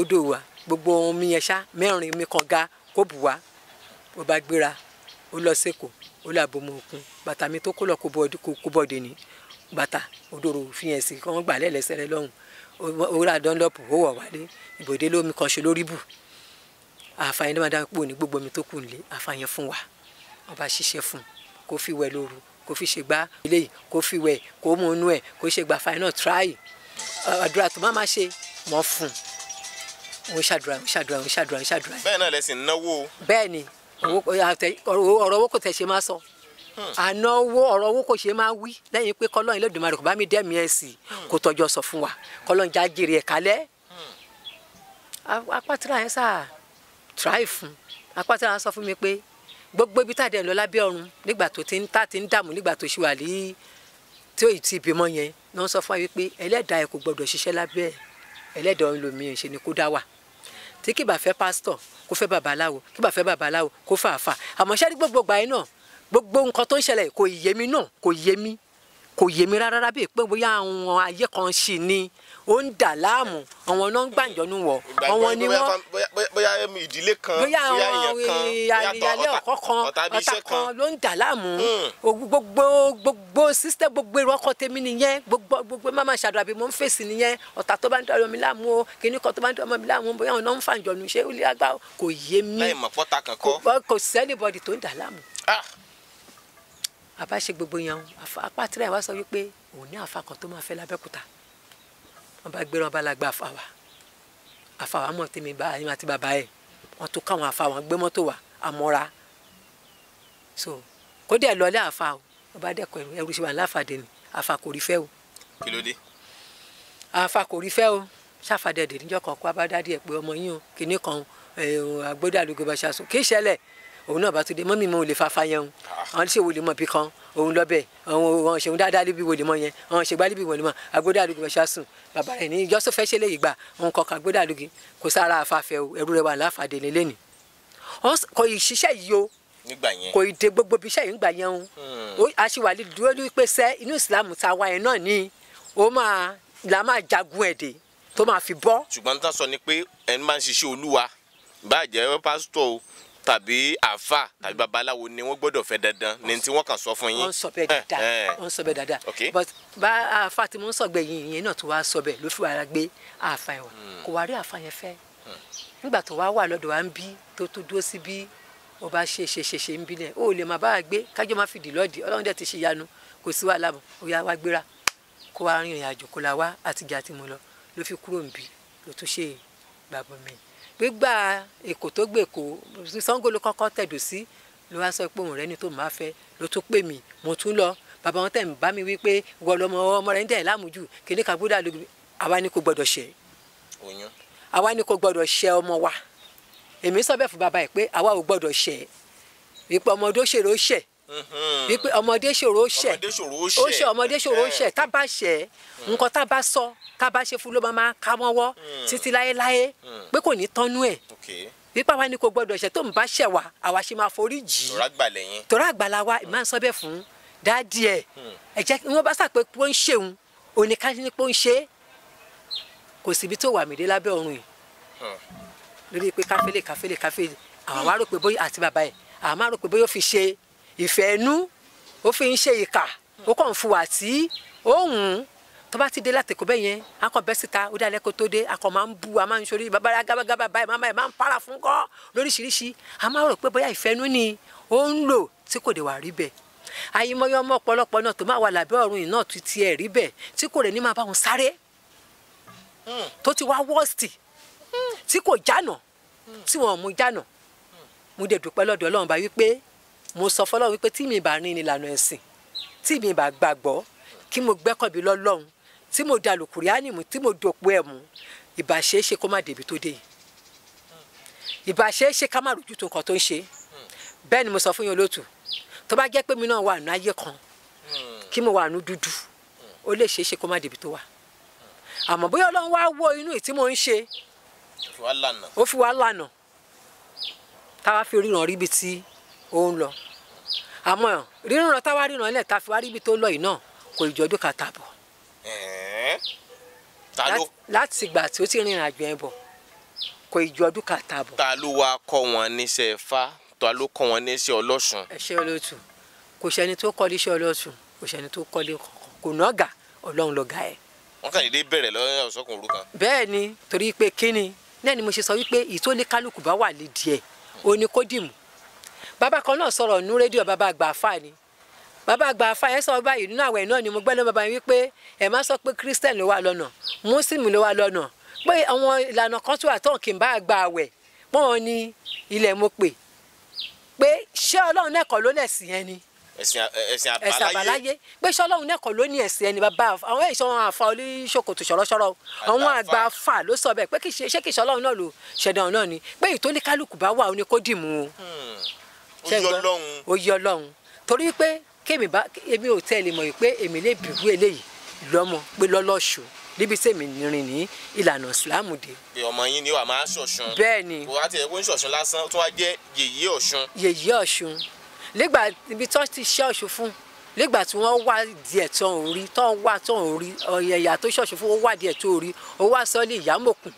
Speaker 3: odò wa gbogbo omi yẹn mẹ́rin mi kan ga kó bù wá ó bá gbéra ó lọ sẹ́kọ̀ọ́ ó làbomi òkun bàtà mi tó kó lọ kó bọ́ọ̀dì ní bàtà odòrò fi yẹn sí kí wọ́n gbà lẹ́lẹ́sẹ̀ rẹ lọ́hùn ó rà dánlọ́pù ó wọ̀ wálé ìbòdè lómi kan ṣe lórí àfààní dábàá dábàá pò ní gbogbo omi tó kù nílé àfààní fún wa ọba ṣiṣẹ́ fún kó fi wẹ̀ lóru kó fi ṣe gbá ilé yìí kó fi wẹ̀ kó mú inú ẹ̀ kó ṣe gbà fàáyé náà tíráì àdúrà tó má má ṣe wọ́n fún un òun ṣàdúrà òun ṣàdúrà òun ṣàdúrà òun ṣàdúrà.
Speaker 2: bẹ́ẹ̀ náà lẹ́sìn náwó.
Speaker 3: bẹ́ẹ̀ ni ọ̀rọ̀ owó kò tẹ̀ ṣe máa sọ hmm. àná owó ọ̀rọ̀ owó kò ṣe máa wí lẹ́yìn pé kọ́lọ́ọ̀n ilé ìdùnnú àdùkù bá mi dẹ́mi ẹ̀ sí hmm. kó tọjọ́ sọ fún wa kọ́lọ́ọ̀n já jèrè ẹ̀ kálẹ̀ hmm. apátúrà yẹn sáà try fún apátá sọ fún mi pé gbogbo ibi tá a dẹ̀ lọ lábẹ́ ọ̀run nígbà tó ti ń tá ti ń dààmú nígbà tó ṣe wà ní tí òyì ti bímọ yẹn ni wọ́n sọ fún wa wípé ẹlẹ́dàá ẹ kò gbọdọ̀ ṣiṣẹ́ lábẹ́ ẹ̀ ẹlẹ́dàá ń lo mi ṣe ni kó dá wà tí kì bá fẹ́ pásítọ̀ kó fẹ́ babaláwo kì bá fẹ́ babaláwo kó fàáfà àmọ́ ṣáà gbogbo gbà yín náà gbogbo nǹkan tó ń ṣẹlẹ̀ kò yé mi náà kò yé mi kò yé mi rárá bíi pé bóyá àwọn ayé kan ṣì ni ó ń dà láàmú àwọn náà ń gbàǹjọ́nú wọ̀ àwọn ni wọ́n. bóyá um, ìdílé kan bóyá àwọn ìyàlẹ́ ọ̀kọ́ kan ọ̀tá kan ló ń dà láàmú hmm. gbogbo gbogbo sísítẹ́ gbogbo èrò ọkọ̀ tèmi nìyẹn gbogbo gbogbo má máa ṣàdúrà bí mo ń fèsì nìyẹn ọ̀tá tó bá ń dọ̀rọ̀ mi láàmú o kíní kan tó bá ń dọ̀rọ̀ mi láàmú bóyá àwọn náà ń fàǹjọ̀nù ṣé ó lé agbá
Speaker 2: kò yé mi
Speaker 3: bàbá ṣe gbogbo yẹn apá tirẹ̀ wá sọ wípé òun ní àfa kan tó máa fẹ́ lábẹ́kúta wọn bá gbéra wọn bá la gba àfa wa àfa wa mọ̀ tèmi bá àyìn àti bàbá ẹ̀ wọn tún káwọn àfa wọn gbé mọ́tò wa àmọ́ra so kó dẹ̀ lọ́lé àfa o wọn bá dẹ̀ kọ ẹrù ẹrù ṣe wà láfàdé ni àfa kò rí fẹ́ o. kí ló dé. àfa kò rí fẹ́ o ṣàfàdé ẹ̀dẹ̀ níjọ́ kan kó abádádé ẹ̀ pé ọmọ yín o kìnnìkan agbódàlógo bá ṣàṣùn kì ṣẹlẹ̀ òun náà bá tún dé mọ́mí mọ́ òun lè fa fáyẹn o ah. àwọn ṣe wòlé mọ́ bí kan òun lọ bẹ̀ òun ṣe òun dáadáa lébi wòlé mọ́ yẹn òun ṣe gbálẹ́bí wòlé mọ́ agbódà àlùkì bá ṣáṣùn bàbá rẹ̀ ní ìjọ́sọ fẹ́ ṣe léyìí gbà òun kọ agbódà àlùkì kò sára afáfẹ́ o ẹrú rẹ̀ wà láfàdé lélẹ́ni kò ì ṣiṣẹ́ yìí o kò ì de gbogbo bíṣẹ́ yìí gbà yẹn o hmm. aṣèwàlì dúró ní pèsè inú ìsìlámù tó máa fi bọ́.
Speaker 2: ṣùgbọ́n tá a sọ ni pé ẹni máa ń ṣiṣẹ́ olúwa bá jẹ́ pásítọ̀ tàbí àáfà tàbí babaláwo ni wọ́n gbọ́dọ̀ fẹ́ dandan ní tí wọ́n kàn sọ fún
Speaker 3: yín. wọ́n sọ bẹ́ẹ̀ dáadáa eh, eh. wọ́n sọ bẹ́ẹ̀ dáadáa but bá àáfà tí mo ń sọ̀gbẹ́ yìí yẹn náà tó wá sọ bẹ́ẹ̀ ló fi wàrà gbé àáfà yẹn wá hmm. kò wá rí àáfà yẹn fẹ́ hmm. nígbà tó wá wà lọ́dọ̀ wa ń bí tó tó dúró sí bí ó bá ṣe ṣe ṣe ṣe ń bí náà ó lè má bá a gbé kájọ má fìdí lọ́ọ̀dì ọlọ́run dẹ̀ ti ṣe yanu kò sí wàhálà mọ́ ó yá wá gbéra kó wá rìnrìn àjò kó la wá àtìjà tí mo lọ ló fi kúrò ń bí ló tún ṣe gbàgbọ́ mi gbígbà èkó tó gbèkó Ṣàngó ló kọ́kọ́ tẹ̀dó sí ló wá sọ pé òun rẹ ni tó máa fẹ́ ló tún pè mí mo tún lọ bàbá wọn tẹ̀ ń bá mi wí pé wọ́n lọ́mọ ọmọ rẹ ń dẹ̀ lámùjù kìnìún kan búdà lóbi àwa ni kò gbọ́dọ̀ ṣe àwa ni kò gbọ́dọ̀ ṣe ọmọ wa èmi sọ bẹ́ẹ̀ fún bàbá yìí pé àwa ò gbọ́dọ̀ ṣe wípé ọmọdé ó ṣèrè ó ṣẹ̀ wípé ọmọdé ṣòro ṣẹ̀ ó ṣe ọmọdé ṣòro ṣẹ̀ eh. tá bá ṣẹ̀ nǹkan tá bá sọ tá bá ṣe fún ló máa hmm. títí láéláé hmm. pé kò ní tọ́nú ẹ̀ pípa wa ni kò gbọdọ̀ ṣẹ̀ tó ń bá ṣẹ̀ wa àwa ṣe máa forí jì
Speaker 2: í
Speaker 3: tòrá àgbàlá wa ìmọ̀ ń sọ bẹ́ẹ̀ fún dáàdì ẹ̀ hmm. ẹ̀ jẹ́ wọ́n bá sàpé pé ń ṣeun oníkájú ni pé ń ṣe kò síbi tó wà mí dé lábẹ́ ọ̀run yìí lórí pé káfílẹ̀ káfílẹ̀ káfílẹ̀ àwọn wa rò pé bóyá àti bàbá ẹ̀ àwọn máa pé bóyá ó fi ṣe ìfẹ́ inú ó fi ń ṣe ìkà ó kàn ń fùwà tí ó hùn tó bá ti dé láti kó bẹ́ẹ̀ yẹn a kàn bẹ́ síta ó dálẹ́ kó tó dé a kàn máa ń bu a máa ń sori bàbá gábàgábà báyìí máa máa ń para fún kọ́ lóríṣiríṣi a máa rò pé bóyá ìfẹ́ inú ni ó ń lò tí kò dé wà rí bẹ́ẹ̀ àyìnbóyá ọmọ ọ̀pọ̀lọpọ̀ náà tó máa wà lábẹ́ ọ̀run yìí náà ti ẹ̀ rí bẹ́ẹ̀ tí kò rẹ̀ ní máa bá wọn sáré hmm. tó ti wá wọ́ọ̀sì tí kò jánà hmm. tí wọn ò mú jánà hmm. mo dẹ̀ dúpẹ́ lọ́dọ̀ Ọlọ́run bá wípé mo sọ fọlọ́run wípé tí mi bá rìn ní ìlànà ẹ̀sìn tí mi bá gbàgbọ́ kí mo gbẹ́kànbí lọ́lọ́run tí mo da lùkùrìánì mu tí mo dòpò ẹ̀ mu ìbáṣeéṣe kó má débi tó dé yìí ìbáṣeéṣe ká má rújú tó nǹkan tó ń ṣe bẹ́ẹ̀ ni mo sọ fún yín olóòtú tó bá jẹ́ pé mi náà wà nù ayé kan kí mo wà nù dúdú ó lè ṣeéṣe kó má débi tó wà àmọ́ bóyá ọlọ́run wá wọ inú ì ó fi wá lànà táwa fi ríran ríbi tí ó ń lọ àmọ́ ríran táwa ríran ilẹ̀ tá a fi wá ríbi tó lọ yìí náà kò jọ ọdún kan tààbọ̀. ta ló. láti ìgbà tí ó ti rìnrìn àjò ẹ̀ bọ̀ kò jọ ọdún kan tààbọ̀.
Speaker 2: ta ló wáá kọ́ wọn níṣẹ́ Ifá ta ló kọ́ wọn níṣẹ́ ọlọ́sùn.
Speaker 3: ẹṣẹ́ olóòtú kò sẹ́ni tó kọ́ níṣẹ́ ọlọ́sùn kò sẹ́ni tó kọ́ lé kò nọ́gà ọlọ́run lọ́gà ẹ̀.
Speaker 2: wọ́n kàn déédéé bẹ̀rẹ̀ lọ́yà ọ̀sọ́kùn
Speaker 3: ni torí bàbá kan náà sọ̀rọ̀ nú rédíò bàbá àgbà àfà ni bàbá àgbà àfà yẹn sọ báyìí nínú àwẹ̀ náà ni mo gbẹ́ lọ bàbá yẹn wípé ẹ̀ má sọ pé christian ló wà lọ́nà muslim ló wà lọ́nà pé àwọn ìlànà kan tó wà tán kì í bá àgbà àwẹ̀ pọ́n ni ilẹ̀ mo pè pé ṣé ọlọ́run náà kọ́ ló lẹ̀sìn yẹn ni
Speaker 2: ẹ̀sìn àbáláyé
Speaker 3: pé ṣé ọlọ́run náà kọ́ ló ní ẹ̀sìn ẹni bàbá àwọn èso àwọn àfa oníṣòkòtò ṣọ̀rọ̀ṣọ̀rọ̀ àwọn àgbà àfà ló sọ bẹ́ẹ̀ pé ṣé kìí ṣe ọlọ́run náà ló ṣẹ̀dá ọ̀nà ni pé ìtóníkálukú bá wà ó ní kó dìmú o. Hmm ṣẹ́gbọ́n ó yọ ọlọ́run torí pé kémi bá èmi ò tẹ́ ẹ lè mọ̀ pé èmi lè bìrú eléyìí lọ́mọ pé lọ́lọ́ṣù níbi tèmi rìn ní ìlànà ìsìláàmù dé.
Speaker 2: ọmọ yín ni wàá máa ṣọ̀ṣun. bẹ́ẹ̀ ni kò wá tiẹ̀ kó ń ṣọ̀ṣun lásán tó wá jẹ́ yèyé ọ̀ṣun.
Speaker 3: yèyé ọ̀ṣun nígbà ibi tó ti ṣe ọ̀ṣun fún nígbà tí wọ́n wá díẹ̀ tán orí tán wá tán orí ọ̀yẹ̀yà tó ṣọ̀ṣun fún ó wá díẹ̀ tó orí ó wá sọ́ọ́lì ìyámọ̀kùn.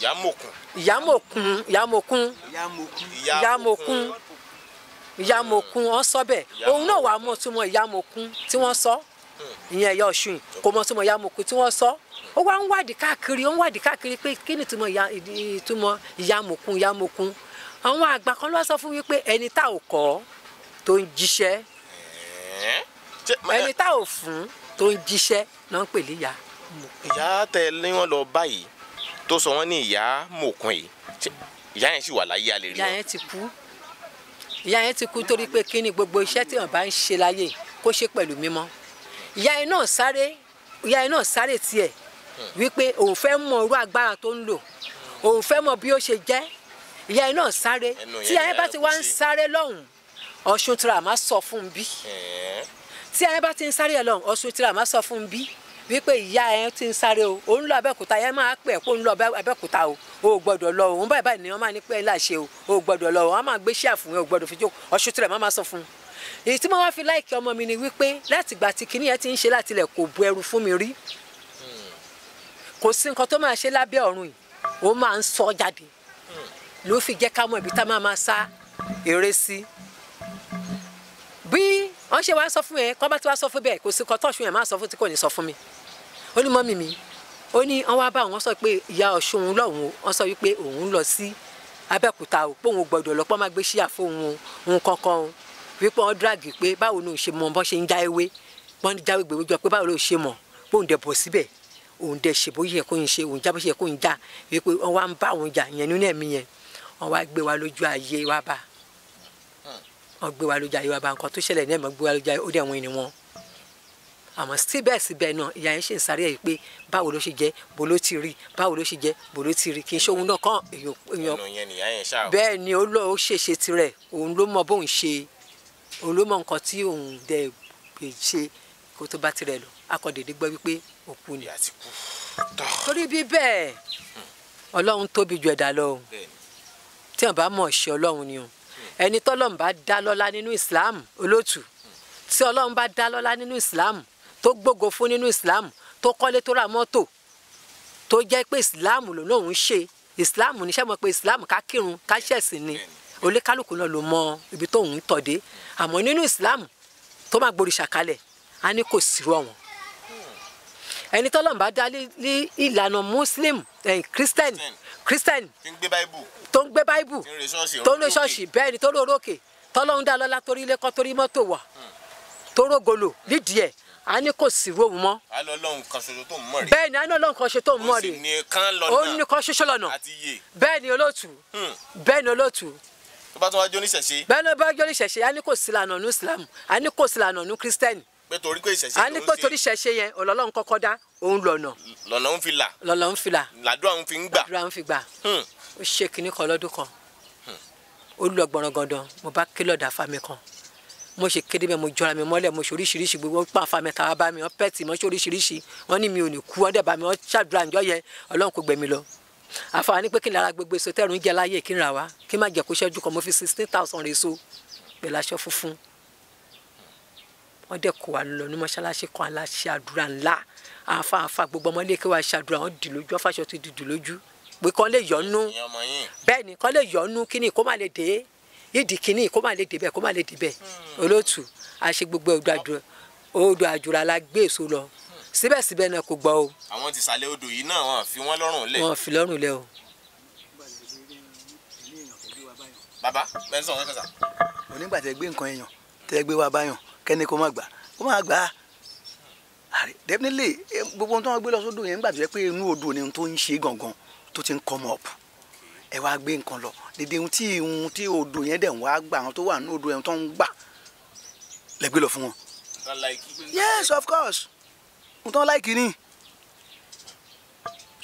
Speaker 3: ìyámọ̀kùn. ìyámọ̀kùn ìyámọ̀kùn ìyámọ̀kùn ìyá mọ̀kún wọn sọ bẹ́ẹ̀ òun náà wàá mọ̀ túmọ̀ ìyá mọ̀kún tí wọ́n sọ ìyẹn ẹ̀yà ọ̀ṣun yìí kò mọ̀ túmọ̀ ìyá mọ̀kún tí wọ́n sọ ó wá ń wádìí káàkiri ó ń wádìí káàkiri pé kí ni túmọ̀ ìyá mọ̀kún ìyá mọ̀kún àwọn àgbà kan ló sọ fún mi pé ẹni tá ò kọ́ tó ń jíṣẹ́ ẹni tá ò fún tó ń jíṣẹ́ náà ń pè ní ìyá mọ̀kún. ìyá tẹ
Speaker 2: ní wọn lọ báyìí tó sọ wọn ní ìyá mọ̀kún yìí ìyá yẹn sì wà láyé alẹ́
Speaker 3: rí wọn. ìyá yẹn ti kú ìyá yẹn ti kú torí pé kí ni gbogbo iṣẹ́ tí wọ́n bá ń ṣe láyé kó ṣe pẹ̀lú mímọ́ ìyá yẹn náà sáré ìyá yẹn náà sáré tiẹ̀ wípé òun fẹ́ mọ irú agbára tó ń lò òun fẹ́ mọ bí ó ṣe jẹ́ ìyá yẹn náà sáré tí ìyá yẹn bá ti wá ń sáré lọ́hùn Ọ̀ṣun Tìràmà sọ fún bí tí ìyá yẹn bá ti ń sáré lọ́hùn Ọ̀ṣun Tìràmà sọ fún bí wípé ìyá ẹ ti ń sáré o òun lọ abẹ́òkúta yẹn máa pẹ̀ kó ń lọ abẹ́òkúta o o gbọ́dọ̀ lọ òun báyìí báyìí ni wọ́n máa ní pẹ́ láṣẹ o o gbọ́dọ̀ lọ wọ́n máa gbé ṣíà fún yẹn o gbọ́dọ̀ fi jó ọṣù tirẹ̀ máa máa sọ fún un. èyí tí mo wá fi láìkí ọmọ mi ni wípé látìgbà tí kinní yẹn ti ń ṣe láti ilẹ̀ kò bu ẹrù fún mi rí kò sí nǹkan tó máa ṣe lábẹ́ ọ̀run yìí tá máa máa sá eré sí wọ́n ṣe wá sọ fún yẹn kọ́ bá ti wá sọ fún bẹ́ẹ̀ kò sí kọ́ tọ́ṣù yẹn má sọ fún tí kò ní sọ fún mi ó ní mọ́mì mi ó ní wọ́n wá bá wọn sọ pé ìyá ọ̀ṣun lọ́hùn wọ́n sọ wípé òun lọ sí abẹ́òkúta ò pé òun gbọ́dọ̀ lọ́pọ́ má gbé ṣíà fóun òun kankan o wípé wọ́n díràgì pé báwo ni òun ṣe mọ bọ́n ṣe ń já ewé wọ́n ń jáwé gbèrú jọ pé báwo ló ṣe mọ̀ bóun dẹ̀ bọ̀ síbẹ̀ òun dẹ̀ ṣe bóyá kó ń ṣe òun já bó ṣe kó ń já wípé wọ́n wá ń bá òun jà yẹn wọn gbé wa lójà yorùbá nǹkan tó ṣẹlẹ̀ ní ẹ̀mọ́ gbé wa lójà ó dẹ̀ wọ́n ni wọn àmọ́ síbẹ̀síbẹ̀ náà ìyá yẹn ṣì ń sáré ẹ̀ pé báwo ló ṣe jẹ́ bó ló ti rí báwo ló ṣe jẹ́ bó ló ti rí kì í ṣe òun náà kàn
Speaker 2: èèyàn bẹ́ẹ̀
Speaker 3: ni ó lọ ó ṣèṣe tirẹ̀ òun ló mọ bóun ṣe òun ló mọ nǹkan tí òun dẹ̀ gbè ṣe kó tó bá tirẹ̀ lọ akọ̀dédé gbọ́ wípé òkú ni torí bí bẹ́ẹ̀ hmm. ọlọ́run tóbi ju ẹ̀dá lọ tí wọn bá mọ̀ ṣe ọlọ́run ni o ẹni tọ́lọ́run bá dá lọ́lá nínú islam olótù tí ọlọ́run bá dá lọ́lá nínú islam tó gbógo fún nínú islam tó kọ́lé tó ra mọ́tò tó jẹ́ pé islam ló náà ń ṣe islam níṣẹ́ mọ̀ pé islam ká kírun ká ṣẹ̀sìn ni oníkálukú náà ló mọ ibi tó ń tọ̀ àmọ́ nínú islam tó máa gbòrìṣà kalẹ̀ á ní kò sí rọ̀ wọ́n ẹni tọ́lọ́run bá dá ní ìlànà muslim Eh, Christian Christian tó ń gbé báíbù tó ń lé ṣọ́ọ̀ṣì bẹ́ẹ̀ ni tó lóore òkè tọ́lọ́hún dá lọ́lá torí ilé kọ́ torí mọ́tò wà tó rògolo nídìí ẹ̀ a ní kò sí róhùn mọ́.
Speaker 2: a lọ lọ́hùn kan ṣoṣo tó ń mọ̀ rè.
Speaker 3: bẹ́ẹ̀ ni a ní ọlọ́hùn kan ṣoṣo tó ń mọ̀ rè. o sì ní kan lọ́nà o ní kan ṣoṣo lọ́nà. àti yè. bẹ́ẹ̀ ni olóòtú. Hmm. bẹ́ẹ̀ ni olóòtú.
Speaker 2: tó bá tún wá jóníṣẹ̀ṣe.
Speaker 3: bẹ́ẹ̀ ni ó bá jóníṣẹ̀ṣe a ní kò sí lànà ní Islam a ní kò sí lànà ní Christian
Speaker 2: pé torí pé ìṣẹ̀ṣe ló ń ṣe. a ní pé torí
Speaker 3: ìṣẹ̀ṣe yẹn ọlọ́run kọ́kọ́ dá òun lọ́nà. lọ́nà ń fi là. lọ́nà ń fi là.
Speaker 2: làdúrà ń fi ń gbà.
Speaker 3: làdúrà ń fi gbà. Hmm. ó ṣe kinní kan lọ́dún kan hmm. ó lọ gbọ̀ràn gandan mo bá ké lọ́dà fami kan mo ṣe kéde bẹ́ẹ̀ mo jọra mi mọ́lẹ̀ mo ṣoríṣiríṣi gbogbo pa fami ta bá mi wọ́n pẹ́ẹ́tì mọ́ ṣoríṣiríṣi wọ́n ní mi ò ní kú wọ́n dẹ̀ bá mi wọ́n ṣàdúrà ǹjọ́ yẹn ọlọ́run kò gbẹ̀mí lọ àfààní pé kí n lára gbogbo èso tẹ́rùn jẹ́ láyé kí n rà wá kí n má jẹ́ kó ṣẹ́jú kan mo fi sixteen thousand rèé so pẹ̀lú aṣọ funfun wọ́n dẹ̀ kó wa lọ ní mọ́ṣáláṣí kan aláṣẹ àdúrà ńlá àfa àfa gbogbo ọmọlé kí wàá ṣàdúrà wọ́n dì lójú ọfàṣọ ti dìdì lójú pé kán lè yọnu bẹ́ẹ̀ ni kán lè yọnu kíní kó má lè dé yídì kíní kó má lè dé bẹ́ẹ̀ kó má lè dé bẹ́ẹ̀ hmm. olóòtú àṣẹ gbogbo odò àdúrà odò àdúrà la gbé èso lọ hmm. síbẹ̀síbẹ̀ náà kò gbọ́ o.
Speaker 2: àwọn ti sàlẹ̀ odò yìí náà wọ́n fi wọ́n lọ́rùn lẹ̀. wọ́n
Speaker 6: fi lọ́rùn lẹ̀ o.
Speaker 2: baba bẹ́ẹ̀ sọ̀rọ̀ kẹsà.
Speaker 6: onígbà tẹ gbé nǹkan èèyàn tẹ gbé wa báyàn kẹ́ni kó má gbà kó má gbà definitely eh, gbogbo ohun tó wọn gbé lọ sódò yẹn nígbà tó yẹ pé inú odò ni tó ń ṣe gangan tó ti ń come up ẹ wá gbé nǹkan lọ dèdè ohun tí ohun tí odò yẹn dẹ̀ ń wá gbà àwọn tó wà ní odò yẹn tó ń gbà lẹ gbé lọ fún wọn. yes of course ohun tó ń láìkì ni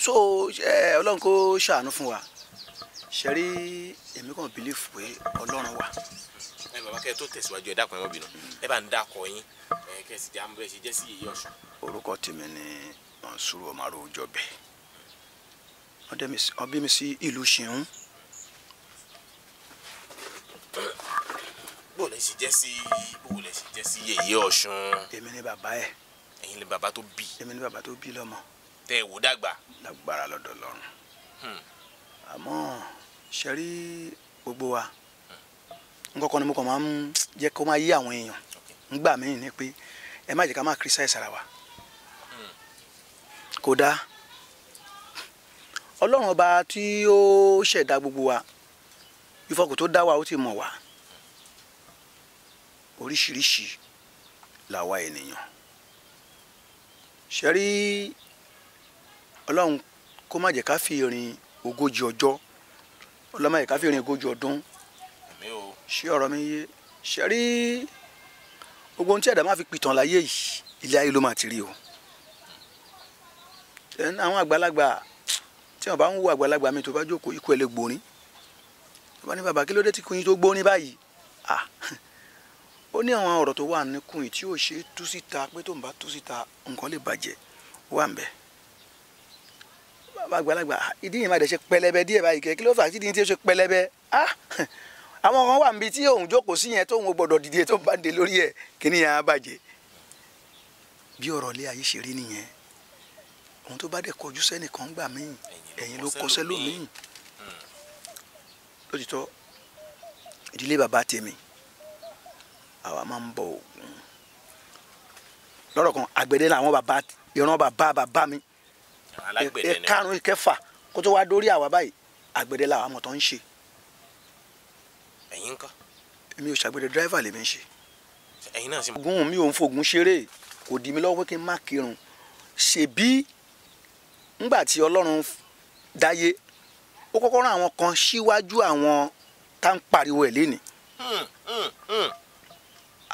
Speaker 6: so ọlọ́run kó ṣàánú fún wa ṣe èmi kàn believe pé ọlọ́run wà
Speaker 2: ẹ bàbá kẹ́ ẹ tó tẹ̀síwájú ẹ dákun ẹ mọ́ bínú ẹ bá ń dákọ yín ẹ kẹ́ ẹ sì já bẹ́ẹ̀ ṣe jẹ́ sí yèyé ọ̀ṣun.
Speaker 6: orúkọ tèmi ni Mọ̀nsúrù Ọmọrú Jọbẹ̀ wọ́n bí mi sí ìlú ṣeun. bó lè ṣe jẹ́ sí bó lè ṣe jẹ́ sí yèyé ọ̀ṣun. èmi ni bàbá ẹ̀. ẹ̀yin ni bàbá tó bí. èmi ni bàbá tó bí lọ́mọ. tẹ ẹ wò dàgbà. lágbára lọ́dọ̀ lọ́run. Hmm. àmọ́ ṣe rí gbogbo wa. Hmm nǹkan kan ni mo kàn máa ń jẹ́ kó máa yé àwọn èèyàn ńgbà míì ni pé ẹ má jẹ́ ká máa criticize ara wa kódà ọlọ́run ọba tí ó ṣẹ̀dá gbogbo wa ìfọkù tó dá wa ó ti mọ̀ wá oríṣiríṣi làwa ènìyàn ṣẹ́rí ọlọ́run kó má jẹ́ ká fi rìn ogójì ọjọ́ ọlọ́run má jẹ́ ká fi rìn ogójì ọdún ṣé ọ̀rọ̀ mi yé ṣe rí gbogbo ohun tí ẹ̀dá máa fi pìtàn láyé yìí ilé ayé ló máa ti rí o àwọn àgbàlagbà tí wọn bá ń wo àgbàlagbà mi tó bá jókòó ikú ẹ lè gbórin tó bá ní bàbá kí ló dé tí kùnyìn tó gbórin báyìí ah ó ní àwọn ọ̀rọ̀ tó wà ní kùnyìn tí ò ṣe tú síta pé tó ń bá tú síta nǹkan lè bàjẹ́ wà ń bẹ̀ bàbá àgbàlagbà ìdí yìí má dẹ̀ ṣe pẹlẹbẹ díẹ̀ báyìí kẹ́ kí ló fà á sí ìdí yìí tí ó ṣe pẹlẹbẹ ah àwọn kan wà níbi tí òun jókòó sí yẹn tóun gbọ́dọ̀ dìde tó bá dé lórí ẹ̀ kíní yẹn á bàjẹ́ bí ọ̀rọ̀ ilé ayé ṣe rí nìyẹn òun tó bá dẹ̀ kọjú sẹ́nìkan gbà míì ẹ̀yìn ló kọsẹ́ lómìn lótìtọ́ ìdílé bàbá tèmi àwa máa ń bọ Ògún lọ́rọ̀ kan àgbẹ̀dẹ làwọn bàbá ìran bàbá bàbá mi ẹ̀ karùn-ún kẹfà kó tó wá dórí àwa báyìí àgbẹ̀dẹ làwọn ọmọ ń ṣe ẹ̀yin ńkọ́. èmi ò ṣàgbèrè dírẹ́fà lèmi ń ṣe. ẹ̀yin náà sì mọ̀. ogun mi ò ń fogun ṣeré kò dì mí lọ́wọ́ pé kí n má kírun ṣèbí ńgbà tí ọlọ́run dáyé ó kọ́kọ́ rán àwọn kan síwájú àwọn tá ń pariwo ẹ̀ lénìí. Hmm, hmm, hmm.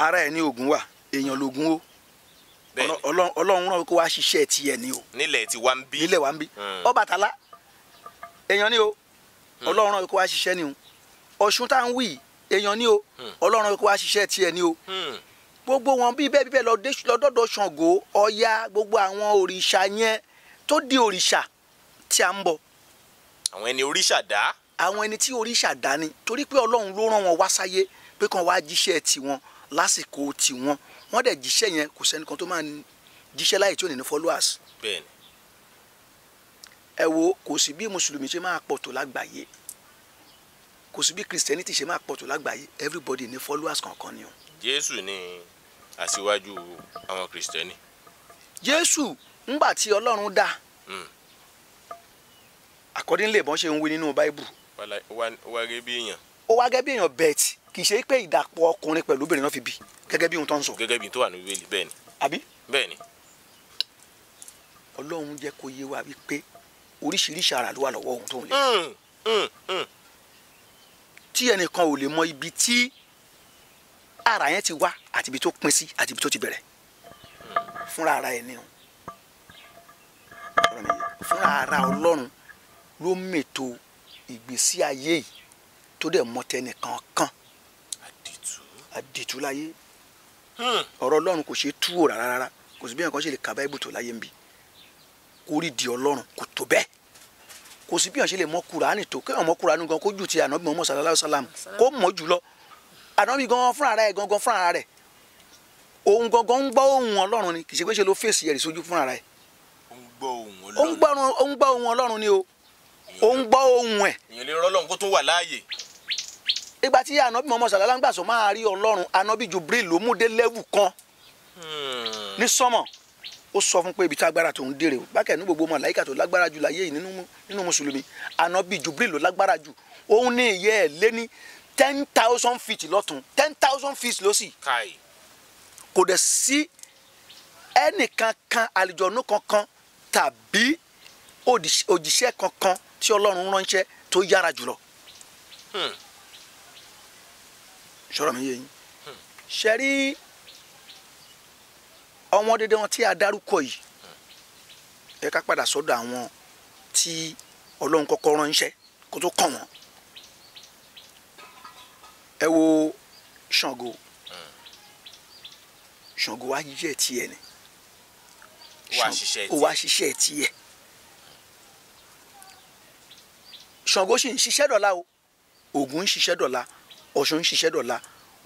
Speaker 6: ara ẹ̀ ní ogun wà èèyàn lògùn o ọlọ́run rán kó wá ṣiṣẹ́ tiẹ̀ ni o. nílẹ̀ tí wá ń bí. nílẹ̀ wá ń bí. Ọbàtálá èèyàn ni o ọlọ́run rán kó wá ṣiṣẹ́ ni o ọ̀ṣun tá à ń wì èèyàn ni o hmm. ọlọ́run kó wá ṣiṣẹ́ tiẹ̀ ni o hmm. gbogbo wọn bíi bẹ́ẹ̀ bíbẹ́ lọ́dọ̀dọ̀ ṣàngó ọya gbogbo àwọn òrìṣà yẹn tó di òrìṣà tí a ń bọ̀.
Speaker 2: àwọn ẹni òrìṣà dá.
Speaker 6: àwọn ẹni tí òrìṣà dá ni torí pé ọlọ́run ló rán wọn wá sáyé pé kàn wá jíṣẹ́ tiwọn lásìkò tiwọn wọ́n dẹ̀ jíṣẹ́ yẹn kò sẹ́nìkan tó máa jíṣẹ́ láì tí ò ní ní followers. ẹ wo kò sí bí mùsùlùmí ṣe máa pọ̀ tó lágbàáyé kò sí bí christianity ṣe máa pọ̀ lágbàáyé everybody ní followers kankan ni o.
Speaker 2: jésù ni aṣíwájú àwọn kristẹni.
Speaker 6: jésù ńgbà tí ọlọ́run dá hmm. according lè bọ́n ṣe ń wí nínú báíbù.
Speaker 2: ó wá gẹ́gẹ́ bí èèyàn.
Speaker 6: ó wá gẹ́gẹ́ bí èèyàn bẹ́ẹ̀t kì í ṣe pé ìdàpọ̀ ọkùnrin pẹ̀lú obìnrin náà fi bí gẹ́gẹ́ bí ohun tó ń sọ. gẹ́gẹ́
Speaker 2: bí tó wà ní bíbélì bẹ́ẹ̀ ni. àbí. bẹ́ẹ̀ ni.
Speaker 6: ọlọ́run jẹ́ kó yé wa wípé oríṣiríṣi ara ló wà lọ́wọ́ ohun tó ń lé tí ẹnìkan ò lè mọ ibi tí ara yẹn ti wá àti ibi tó pin sí àti ibi tó ti bẹ̀rẹ̀ fúnra ara ẹni o fúnra ara ọlọ́run ló mètò ìgbésí ayé yìí tó dẹ̀ mọ tẹnìkan kan àdìtú láyé hmm. ọ̀rọ̀ ọlọ́run kò ṣeé tú wò rárá kò sí bí ẹnìkan ṣe lè ka báíbù tó láyé ń bi kórìdì ọlọ́run kò tó bẹ́ẹ̀ kò sí bí wọn ṣe lè mọ kuraani tó kéwọn mọ kuraani gan kó ju ti ànábì mọ sàlálà sàlám kó mọ jùlọ ànábì gan fúnra rẹ̀ gangan fúnra rẹ̀ òun gangan ń gbọ́ ohùn Ọlọ́run ni kì í ṣe pé ló fèsì ẹ̀rí sójú fúnra rẹ̀ ó ń gbọ́ ohùn Ọlọ́run ni o ó ń gbọ́ ohùn ẹ̀.
Speaker 2: èèyàn lè rọ́ lọ́run kó tún wà láàyè.
Speaker 6: ìgbà tí ànábì mọ́mọ́ sàlálà ń gbàsọ máa rí Ọlọ́run ànábì Jubril ló mú dé lẹ́wù kan hmm. ní sọ́mọ̀ ó sọ fún pé ibi tí agbára tó dèrè o bákẹ́ ní gbogbo màláíkà tó lágbára jù láyé yìí nínú mùsùlùmí ànábì Jibril ló lágbára jù òun ní ìyẹ́ ẹ̀ lé ní ten thousand feet lọ́tún ten thousand feet lọ́sì kò dẹ̀ sí ẹnìkankan àlìjọ̀nú kankan tàbí òjìṣẹ́ kankan tí ọlọ́run ránṣẹ́ tó yára jùlọ. sọ̀rọ̀ hmm. mi yé yín hmm. ṣe rí. Hmm ọmọ dédé wọn tí a dárúkọ yìí ẹ ká padà sọ́dọ̀ àwọn tí Ọlọ́run kọ́kọ́ ránṣẹ́ kó tó kàn wọ́n ẹ wo Ṣàngó Ṣàngó wa jẹ́ tiẹ̀ ni Ṣàngó wa ṣiṣẹ́ tiẹ̀ Ṣàngó sì ń ṣiṣẹ́ dọ̀la o Ògún ń ṣiṣẹ́ dọ̀la Ọ̀ṣun ń ṣiṣẹ́ dọ̀la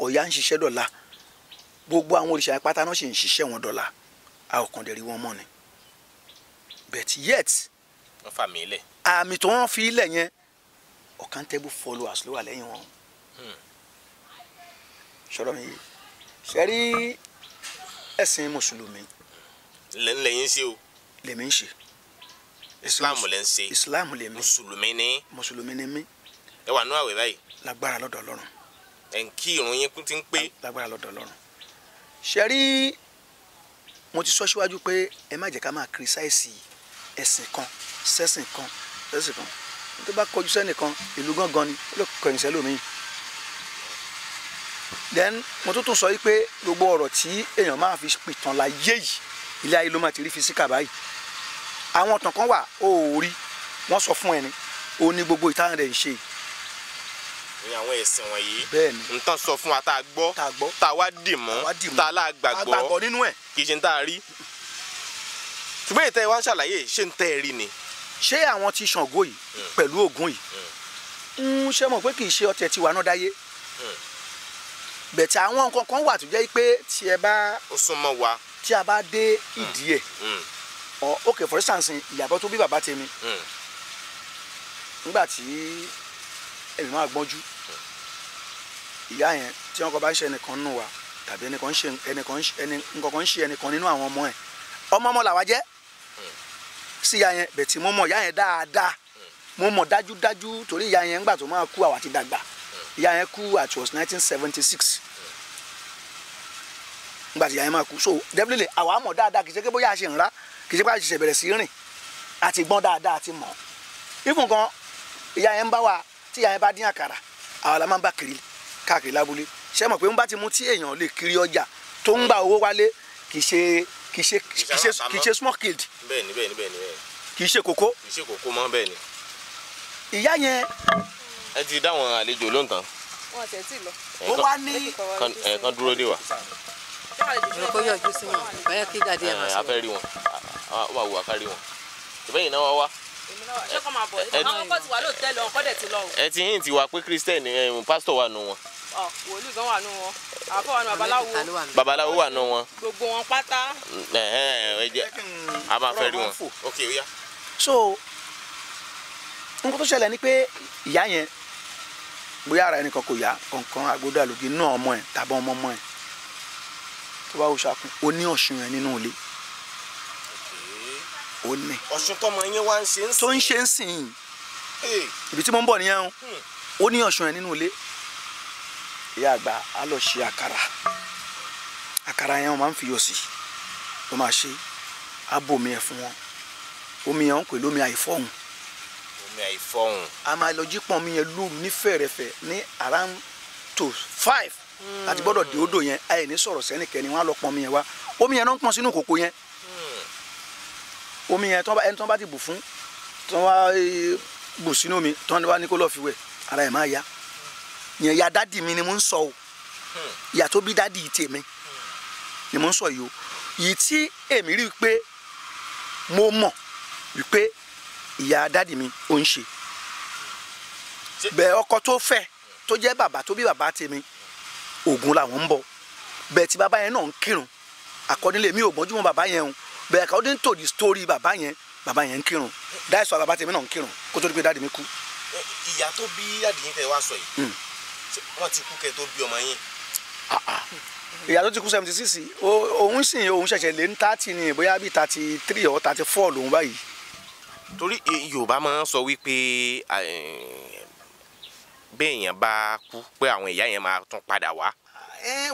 Speaker 6: Ọya ń ṣiṣẹ́ dọ̀la gbogbo àwọn òrìṣà ìpátá náà sì ń ṣiṣẹ́ wọn dọ́là a ò kàn dé rí wọn mọ́ ni but yet àmì tó wọ́n fi ilẹ̀ yẹn accountable followers ló wà lẹ́yìn wọn sọ̀rọ̀ hmm. mi yìí sẹ́rí ẹ̀sìn mùsùlùmí. lẹ́yìn ṣe o. lèmi ṣe. islam lè ń
Speaker 2: ṣe. islam lè mi. mùsùlùmí ni. mùsùlùmí ni mí. ẹ wà nú àwẹ̀ báyìí. lágbára lọ́dọ̀ ọlọ́run. ẹ̀ ń kí irun yín ti ń pé. lágbára lọ́dọ̀ ọlọ́run
Speaker 6: ṣe rí mo ti sọ síwájú pé ẹ má jẹ́ ká máa kírísáìsì ẹ̀sìn kan sẹ́sìn kan sẹ́sìn kan tó bá kọjú sẹ́nìkan ìlú gangan ni ó lè kọyìn sẹ́lòmíì then mo tún tún sọ pé gbogbo ọ̀rọ̀ tí èèyàn máa fi pìtàn láyé yìí ilé ayé ló máa ti rí fisika báyìí àwọn ọ̀tàn kan wà ó rí wọ́n sọ fún ẹni ó ní gbogbo ìtàn rẹ̀ ń ṣe yìí
Speaker 2: ní àwọn ẹ̀sìn wọ̀nyí n tán sọ fún wa tá a gbọ́ tá a wá dì mọ́ tá a lá gbàgbọ́
Speaker 4: kì í ṣe ń tá a rí ṣùgbọ́n ìtẹ́ wa ń ṣàlàyé ṣé ń tẹ́ ẹ rí ni. ṣé àwọn ti Ṣàngó yìí hmm. pẹ̀lú Ògún yìí ń hmm. hmm, ṣe mọ̀ pé kì í ṣe ọ̀tẹ̀ tiwa náà
Speaker 6: dáyé bẹ̀tẹ̀ àwọn nǹkan kan wà tó jẹ́ pé tí ẹ bá ó súnmọ́ wa tí a bá dé ìdí ẹ̀ ok for instance ìyàbọ̀ tó bí bàbá tèmi nígbà tí èmi máa gbọ́njú ìyá yẹn tí wọn kọ bá ń ṣe ẹnìkan nù wa tàbí ẹnìkan ń ṣe ẹnìkan ń ṣe ẹnìkan nínú àwọn ọmọ ẹ ọmọ ọmọ làwa jẹ́ sí ìyá yẹn bẹ̀tì mo mọ̀ ìyá yẹn dáadáa mo mọ̀ dájúdájú torí ìyá yẹn ńgbà tó máa kú àwa ti dàgbà ìyá yẹn kú at was nineteen seventy six ńgbà tí ìyá yẹn máa kú so definitely àwa mọ̀ dáadáa kì í ṣe pé bóyá a ṣe ń ra kì í ṣe pé a ṣe bẹ̀rẹ̀ sí rìn àti gbọ́n dáadáa àti mọ̀ even gan ìyá yẹn ń bá wa tí ìyá yẹn bá dín àkàrà àwọn la máa ń bá kiri káàkiri lábúlé ṣé mọ̀ pé ń bá ti mú tí èèyàn lè kiri ọjà tó ń gba owó wálé kì í ṣe kì í ṣe kì í ṣe small kid
Speaker 2: bẹ́ẹ̀ni bẹ́ẹ̀ni bẹ́ẹ̀ni kì í ṣe kókó kì í ṣe kókó ìyá yẹn. ẹ ti dáwọn àlejò ló ń tán.
Speaker 3: wọn tẹ̀ lọ. ó wá ní kan dúró dé wa. ìrọ̀kọ́ yọjú sí wọn báyọ̀ kí jáde ẹ̀ máa
Speaker 2: sọ. a rí wọn a máa wù àkárí wọn ìbẹ́yìn náà wá wá
Speaker 1: ṣé kò máa bọ̀ àwọn kò ti wà lóòótẹ́ lọ kọ́ dẹ̀ o.
Speaker 2: ẹ ti yín ti wá pé kristẹni pásítọ̀ wà nù wọn.
Speaker 1: wòlíì gan wà nù wọn àbọ̀ wà nù babaláwo. babaláwo wà nù wọn. gbogbo
Speaker 6: wọn pátá.
Speaker 2: a máa fẹ́ rí wọn.
Speaker 6: so nǹkan tó ṣẹlẹ̀ ni pé ìyá yẹn bóyá ara ẹnìkan kò yá kankan agbódò àlògì náà ọmọ ẹ tàbí ọmọ ọmọ ẹ tó bá wò ṣàkùn ó ní ọ̀sùn yẹn nínú ilé ó ní. ọ̀ṣun tọmọ yín wá ń ṣe ń sìn. tó ń ṣe ń sìn ibi tí mo ń bọ̀ nìyẹn o hmm. ó ní ọ̀ṣun yẹn nínú ilé ìyá àgbà á lọ ṣe àkàrà àkàrà yẹn wọn máa ń fi yọ sí máa ṣe á bò omi yẹn fún wọn omi yẹn ń pè lómi àìfọ̀hún. omi àìfọ̀hún. a máa lọ jí pọn omi yẹn lóru ní fẹ̀rẹ̀fẹ̀ ní around to five
Speaker 2: hmm. láti gbọ́dọ̀ dé odò
Speaker 6: yẹn ayẹ̀ ní sọ̀rọ̀ sẹ́nìkẹ́ni wọn á lọ pọn omi yẹn wá omi yẹn náà ń pọn sínú kòkó yẹn omi yẹn ẹni tó bá ti bù fún tó wá eh, bù sínú omi tó wá ní kó lọ́ọ́ fi wẹ̀ ara ẹ̀ máa ya yẹn ya dádì mi ni mo ń sọ o ìyá tó bí dádì tèmi ni mo ń sọ yìí o yìí tí èmi rí pé mo mọ̀ wípé ìyá dádì mi ò ń ṣe bẹ́ẹ̀ ọkọ tó fẹ́ tó jẹ́ bàbá tó bí bàbá tèmi Ògùn làwọn ń bọ̀ bẹ́ẹ̀ tí bàbá yẹn náà ń kírun àkọ́nílé mi ò gbọ́njú mọ́ bàbá yẹn o bẹ́ẹ̀ ká ó dé ń tò di sítórì bàbá yẹn bàbá yẹn ń kírun dáìsọ bàbá tèmi náà ń kírun kó tó di pé dáàdì mi kú.
Speaker 2: ìyá tó bí àdìyín tẹ wá sọ yìí hmm. wọn ti kú kẹ tó bí ọmọ yín. Ah,
Speaker 6: ah. ìyá tó ti kú seventy six òun sì òun ṣẹ̀ṣẹ̀ lé ní thirty ni bóyá bíi thirty three or thirty four lòun báyìí.
Speaker 2: torí yorùbá máa ń sọ wípé béèyàn bá kú pé àwọn ìyá yẹn máa tún padà wá. Eh,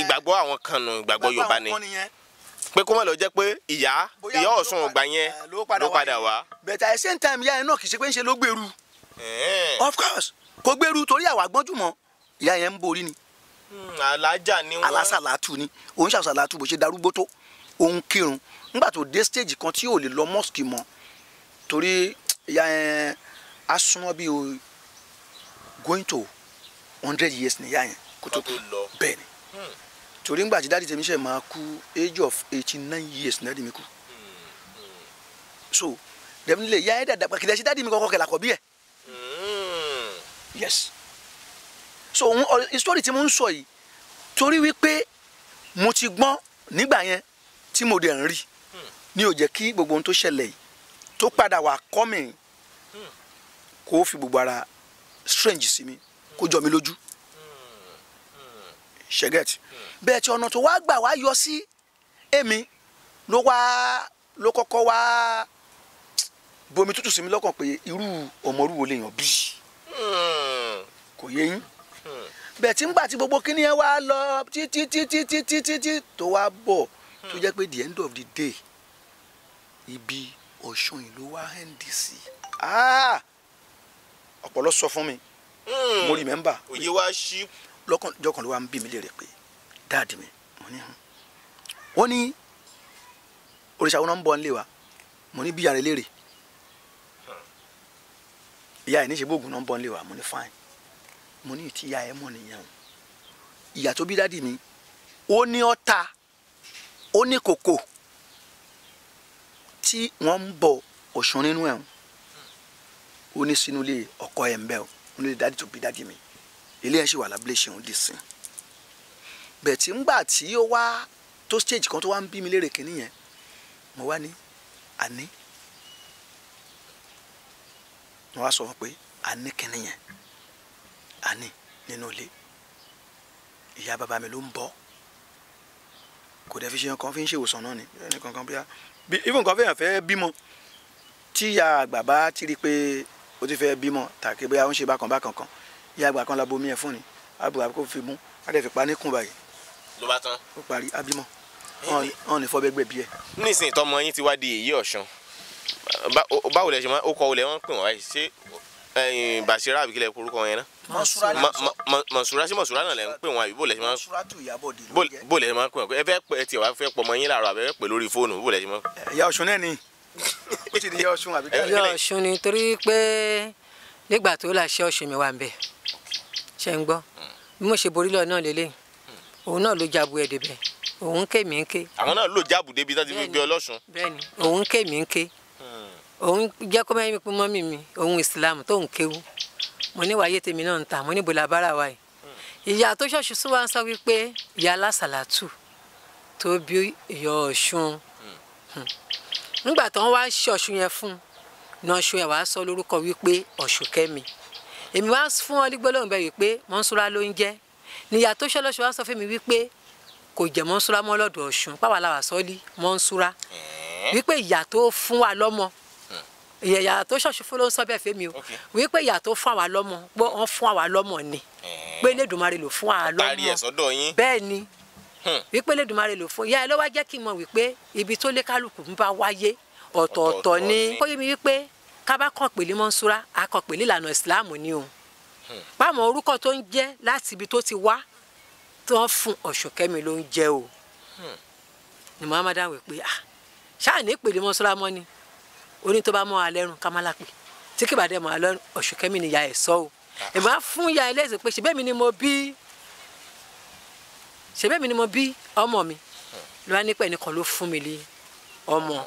Speaker 2: ìgbàgbọ́ àwọn kan nù ìgbàgbọ́ yorùbá ni. pé kó má lọ jẹ́ pé ìyá ìyá ọ̀sùn yẹn
Speaker 6: but at same time ìyá yẹn náà kì í ṣe pé ń ṣe of course kò gbèrú torí àwa gbọ́njú mọ́ ìyá yẹn ń borí ni. Hmm, alájà ni wọn alásàlátù ni òun ṣàṣàlátù bó ṣe darúgbó tó òun kírun nígbà tó dé stage kan tí o lè lọ mosque mọ́ torí ìyá yẹn á súnmọ́ o going to hundred years ni ìyá yẹn kó tó lọ bẹ́ẹ̀ ni. Hmm. torí ńgbà tí dáàdi tèmi ṣe máa kú age of eighty nine years náà dèmi kú so definitely yá ẹ dàda kìdẹ̀ sí dáàdi mi kọ́kọ́ kẹlẹ́ àkọ́bí ẹ̀ yes so story tí mo ń sọ yìí torí wípé mo ti gbọ́n nígbà yẹn tí mo dẹ̀ ń rí ni ò jẹ́ kí gbogbo ohun tó ṣẹlẹ̀ yìí tó padà wà kọ́mìn kó fi gbogbo ara strange sí mi kó jọ mi lójú ṣẹgẹtì bẹ́ẹ̀ tí ọ̀nà tó wá gbà wá yọ sí èmi ló wá ló kọ́kọ́ wá bomi tútù sí mi lọ́kàn pé irú ọmọrú wo lèèyàn bí kò yé yín bẹ́ẹ̀ tí ń gbà tí gbogbo kíní yẹn wá lọ títí títí títí títí tó wá bọ̀ tó jẹ́ pé the end of the day ibi ọ̀ṣun ìlú wa ndc ọ̀pọ̀lọ́ sọ fún mi mo remember. òye wa ṣí lọ́kànjọ́kàn ló wá ń bí mi léèrè pé dáàdì mi mo ní hàn wọ́n ní òrìṣà wọn ń bọ̀ nílé wa mo ní bíyà rẹ léèrè ìyá ẹ̀ níṣẹ́ bóògùn náà ń bọ̀ wa mo ní fáìn mo ní ìtì ìyá ẹ̀ mọ̀ nìyẹn ìyá tó bí dáàdì mi ó ní ọ̀tá ó ní kòkò tí wọ́n ń bọ̀ Ọ̀ṣun nínú ẹ̀ o ní sínú ilé ọkọ ẹ̀ ń bẹ́ o nílé dáàdì tó bí dáàdì mi ilé ẹ̀ ṣì wà lábílẹ̀ ṣeun dì sí bẹ̀tì ńgbà tí ó wá tó stage kan tó wá ń bí mi léèrè kínní yẹn mo wá ní àní mo wá sọ wọn pé àní kínní yẹn àní nínú ilé ìyá bàbá mi ló ń bọ̀ kò dẹ̀ fi ṣe nǹkan fi ń ṣèwòsàn náà ni ẹnì kankan bí i even nǹkan fẹ́yàn fẹ́ bímọ tí àgbà bá ti rí pé ó ti fẹ́ bímọ tàbí bóyá ó ń ṣe bákan bákan kan. kan ìyá àgbà kan la bomi yẹn fún ni àbúrò àbúkò fi mú adé fi pa ní kùn báyìí. ló bá tán. ó parí abímọ wọn ní fọbẹ gbẹbí ẹ.
Speaker 2: nísìnyí tọmọ yín ti wá di èyí ọ̀sán báwo lẹ ṣe máa ó kọ olè wọn pè wọn báyìí ṣé bàṣírà àbí kílẹ̀ korúkọ yẹn náà mọ̀sùrá sí mọ̀sùrá náà lẹ̀ ń pè wọn àbí bó lẹ̀ ṣe máa bó lẹ̀ ṣe máa pè wọn ẹ fẹ́ pẹ tiẹ̀ wá fẹ́ pọmọ yín làárọ̀ àbẹ́ pè lórí fóònù bó lẹ̀ ṣe máa.
Speaker 6: ìyá ọ̀sùn náà ni ó ti di ìyá ọ̀sùn àbí.
Speaker 2: ìyá
Speaker 3: ọ̀sùn ni torí pé nígbà tó là ṣọ́ọ̀ṣì mi wà ń bẹ̀ ṣe ń gbọ́ bí mo ṣe borí lọ náà lélẹ́yìn òun náà ló jabu ẹ̀ débẹ̀ òun ké mi ń ké.
Speaker 2: àwọn náà ló jáàbù débi tá ti fi gbé ọlọ́sùn. bẹ́ẹ̀ni
Speaker 3: òun ké mi ń ké òun jẹ́ kó mẹ́rin pín mọ́mì mi òun ìsìlámù tó ń kéwu mo ní wàá yé tèmi náà ń ta mo ní bòlá bára wa yìí. ìyá tó ṣọ́ọ̀ṣì sún wa ń sọ wípé ìyá alásàlátù tó bí ìyá ọ̀ṣun hmm. nígbà tó ń wá ṣe yẹn fún nọṣu ẹ̀ wá sọ lórúkọ wípé ọ̀ṣùkẹ́mi èmi wá fún ọ lígbólóhùn bẹ́ẹ̀ wípé mọ́nsúra ló ń jẹ́ níyà tó ṣẹ́ lọ́ṣù wá sọ fún mi wípé kò jẹ́ mọ́nsúra mọ́ lọ́dọ̀ ọ̀ṣun pàwọn aláwà sọ́ọ́lì mọ́nsúra wípé ìyà tó fún wa lọ́mọ hmm. ìyà tó ṣọ̀ṣù fún ló ń sọ bẹ́ẹ̀ fẹ́mi o wípé ìyà tó fún àwa lọ́mọ pé wọ́n fún àwa lọ́mọ ni pé lẹ́dùnmarè ló fún àwa lọ́mọ bẹ́ẹ̀ ni hmm. wípé lẹ́dùnmarè ló fún ìyá ẹ ló wá jẹ́ kí n mọ̀ wípé ibi tó lé kálukú ń bá wáyé ọ̀tọ̀ọ̀tọ̀ ni ó yé mi wípé kábà kàn pèlè mọ́nsúra a kàn pèlè ìlànà ìsìláàmù ni o báwọn hmm. orúkọ tó ń jẹ́ láti ibi tó ti wá tó ń fún ọ̀ṣọ́kẹ́mi ló ń jẹ́ o hmm. ni muhammadu awo pé ah ṣáàní pèlè mọ́nsúra mọ́ ni oní tó bá mọ́ alẹ́ rùn ká má lápè tí kì bá dẹ̀ mọ́ alẹ́ rùn ọ̀ṣọ́kẹ́mi ni ìyá ẹ̀ sọ o ah. èmi á fún ìyá ẹlẹ́sìn pé ṣèbẹ́mi ni mo bí ṣèbẹ́mi ni mo bí ọmọ mi hmm. ló wá nípa ẹnìkan ló fún mi lé ọmọ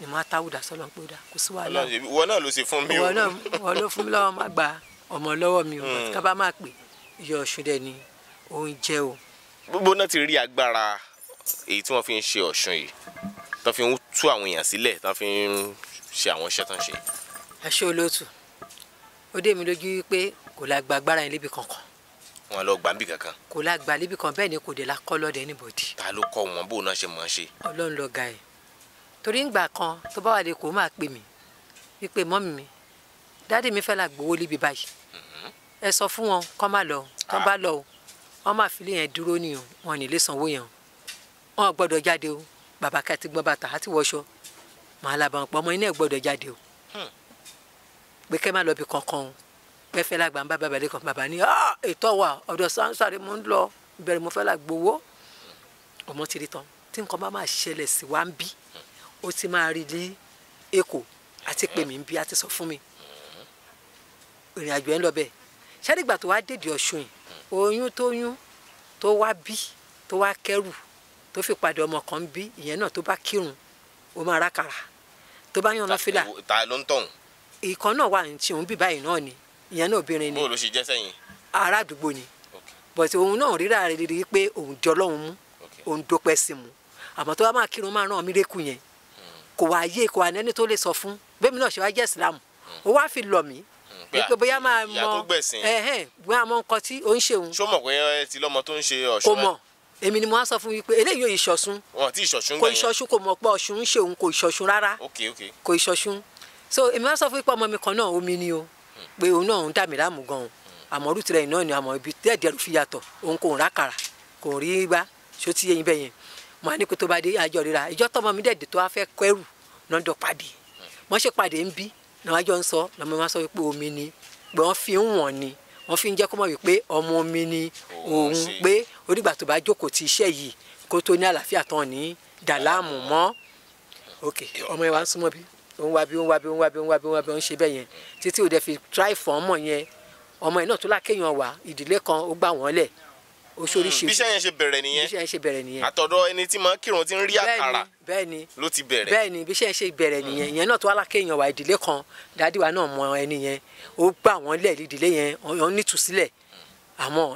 Speaker 3: ni mo atáwùdà sọlọ ń pè dà kò sí wàhálà ìwọ náà
Speaker 2: ló ṣe fún mi o ìwọ ló fún mi lọ́wọ́
Speaker 3: má gba ọmọ lọ́wọ́ mi o kábà hmm. má pè iye ọ̀ṣun dẹ̀ ni òun jẹ́ o.
Speaker 2: gbogbo náà ti rí agbára èyí tí wọ́n fi ń ṣe ọ̀ṣun yìí tán fi ń tú àwọn èèyàn sílẹ̀ tán fi ń ṣe àwọn iṣẹ́ tán ṣe.
Speaker 3: ẹ olóòtú ó dé mi lójú pé kò lágbá agbára yẹn lébi kankan
Speaker 2: wọn lọ gbà ń bì kankan.
Speaker 3: kò la gbà níbi kan bẹ́ẹ̀ ni kò dé la kọ́ lọ́dẹ anybody.
Speaker 2: ta ló kọ́ wọn bó náà ṣe máa ṣe.
Speaker 3: ọlọ́run ló ga ẹ̀ torí ngbà kan tó bá wà lè kó máa pè mí wípé mọ́mì mi dáàdì mi fẹ́ là gbowó líbi báyìí mm-hmm. ẹ sọ fún wọn kọ́ má lọ tán ah. bá lọ o wọn máa fi lé yẹn dúró nìyẹn wọn ní lè sanwó yẹn o wọn gbọ́dọ̀ jáde o bàbá kẹtì gbọ́n bàtà àti wọṣọ màá làbọn pọ̀ ọmọ iná ẹ̀ gbọ́dọ̀ jáde o hmm. pé kẹ́ má lọ bí kankan o pé fẹ́ làgbà ń bá bàbá lẹ́kọ̀ọ́ bàbá ní ah, ètò wa ọ̀dọ̀ sáńsáré mo ń lọ ìbẹ̀rẹ̀ mo fẹ́ là gbowó hmm. ọmọ ti rí tán tí nǹkan bá máa ṣẹlẹ̀ sí wa ń bí ó ti máa rí ní èkó àti pé mi ń bí a ti sọ fún mi ìrìn àjò ẹ̀ ń lọ bẹ́ẹ̀ ṣáàdìgbà tó wá dèdè ọ̀ṣun yìí oyún tó yún tó wá bí tó wá kẹ́rù tó fi padà ọmọ kan bí ìyẹn náà tó bá kírun ó máa rákàrà tó bá yàn lọ fìlà ta ló ń tọ̀hún. ìkan náà wà tí òun bí báyìí náà ni ìyẹn náà obìnrin ni. bó ló ṣe jẹ́ sẹ́yìn. ará àdúgbò ni bọ̀tí òun náà ríra rẹ̀ rí pé òun jọ lọ́hùn mú òun dópẹ́ sí mu àmọ́ tó bá máa kírun máa ràn mí rékù yẹn kò wá yé kò wá nẹ́ni tó lè sọ fún bẹ́ẹ̀mi náà ṣe wá jẹ́ ìsìlámù hmm. ó wá fi lọ̀ mí hmm. pé bóyá máa mọ bóyá mọ nǹkan tí ó ń ṣe òun. sọmọ
Speaker 2: pé ẹ ti lọmọ tó ń ṣe ọ̀ṣun. kò mọ̀
Speaker 3: èmi ni mo wá sọ fún wípé eléyìí ò ìṣọ̀ṣun. wọn ti ìṣọ̀ṣun gbà kò ìṣọ̀ṣun kò mọ̀ pé ọ̀ṣun ń ṣe òun kò ìṣọ̀ṣun rárá kò ìṣọ̀ṣun so èmi wá sọ fún wípé ọmọ mi kan náà omi ni o hmm. pé òun náà ń dà mí láàmú gan-an àmọ́ rútìrẹ̀ náà ni àmọ́ ibi tẹ́ẹ̀dẹ̀ ló fi yàtọ̀ òun kò ń rákàrà kò ń rí gbá ṣó ti yẹ bẹ́yẹn mo ní kó tó bá dé àjọ rira ìjọ tọmọ mi dẹ̀dẹ̀ tó wá fẹ́ kọ́ ẹrù náà dọ̀ pàdé mo ṣe pàdé ń bí náà wájọ ń sọ lọ́mọ máa sọ wípé omi ni pé wọ́n fi ń wọ̀n ni wọ́n fi ń jẹ́ kó mọ̀ wípé ọmọ omi ni oh, òun pé onígbà tó bá jókòó ti iṣẹ́ yìí kó tó ní àlàáfíà tán ní dàlámù mọ́ ok ọmọ yẹn wá ń súnmọ́ bí òun wá bí òun wá bí òun wá bí òun wá bí òun wá bí òun ṣe bẹ́ẹ̀ yẹn títí òde fi try fún ọmọ yẹn ọmọ yẹn náà tó lákéèyàn wá ìdílé kan ó gbà wọ́n lẹ̀ oṣooríṣe. bí iṣẹ́ yẹn ṣe
Speaker 2: bẹ̀rẹ̀ nìyẹn bí iṣẹ́ yẹn ṣe bẹ̀rẹ̀ nìyẹn. àtọ̀dọ̀ ẹni tí màá kírun ti ń rí àkàrà bẹ́ẹ̀ni ló ti bẹ̀rẹ̀.
Speaker 3: bẹ́ẹ̀ni bí iṣẹ́ yẹn ṣe bẹ̀rẹ̀ nìyẹn ìyẹn náà tó alákẹ́yìn wa ìdílé kan dádì wa náà mọ ẹni yẹn ó gbà wọ́n lẹ̀ ìdílé yẹn wọ́n nítùsílẹ̀ àmọ́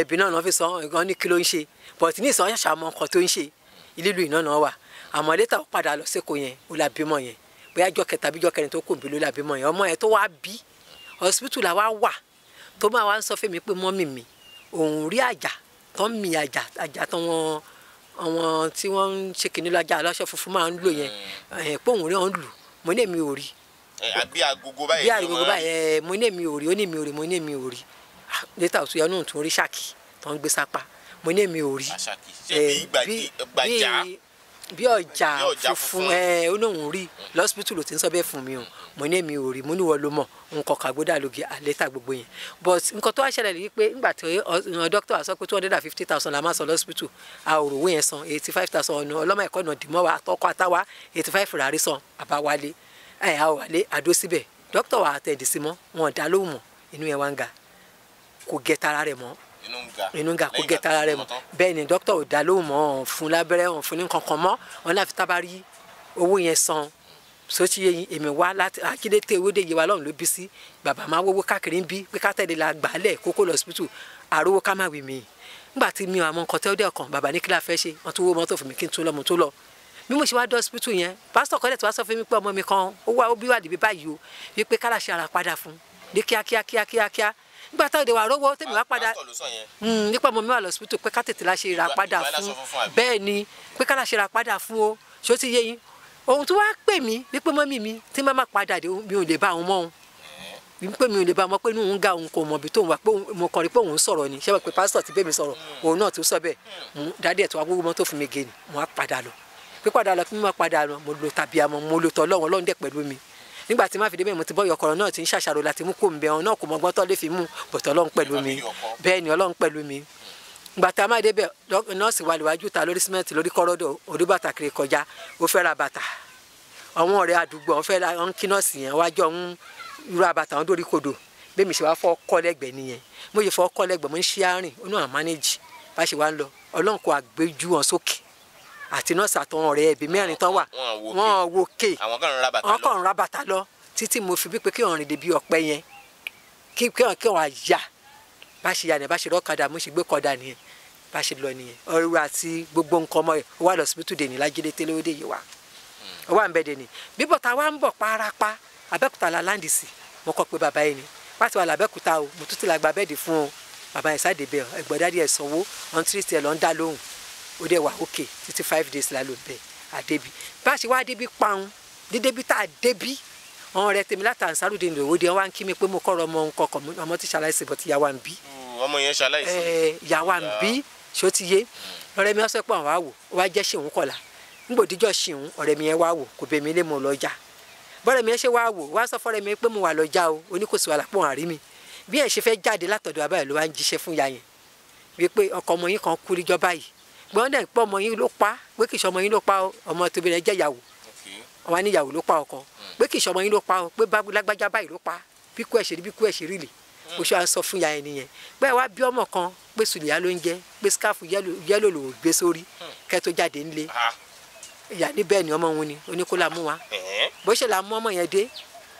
Speaker 3: ẹbí náà náà fi sọ ọ́n ní kí ló ń ṣe bọ̀t ní ìsọ̀rọ̀ ṣàmọ nǹkan tó ń ṣe ìlú iná náà wà àmọ́ létà la bímọ yẹn bóyá jọ kẹta bí jọ òun rí àjà tó ń mi àjà àjà tó wọn àwọn tí wọ́n ń ṣe kìnìún lọ́jà aláṣọ funfun máa ń lò yẹn mm. pé òun rí òun lù mo ní èmi ò rí. bí agogo báyìí bí agogo báyìí mo ní èmi ò rí ó ní èmi ò rí mo ní èmi ò rí létà òtún yẹn náà tún rí ṣáàkì tó ń gbé sápá mo ní èmi ò rí. àṣàkì ṣé
Speaker 2: bí gbàjà
Speaker 3: bí ọjà funfun ẹ olóhùn rí lọ́sibítù ló ti ń sọ bẹ́ẹ̀ fún mi o mo ní èmi ò rí mo níwọ̀ ló mọ̀ nǹkan kàgbódà lóge àlétà gbogbo yẹn but nǹkan tó wá ṣẹlẹ̀ lè pé nígbà tí ọ̀nà dókítà sọ pé two hundred and fifty thousand la máa san lọ́sibítù a ò rówó yẹn san eighty five thousand ọ̀nà ọlọ́mọ ẹ̀kọ́ náà dì mọ́ wa àtọkọ àtàwa eighty five ràrí san àbáwálé ẹ̀ àwálé àdó síbẹ̀ dókítà wa àtẹ̀dì sí mọ́ wọn ò dá lóhùn mọ́ inú inú ń ga kó gẹ̀ta ara rẹ̀ mọ̀ bẹ́ẹ̀ ni dókítà ò dá lóhùn mọ́ ọ̀hún fún lábẹ́rẹ́ ọ̀hún fún ní kankan mọ́ wọn láfi tábà rí owó yẹn san sotí yẹn èmi wá láti akíndéte ewédè yìí wa lọ́run ló bí sí bàbá máa wọ́wọ́ káàkiri ń bí pé ká tẹ̀lé la gbà á lẹ̀ kókó lọ síbítù àrówó ká má wì mí nígbà tí mi ò àmọ́ nǹkan tẹ́wọ́dẹ́ ọ̀kan bàbá ní kí la fẹ́ ṣe wọ́n tún wó mọ́tò fún mi kí n tún lọ́mọ tó lọ bí mo ṣe wá dọ́ síbítù yẹn pásítọ̀ kọ́lẹ̀ tí wàá sọ fún mi pé ọmọ mi kan ó wá ó bí wà débi báyìí o wípé kálá ṣe ara padà fún ní kíákíákíákíá nígbà táwọn èdè wà rówó tèmi wá ah, padà hmm, nípa mo mi wà lọ́sibítù pé ká tètè la ṣe ra padà fún bẹ́ẹ̀ ni pé ká la ṣe ra padà fún o ṣó ti yé yín ohun tó wá pè mí wípé mọ́mí mi tí má má padà dé mi ò lè bá òun mọ́ òun wípé mi ò lè bá ọmọ pé inú òun ga òun kò mọ̀ bí tóun wà pé mo kàn rí pé òun sọ̀rọ̀ ni ṣé wọ́n pásítọ̀ ti bẹ́ẹ̀ mi sọ̀rọ̀ hmm. òun náà tó sọ bẹ́ẹ̀ hmm. mo dáadé ẹ̀ tó wá gbogbo mọ́tò fún mi gé ni mo á padà lọ pípadà lọ fún mi má padà lọ mo lo tàbí àmọ́ mo lo tọ́ lọ́wọ́ ọlọ́run dẹ̀ pẹ̀lú mi nígbà tí má fi débẹ̀ mo ti bọ́ ìyọkọ̀rọ̀ náà ti ń ṣàṣàrò láti mú kó ń bẹ̀ ọ́n náà kò mọ́gbọ́n tó lè fi mú bọ̀tọ̀ ọlọ́run pẹ̀lú mi bẹ́ẹ̀ ni ọlọ́run pẹ̀lú mi gbàtà má débẹ̀ nọ́ọ̀sì wà lùwájú ta lórí símẹ́ǹtì lórí kọ́rọ́dọ̀ orí bàtà kiri kọjá ó fẹ́ ra bàtà àwọn ọ̀rẹ́ àdúgbò ọ̀n fẹ́ ra ọ̀n kí nọ́ọ̀sì yẹn wájú ọ̀hún ra bàtà ọ̀hún dórí kodò bẹ́ẹ̀ mi ṣe wá fọ́ kọ́lẹ́gbẹ̀ẹ́ nìyẹn mo ṣe fọ́ kọ́lẹ́gbẹ̀ẹ́ mo ń ṣí àárín ó náà mánéjì bá ṣe wá ń lọ àti nọ́ọ̀sì àtọ̀run ọ̀rẹ́ ẹbí mẹ́rin tán wà wọ́n wo ké àwọn kàn ń ra bàtà lọ títí mo fi bí pé kí wọ́n rìn débi ọ̀pẹ yẹn kí wọ́n kí wọ́n àyà bá ṣe yànnà bá ṣe rọ́kadà mo ṣe gbé kọ́dà nìyẹn bá ṣe lọ nìyẹn ọrùn àti gbogbo nǹkan ọmọ rẹ̀ ó wà lọ́sibítù dèní lájídé tẹ́lẹ̀ ó dé yìí wá hmm. ó wà ń bẹ́ dèní bíbọ̀ ta wá ń bọ̀ párapá abẹ́kúta la láǹdì sí mo kọ́ pé bàbá yẹn ni pàtó àlàbẹ́kúta o mo tún ti la gba bẹ́ẹ̀dì fún o bàbá yẹn sáà débẹ̀ ẹgbọ́dá díẹ̀ sanwó ọ̀n tírìtì ẹ̀ lọ́ ń dá lóhùn ó dẹ̀ wà òkè títí five days la ló ń bẹ̀ àdébí bá a ṣe wá débi paun dídébí tá a débí àwọn ọ̀rẹ́ tèmi láti ànsárùdé ní òwòde wọn kí mi pé mo kọ́ra ọmọ nǹkan kan ọmọ tí ṣaláìsí bọ̀ ti yàwá ń bí. Hmm, ọmọ yẹn ṣaláìsí. ẹ eh, yàwá ń bí ṣó ti yé ọ̀rẹ́ mi ọsẹ pé àwọn àwò wá jẹ ṣìwọn kọlà ngbòdìjọ ṣìwọn ọ̀rẹ́ mi yẹn wá wò kò bẹ mi lé mo lọjà bọ̀rẹ́ mi yẹn ṣe wá wò wá sọ fọ̀rẹ́ mi pé mo wà lọjà o oníkòsí wà lápò àrí mi bí ẹ ṣe fẹ́ jáde látọ̀dọ̀ àbáyọ ló wá ń jíṣẹ́ fún ya yẹn wípé ọkọ ọmọ yín kan kú níjọ báyìí gbọ́n dẹ̀ pé ọmọ yín ló pa pé kìí ṣọmọ yín ló pa ọmọ tóbi rẹ̀ jẹ́ ìyàwó ọmọ ní ìyàwó ló pa ọkọ hmm. pé kìí ṣọmọ yín ló pa pé lágbájá báyìí ló pa bí kú ẹ̀ ṣe rí bí kú ẹ̀ ṣe rí lè bó ṣe à ń sọ fún ya ẹni yẹn pé wá bí ọmọ kan pé sùlìyà ló ń jẹ pé skáfù yẹ́lò ló gbé sórí hmm. kẹ́ jáde ńlé ìyá ní ni ọmọ òun ni oníkólà mú wa bó ṣe là mú ọmọ yẹn dé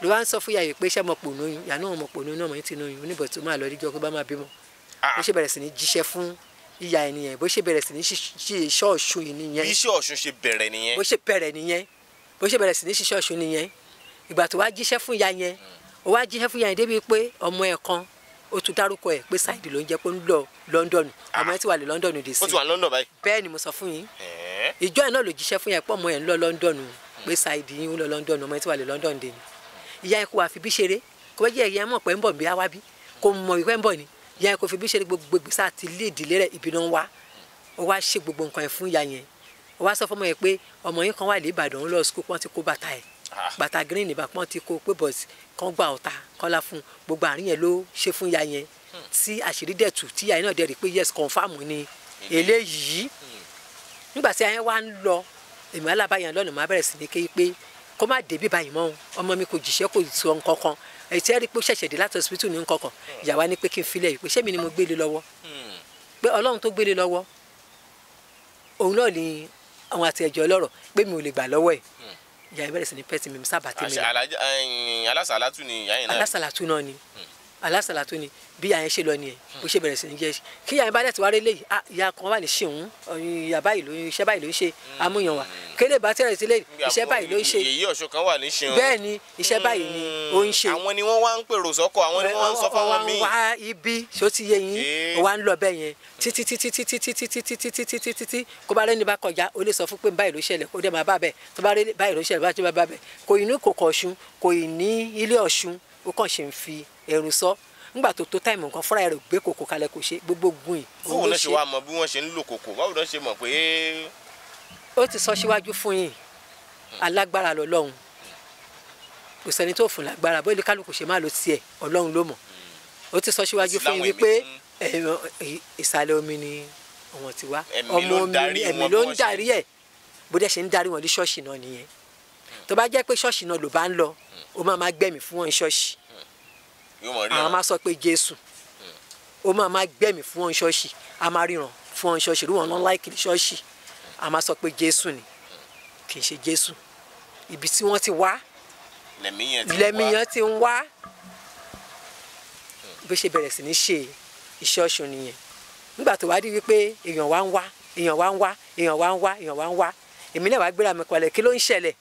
Speaker 3: ló wá ń sọ fún ìyá yìí pé ṣé mo pò lóyún ìyá náà mo pò lóyún náà mo ti lóyún oníbọ̀ tó máa lọ rí jọ pé bá máa bímọ bó ah. ṣe bẹ̀rẹ̀ sí ní jíṣẹ́ fún ìyá ẹ nìyẹn bó ṣe bẹ̀rẹ̀ sí ní ṣiṣẹ́ ọ̀ṣun yìí nìyẹn. bí iṣẹ́
Speaker 2: ọ̀ṣun ṣe bẹ̀rẹ̀ nìyẹn. bó
Speaker 3: ṣe bẹ̀rẹ̀ nìyẹn bó ṣe bẹ̀rẹ̀ sí ní ṣiṣẹ́ ọ̀ṣun nìyẹn ìgbà tó wá jíṣẹ́ fún ìyá yẹn ó wá jíṣẹ́ fún ìyá yẹn débi pé ọmọ ẹ̀ kan ó tún dárúkọ ẹ̀ pé Saheed ló ń jẹ́ pé ń lọ London ọmọ ẹ̀ ti wà lè London dé sí. ó London báyìí. bẹ́ẹ̀ ni mo sọ fún yín ìjọ ẹ̀ London pé Saheed yín London ọmọ London dé ni ìyá ẹ̀ kó wá fi bí ṣeré kó wá jẹ́ ẹ̀yẹ mọ̀ ìyá yẹn kò fi bí ṣe ni gbogbo ìgbésẹ̀ àti ilé ìdílé rẹ̀ ìbínú wa ó wá ṣe gbogbo nǹkan yẹn fún ìyá yẹn ó wá sọ fọmọ yẹn pé ọmọ yín kan wà ní Ìbàdàn ń lọ sukú pọ́n ti kó bàtà ẹ̀ ah. bàtà green nìbà pọ́n ti kó pé bọ́ọ̀sì kan gba ọ̀tá kan la fún gbogbo àárín yẹn ló ṣe fún ìyá yẹn hmm. tí àṣírí dẹ̀ tù tí ìyá yẹn náà dẹ̀ rí pé yes confam ni hmm. eléyìí hmm. nígbà tí ayé wa ń lọ èmi alábàáyàn lọ́nà má bẹ̀rẹ̀ sí ni kéyí pé kó má débi báyìí mọ́ ọmọ mi kò jìṣẹ́ kò sọ nǹkan kan ẹ ti rí i pé ó ṣẹ̀ṣẹ̀ dé láti hospital ní nǹkan kan hmm. ìyàwó ni pé kí n filẹ̀ yìí pé sẹ́mi ni mo gbélé lọ́wọ́ hmm. pé ọlọ́run tó gbélé lọ́wọ́ òun náà ni àwọn àti ẹ̀jọ́ ọlọ́rọ̀ pé mi ò lè gbà lọ́wọ́ ẹ̀ hmm. ìyá yẹn bẹ̀rẹ̀ sí ni pẹ́ẹ́tì mi sábà tẹ́ mi.
Speaker 2: alásàlátù ni ìyá yẹn náà. alásàlátù
Speaker 3: náà ni alásàlátù ni bí ìyá yẹn ṣe lọ ni ẹ ṣe bẹ̀rẹ̀ sí ni jẹ́ kí ìyá yẹn bá dẹ̀ ti wá rélé yìí ah, ìyá kan wà ní ṣéun ìyá báyìí ló ń ṣe báyìí ló ń ṣe amúyàn wa kélé bá tẹ̀rẹ̀ sílẹ̀ iṣẹ́ báyìí ló ń ṣe
Speaker 2: èyí ọ̀ṣun kan wà ní ṣeun bẹ́ẹ̀
Speaker 3: ni iṣẹ́ báyìí ni
Speaker 2: ó ń ṣe. àwọn ni wọ́n wá ń pèrò sọ́kọ̀ àwọn ni wọ́n ń sọ fáwọn míì. wá
Speaker 3: ibi tó ti yẹ yín wá ń lọ bẹ́ẹ̀ yẹn títí títí títí títí títí títí títí títí kó bá rẹ́ni bá kọjá ó lè sọ fún pé báyìí ló ṣẹlẹ̀ ó dẹ̀ máa bá bẹ́ẹ̀ tó bá rẹ́ni báyìí ló ṣẹlẹ̀ bá tó bá bẹ́ẹ̀ kò ì ní kòkò ọ̀ṣun kò ì ní ilé ọ̀ṣun ó kàn tó táìmù nǹkan fúnra rẹ̀ gbé kòkò kalẹ̀ kò ṣe gbogbo gùn ì. fóònù náà ṣe wá
Speaker 2: mọ bí wọ́n ṣe ń lo kòkò báwo náà ṣe mọ̀ pé
Speaker 3: ó ti sọ síwájú fún yín alágbára lọ́lọ́run kò sẹ́ni tó fún lágbára bó ní kálukú ṣe máa lo tiẹ̀ ọlọ́run ló mọ̀ ó ti sọ síwájú fún yín wípé ìsàlẹ̀ omi ni ọ̀wọ́n ti wá
Speaker 6: ọmọ omi ẹ̀mí ló ń
Speaker 3: darí ẹ̀ bó dẹ̀ ṣe ń darí wọn ní ṣọ́ọ̀ṣì náà nìyẹn tó bá jẹ́ pé ṣọ́ọ̀ṣì náà ló bá ń lọ ó máa máa gbẹ̀mí fún wọn ní ṣọ́ọ̀ṣì àwọn máa sọ pé jésù ó máa máa gbẹ̀mí fún wọn ní ṣọ́ọ̀ṣì a máa ríran fún wọn ní ṣọ́ọ̀ṣì irú wọn náà láìkì ní ṣọ́ọ̀ṣì a máa sọ pé jésù ni kì í ṣe jésù ibi tí wọ́n ti wá
Speaker 2: lẹ́mìyàn
Speaker 3: ti ń wá bí ó ṣe bẹ̀rẹ̀ sí ní ṣe iṣẹ́ ọ̀ṣun nìyẹn nígbà tó wá di wípé èèyàn wá ń wá èèyàn wá ń wá èèyàn wá ń wá èèyàn wá ń wá èmi náà wá gbéra mi kalẹ̀ kí ló ń ṣẹlẹ̀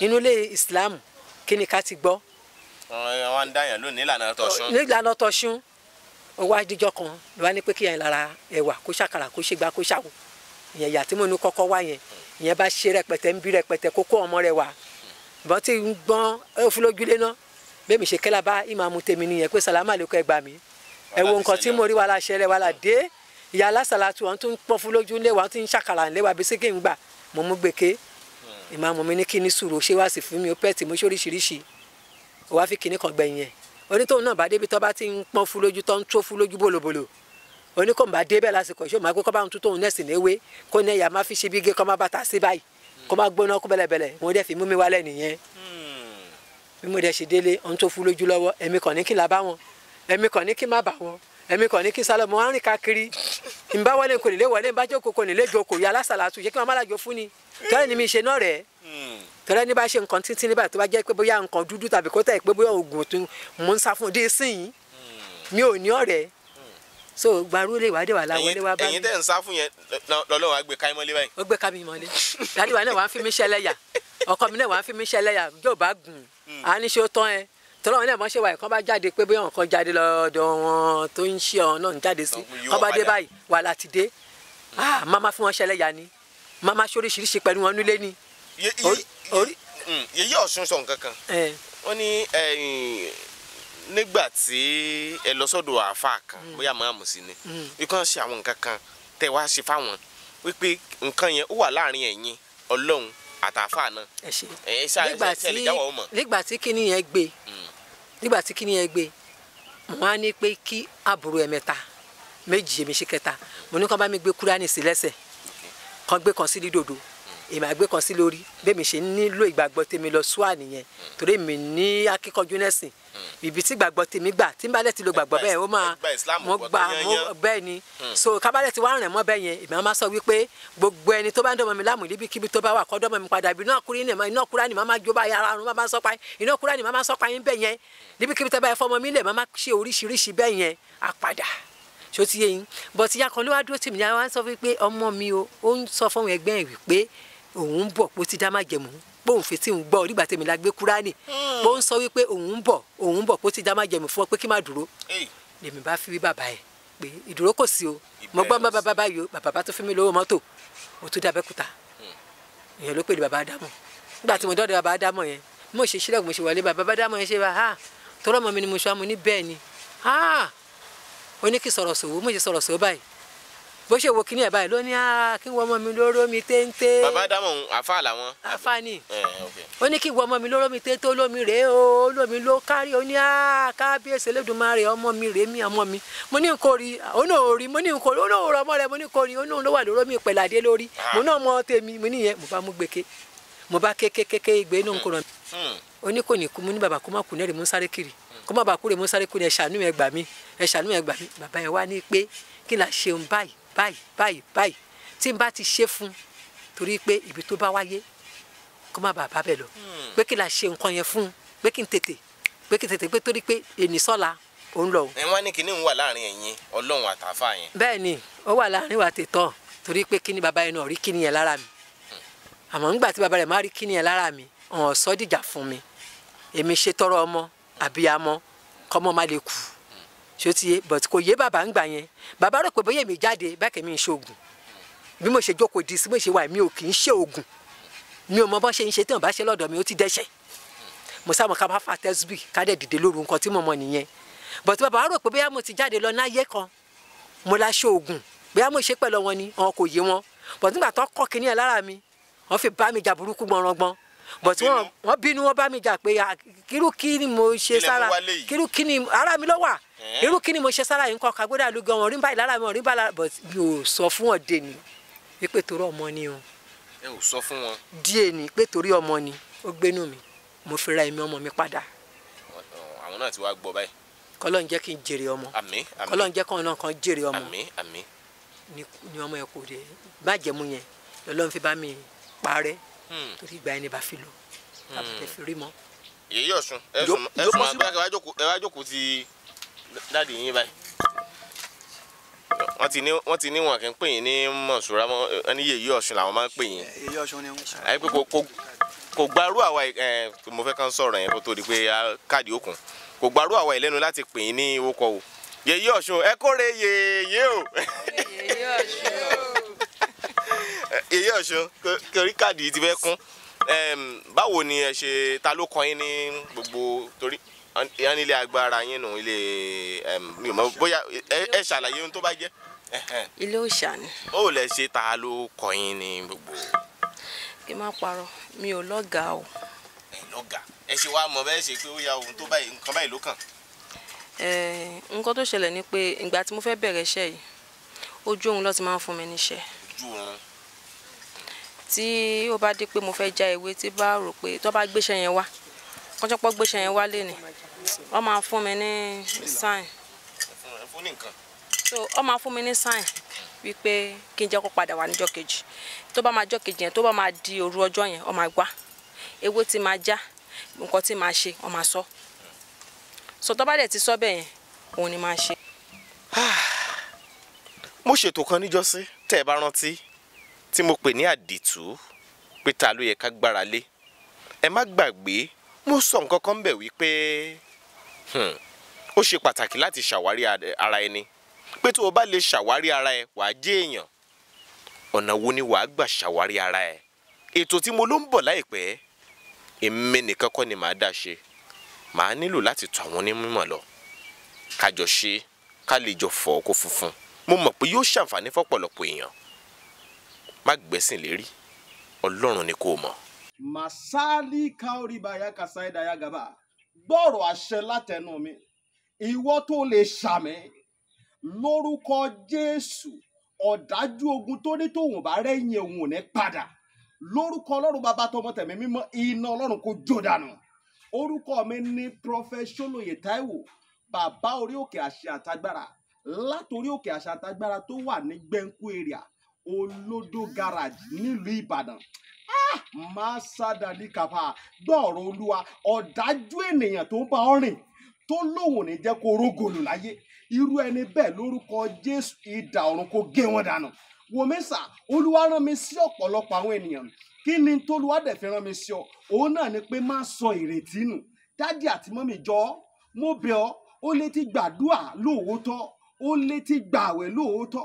Speaker 3: nínú ilé islam kí ni ká ti gbọ́.
Speaker 2: wọn ń dáyàn lónìí ìlànà tọ̀ṣun. nílànà
Speaker 3: tọ̀ṣun ó wá díjọ́ kan ló wá ní pé kíyàn lára ẹ̀wà kó ṣàkàrà kó ṣègbà kó ṣàwò ìyẹn ìyá tí mo ní kọ́kọ́ wá yẹn ìyẹn bá ṣe rẹpẹtẹ ń bí rẹpẹtẹ kó kó ọmọ rẹ wá bọ́n ti ń gbọ́n òfúlójúlé ná bẹ́ẹ̀ mi ṣe kẹ́lá bá ìmàmù tèmi nìyẹn pé sàlámà lè kọ́ ẹgbàá mi ẹ wo nǹkan tí mo rí wàhálà ṣẹlẹ̀ wàhálà dé ìyá alásàlátù wọn tún pọ́n fúlójúlé wọn tún ń ṣàkàlà ńlé wa bí sí kí n gbà mo mú gbèké ìmàmù mi ní kí ni sùúrù ṣé wá sí fún mi ó pẹ́ẹ́tì mo ṣóríṣiríṣi ó wá fi kinní kan gbẹ̀yìn ẹ̀ onítòun náà bá débi tó bá ti ń pọ́n fúlójú tó ń tó fúlójú bòlòbòlò oníkòmbá débẹ̀ lásìkò ìṣó máa gbé kọ́ bá ń tútó òun nẹ́ẹ̀sì léwé kó ní ẹ̀yà má fi ṣe bí gé kọ́ má bàtà sí báyìí kó má gbóná kó bẹ̀lẹ̀bẹ̀lẹ̀ mo dẹ̀ fi mú mi wálẹ̀ nìyẹn bí mo dẹ̀ ṣe délé ohun tó fún lójú lọ́wọ́ èmi kàn ní kí n la bá wọn èmi kàn ní kí n má bà wọn èmi kàn ní kí n sálọ mo rìn káàkiri nbá wọlé kò nílé wọlé nbá jókòó ni tọ́lẹ̀ ni mi ṣe náà rẹ̀ hmm. tọ́lẹ̀ ní bá ṣe nǹkan títí nígbà tó bá jẹ́ pé bóyá nǹkan dúdú tàbí kó tẹ̀ pé bóyá oògùn tó mò ń sá fún un dé sìn yìí hmm. mi ò ní ọ̀rẹ́ so gbaru lè wá dé wà láwọlé wá bá mi. ẹ̀yin tẹ́ ń
Speaker 2: sá fún yẹn lọ́lọ́wọ́ àgbẹ̀ ká ìmọ̀lé báyìí. ó gbé
Speaker 3: ká mi mọ̀lé dáadé wa náà wàá fi mí ṣẹlẹ́yà ọkọ mi náà wàá fi mí ṣẹlẹ́yà yóò bá gùn á hmm. ní ṣe ó tán ẹ tọ́lọ́ wọn náà mọ̀ ṣe wà kán bá jáde pé bóyá nǹkan jáde lọ́dọ̀ wọn tó ń ṣe ọ̀hún náà ń jáde sí kán bá dé báyìí wà láti dé ah, máma fún wọn ṣẹlẹ́yà ni máma ṣoríṣiríṣi pẹ̀lú wọn nílé ni. yèyí
Speaker 2: hmm, ọ̀sùn sọ nǹkan kan wọ́n ní nígbà tí ẹ lọ sọ́dọ̀ àáfàá kan mm. bóyá máàmù sí ni ikán mm. ṣe àwọn nǹkan kan tẹ wá ṣe fáwọn wípé nǹkan yẹn ó wà láàrin ẹ̀yin ọlọ́run àtàfà náà. ẹ ṣe nígbà tí mm.
Speaker 3: nígbà tí kíní yẹn gbé nígbà tí kíní yẹn gbé wọn á ní pé kí àbúrò ẹ mẹ́ta méjì èmi ṣe kẹta mo ní kàn bá mi gbé kúránì sí lẹ́sẹ̀ kàn gbé kan sí dídòdò èmi àgbẹ̀ kan sí lórí bẹ́ẹ̀ mi ṣe nílò ìgbàgbọ́ tèmi lọ sùá nìyẹn torí mi ní akíkanjú nẹ́sìn ibi tí gbàgbọ́ tèmi gbà tí n bá lẹ̀ ti lo gbàgbọ́ bẹ́ẹ̀ ó máa mo gbà mo bẹ́ẹ̀ ni hmm. so kábàlẹ̀ ti wá rìn mọ́ bẹ́ẹ̀ yẹn èmi máa sọ wípé gbogbo ẹni tó bá ń dọ́mọ mi láàmú níbi kíbi tó bá wà kọ́ dọ́mọ mi padà ibi iná kúrẹ́ ni iná kúrẹ́ ni màá jó báyà ara run máa sọ pa iná kúrẹ́ ni màá sọ pa yín bẹ́ẹ̀ yẹn níbi kíbi tó bá yẹ fọmọ mi lẹ̀ máa ṣe oríṣiríṣi bẹ́ẹ̀ yẹn àpadà ṣó ti yẹ yín bọ̀tìyà kan ló wá dúró tì mí ni wọ́n sọ wípé ọmọ mi o ó ń sọ fún ẹgbẹ́ ẹ̀ wípé òun ń bọ̀ pé ó ti dá májẹ̀mú pé òun fetí òun gbọ́ orígbà tèmi la gbé kúránì pé hmm. ó ń sọ wípé òun ń bọ̀ òun ń bọ̀ pé ó ti dá májẹ̀mú fún ọ pé kí má dúró lèmi bá fi wí bàbá ẹ̀ pé ìdúró kò sí o mo gbọ́ bá bàbá báyìí o bàbá tó fi mí lówó mọ́tò mo tún dábẹ́kúta hmm. ìyẹn ló pè ní bàbá Ádámọ̀ nígbà tí mo dọ́dọ̀ bàbá Ádámọ̀ yẹn mo ṣe sílẹ̀ mo ṣe wọlé bàbá Ádámọ̀ yẹn ṣe bá tọrọ mọ́ mi ni mo ṣọ́ mo ní bẹ́ẹ̀ ni oníkì ah. sọ̀rọ̀ sòwò mo ṣe sọ̀rọ̀ sòwò báyìí bó ṣe wo kíní ẹ̀ báyìí ló ní ah, kí wọ́n ọmọ mi lóró mi téńté. bàbá
Speaker 2: dámọ̀ àfa làwọn. àfa
Speaker 3: ni ó ní kí wọ́n ọmọ mi lóró mi téńté olómi rèé o olómi ló kárí ó ní ah, kábíyèsí Elédùmarè ọmọ mi rèé mi ọmọ mi mo ní nǹkan orí òun náà orí mo ní nǹkan orí òun náà rọ ọmọ rẹ mo ní nǹkan orí òun náà ló wà lóró mi pẹ̀láde lórí ah. mo náà mọ tèmi mo níyẹn mo bá mú gbèké mo bá kékékéké ìgbé inú nǹkan mi hmm. Hmm. ó ní kò ní kú mo ní bàbá kú má bàa kú rè gbà mí ẹ ṣàánú gbà mí bàbá yẹn wá ní pé kí n là ṣeun báyìí báyìí báyìí báyìí tí n bá ti ṣe fún torí pé ibi tó bá wáyé kó má bàa bá bẹ̀ lọ hmm. pé kí la ṣe nǹkan yẹn fún pé kí n tètè pé kí n tètè pé torí pé ènì sọ́la ò ń lọ.
Speaker 2: ẹ wá ní kinní wà láàrin ẹ̀yin ọlọ́run àtàfà yẹn.
Speaker 3: bẹ́ẹ̀ ni ó wà láàrin wa tètò torí pé ni baba yẹn náà rí kíní yẹn lára mi àmọ́ nígbà tí baba rẹ̀ má rí kíní yẹn lára mi ọ̀hún ọ̀sọ́ dìjà fún mi èmi ṣe tọrọ ọmọ àbíyamọ kọ́mọ má lè kú ṣó but kò yé bàbá ń gbà yẹn bàbá rò pé bóyá èmi jáde bákẹ́ mi ń ṣoògùn bí mo ṣe jókòó di sí mo ṣe wà mí ò kì í ṣe oògùn mi ò mọ bọ́n ṣe ń ṣe tí wọn bá ṣe lọ́dọ̀ mi ó ti dẹ́ṣẹ̀ mo mo ká bá fà tẹ́sibì ká dẹ̀ dìde lóru nǹkan tí mo mọ nìyẹn but bàbá rò pé bóyá mo ti jáde lọ náyé kan mo la ṣe oògùn bóyá mo ṣe pẹ̀lú wọn ni wọn kò yé wọn but nígbà tó kọ́ kinní ẹ̀ lára mi wọ́n fi bá mi jà burúkú gbọ̀nrangbọ̀n but wọ́n bínú wọ́n bá mi jà pé kírú kí ni mo ṣe sára kírú kí ni ara mi ló wà Eh? irú kí ni mo ṣe sára yìí ń kọ́ kagbódà ló gan wọn rí báyìí lára mi wọn rí báyìí lára but mi ò sọ fún wọn dé ni pé torí ọmọ ni o.
Speaker 2: ẹ ò sọ fún wọn.
Speaker 3: díẹ̀ ni pé torí ọmọ ni ó gbénú mi mo fi ra ẹ̀mí ọmọ mi padà.
Speaker 2: àwọn náà ti wá gbọ́ báyìí.
Speaker 3: kọ́lọ́n jẹ́ kí n jèrè ọmọ. àmín àmín jẹ́ kọ́n náà kan jèrè ọmọ. ni ọmọ yẹn kò dé májẹ̀mú yẹn lọ́lọ́run fi bá mi parẹ́ hmm. torí ìgbà yẹn bá fi lò tàbí hmm. tẹ̀ fi rí mọ́. èyí ọ̀sùn ẹ̀sùn ẹ̀sùn
Speaker 2: àgbà ẹ̀ ti dáàdì yín báyìí wọ́n ti ní wọ́n ti ní wọn kì í pè yín ní mọ̀ṣúra wọn ní yèyí ọ̀ṣun làwọn máa ń pè yín
Speaker 6: yèyí ọ̀ṣun ni wọ́n.
Speaker 2: àyè pé kò gbarú àwa ẹ mo fẹ́ kàn sọ̀rọ̀ yẹn kó tó di pé káàdì òkun kò gbarú àwa ìlẹ́nu láti pè yín ní orúkọ o yèyí ọ̀ṣun ẹ kóre yèyí o. yèyí ọ̀ṣun. [laughs] yèyí ọ̀ṣun torí ti fẹ́ kún báwo ni ẹ ṣe ta ló kàn yín ní gbogbo torí yẹn nílé agbára yín nù ilé mi ò mọ bóyá ẹ ṣàlàyé ohun tó bá jẹ́.
Speaker 1: ilé òòṣà ni.
Speaker 2: ó lè ṣe ta ló kọ yín ní gbogbo.
Speaker 1: kí n má parọ́ mi ò lọ́gàá o.
Speaker 2: ẹ lọ́gàá ẹ ṣe wá mọ bẹ́ẹ̀ ṣe pé ó ya ohun tó báyìí nǹkan báyìí ló kàn.
Speaker 1: nǹkan tó ṣẹlẹ̀ ni pé ìgbà tí mo fẹ́ bẹ̀rẹ̀ iṣẹ́ yìí ojú òun ló ti máa ń fún mi níṣẹ́. ojú òun. tí ó bá dé pé mo fẹ́ já ewé tí bá rò pé tó bá gbéṣẹ́ yẹn wá kọ́jọ́pọ́ gbéṣẹ́ yẹn wálé ni wọ́n máa fún mi ní sign so wọ́n máa fún mi ní sign wípé kí n jẹ́ kó padà wá níjọ́ kejì tó bá máa jọ́ kejì yẹn tó bá máa di òru ọjọ́ yẹn wọ́n máa gbá ewé tí máa já nǹkan tí máa ṣe wọ́n máa sọ so tó bá dẹ̀ ti sọ bẹ́ẹ̀ yẹn òun ni máa ṣe.
Speaker 2: mo ṣètò kan níjọ́sí tẹ́ ẹ bá rántí tí mo pè ní àdìtú pé ta ló yẹ ká gbára lé ẹ má gbàgbé mo sọ nǹkan kan bẹ̀ wípé hmm, ó ṣe pàtàkì láti ṣàwárí ara ẹni pé tó o bá lè ṣàwárí ara ẹ wàá jẹ́ èèyàn ọ̀nà wo ni wàá gbà ṣàwárí ara ẹ ètò tí mo ló ń bọ̀ láìpẹ́ èmi nìkan kọ́ ni màá dá ṣe màá nílò láti tọ̀ àwọn onímọ̀ lọ kájọ ṣe ká lè jọ fọ̀ kó funfun mo mọ̀ pé yóò ṣàǹfààní fọ́pọ̀lọpọ̀ èèyàn má gbẹ́sìn lérí ọlọ́run ni kò mọ̀
Speaker 4: masali kaoribaya kasaidaya gaba gbọ́rọ̀ àṣẹ látẹnu mi ìwọ tó lè ṣàmì lórúkọ jésù ọ̀dájú ogun tó ní tòun bá rẹ́yìn e, òun ò ní padà lórúkọ ọlọ́run bàbá tọmọ tẹ̀mí mímọ́ iná ọlọ́run kò jó dànù orúkọ mi ní prọfẹsọlóye táíwò bàbá orí òkè àṣẹ àtagbára látòrí òkè àṣẹ àtagbára tó wà ní gbẹ̀ǹkú èrìà olodo garage nílùú ìbàdàn ah, máa sádàlí kàfà gbọ́ọ̀rọ̀ olúwa ọ̀dájú ènìyàn tó ń bá ọ rìn tó lóun ní jẹ́ kó rógòlù láyé irú ẹni bẹ́ẹ̀ lórúkọ jésù idà ọ̀run kó gé wọn dànù wòmísà olúwa rán mi sí ọ̀pọ̀lọpọ̀ àwọn ènìyàn kí ni tolúwa dẹ̀ fi rán mi sí ọ òun náà ni pé má sọ ìrètí nù dádì àti mọ́mì jọ ọ́ mo bẹ̀ ọ́ ó létí gbàdúà lóòótọ́ ó létí gbààwẹ̀ lóòótọ́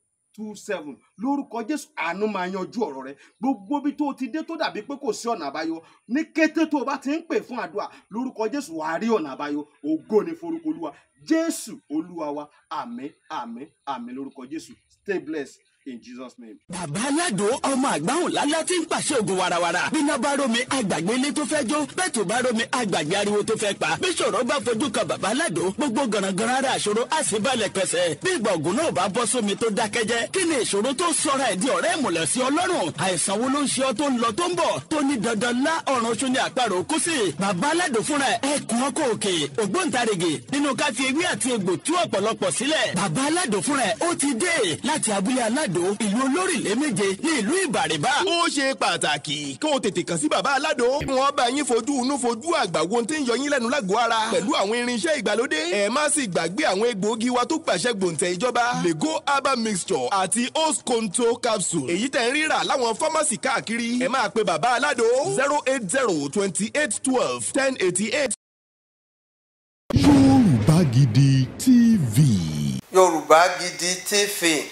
Speaker 4: two seven lórúkọ jésù àánú máa yanjú ọ̀rọ̀ rẹ gbogbo bí tó ti dé tó dàbí pé kò sí ọ̀nà àbáyọ ní kété tó o bá ti ń pè fún àdúrà lórúkọ jésù wàá rí ọ̀nà àbáyọ ògo ni forúkọ olúwa jésù olúwa wa àmín àmín àmín lórúkọ jésù stay blessed in Jesus name. bàbá aládò ọmọ àgbáhùn lálá tí ń pàṣẹ ogun warawara bíná bá romi àgbàgbé ilé tó fẹ́ jó bẹ́ẹ̀ tó bá romi àgbàgbé ariwo tó fẹ́ pa bí ṣòro bá fojú kan bàbá aládò gbogbo gànàgànà ara àṣòro á sì balẹ̀ pẹ̀sẹ̀ bí gbọ̀ngùn náà bá bọ́ sómi tó dákẹ́jẹ́ kí ni ìṣòro tó sọra ẹ̀ di ọ̀rẹ́ ìmùlẹ̀ sí ọlọ́run àìsàn wo ló ń ṣe ọ tó ń lọ tó ń bọ̀ aládò ìlú olórílẹ̀ méje ní ìlú ìbàrìbà. ó ṣe pàtàkì kí o tètè kàn sí bàbá aládò. wọ́n bá yín fojú inú fojú àgbà wo tí ń yọ yín lẹ́nu lágbo ara pẹ̀lú àwọn irinṣẹ́ ìgbàlódé. ẹ má sì gbàgbé àwọn egbòogi wa tó gbàṣẹ gbòǹtẹ̀ ìjọba. lego herbal mixture àti host control capsule. èyí tẹ̀ ń rírà láwọn fámásì káàkiri. ẹ máa pe bàbá aládò zero eight zero twenty eight twelve ten eighty eight. Yorùbá Gidi TV. Yorùbá
Speaker 6: Gidi TV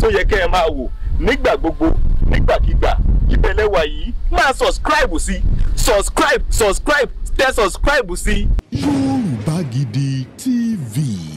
Speaker 4: tó yẹ kẹ́ ẹ máa wò nígbà gbogbo nígbàkigbà ibẹ̀ yìí máa subscribe sí subscribe subscribe tẹ subscribe sí. Yorùbá Gidi TV.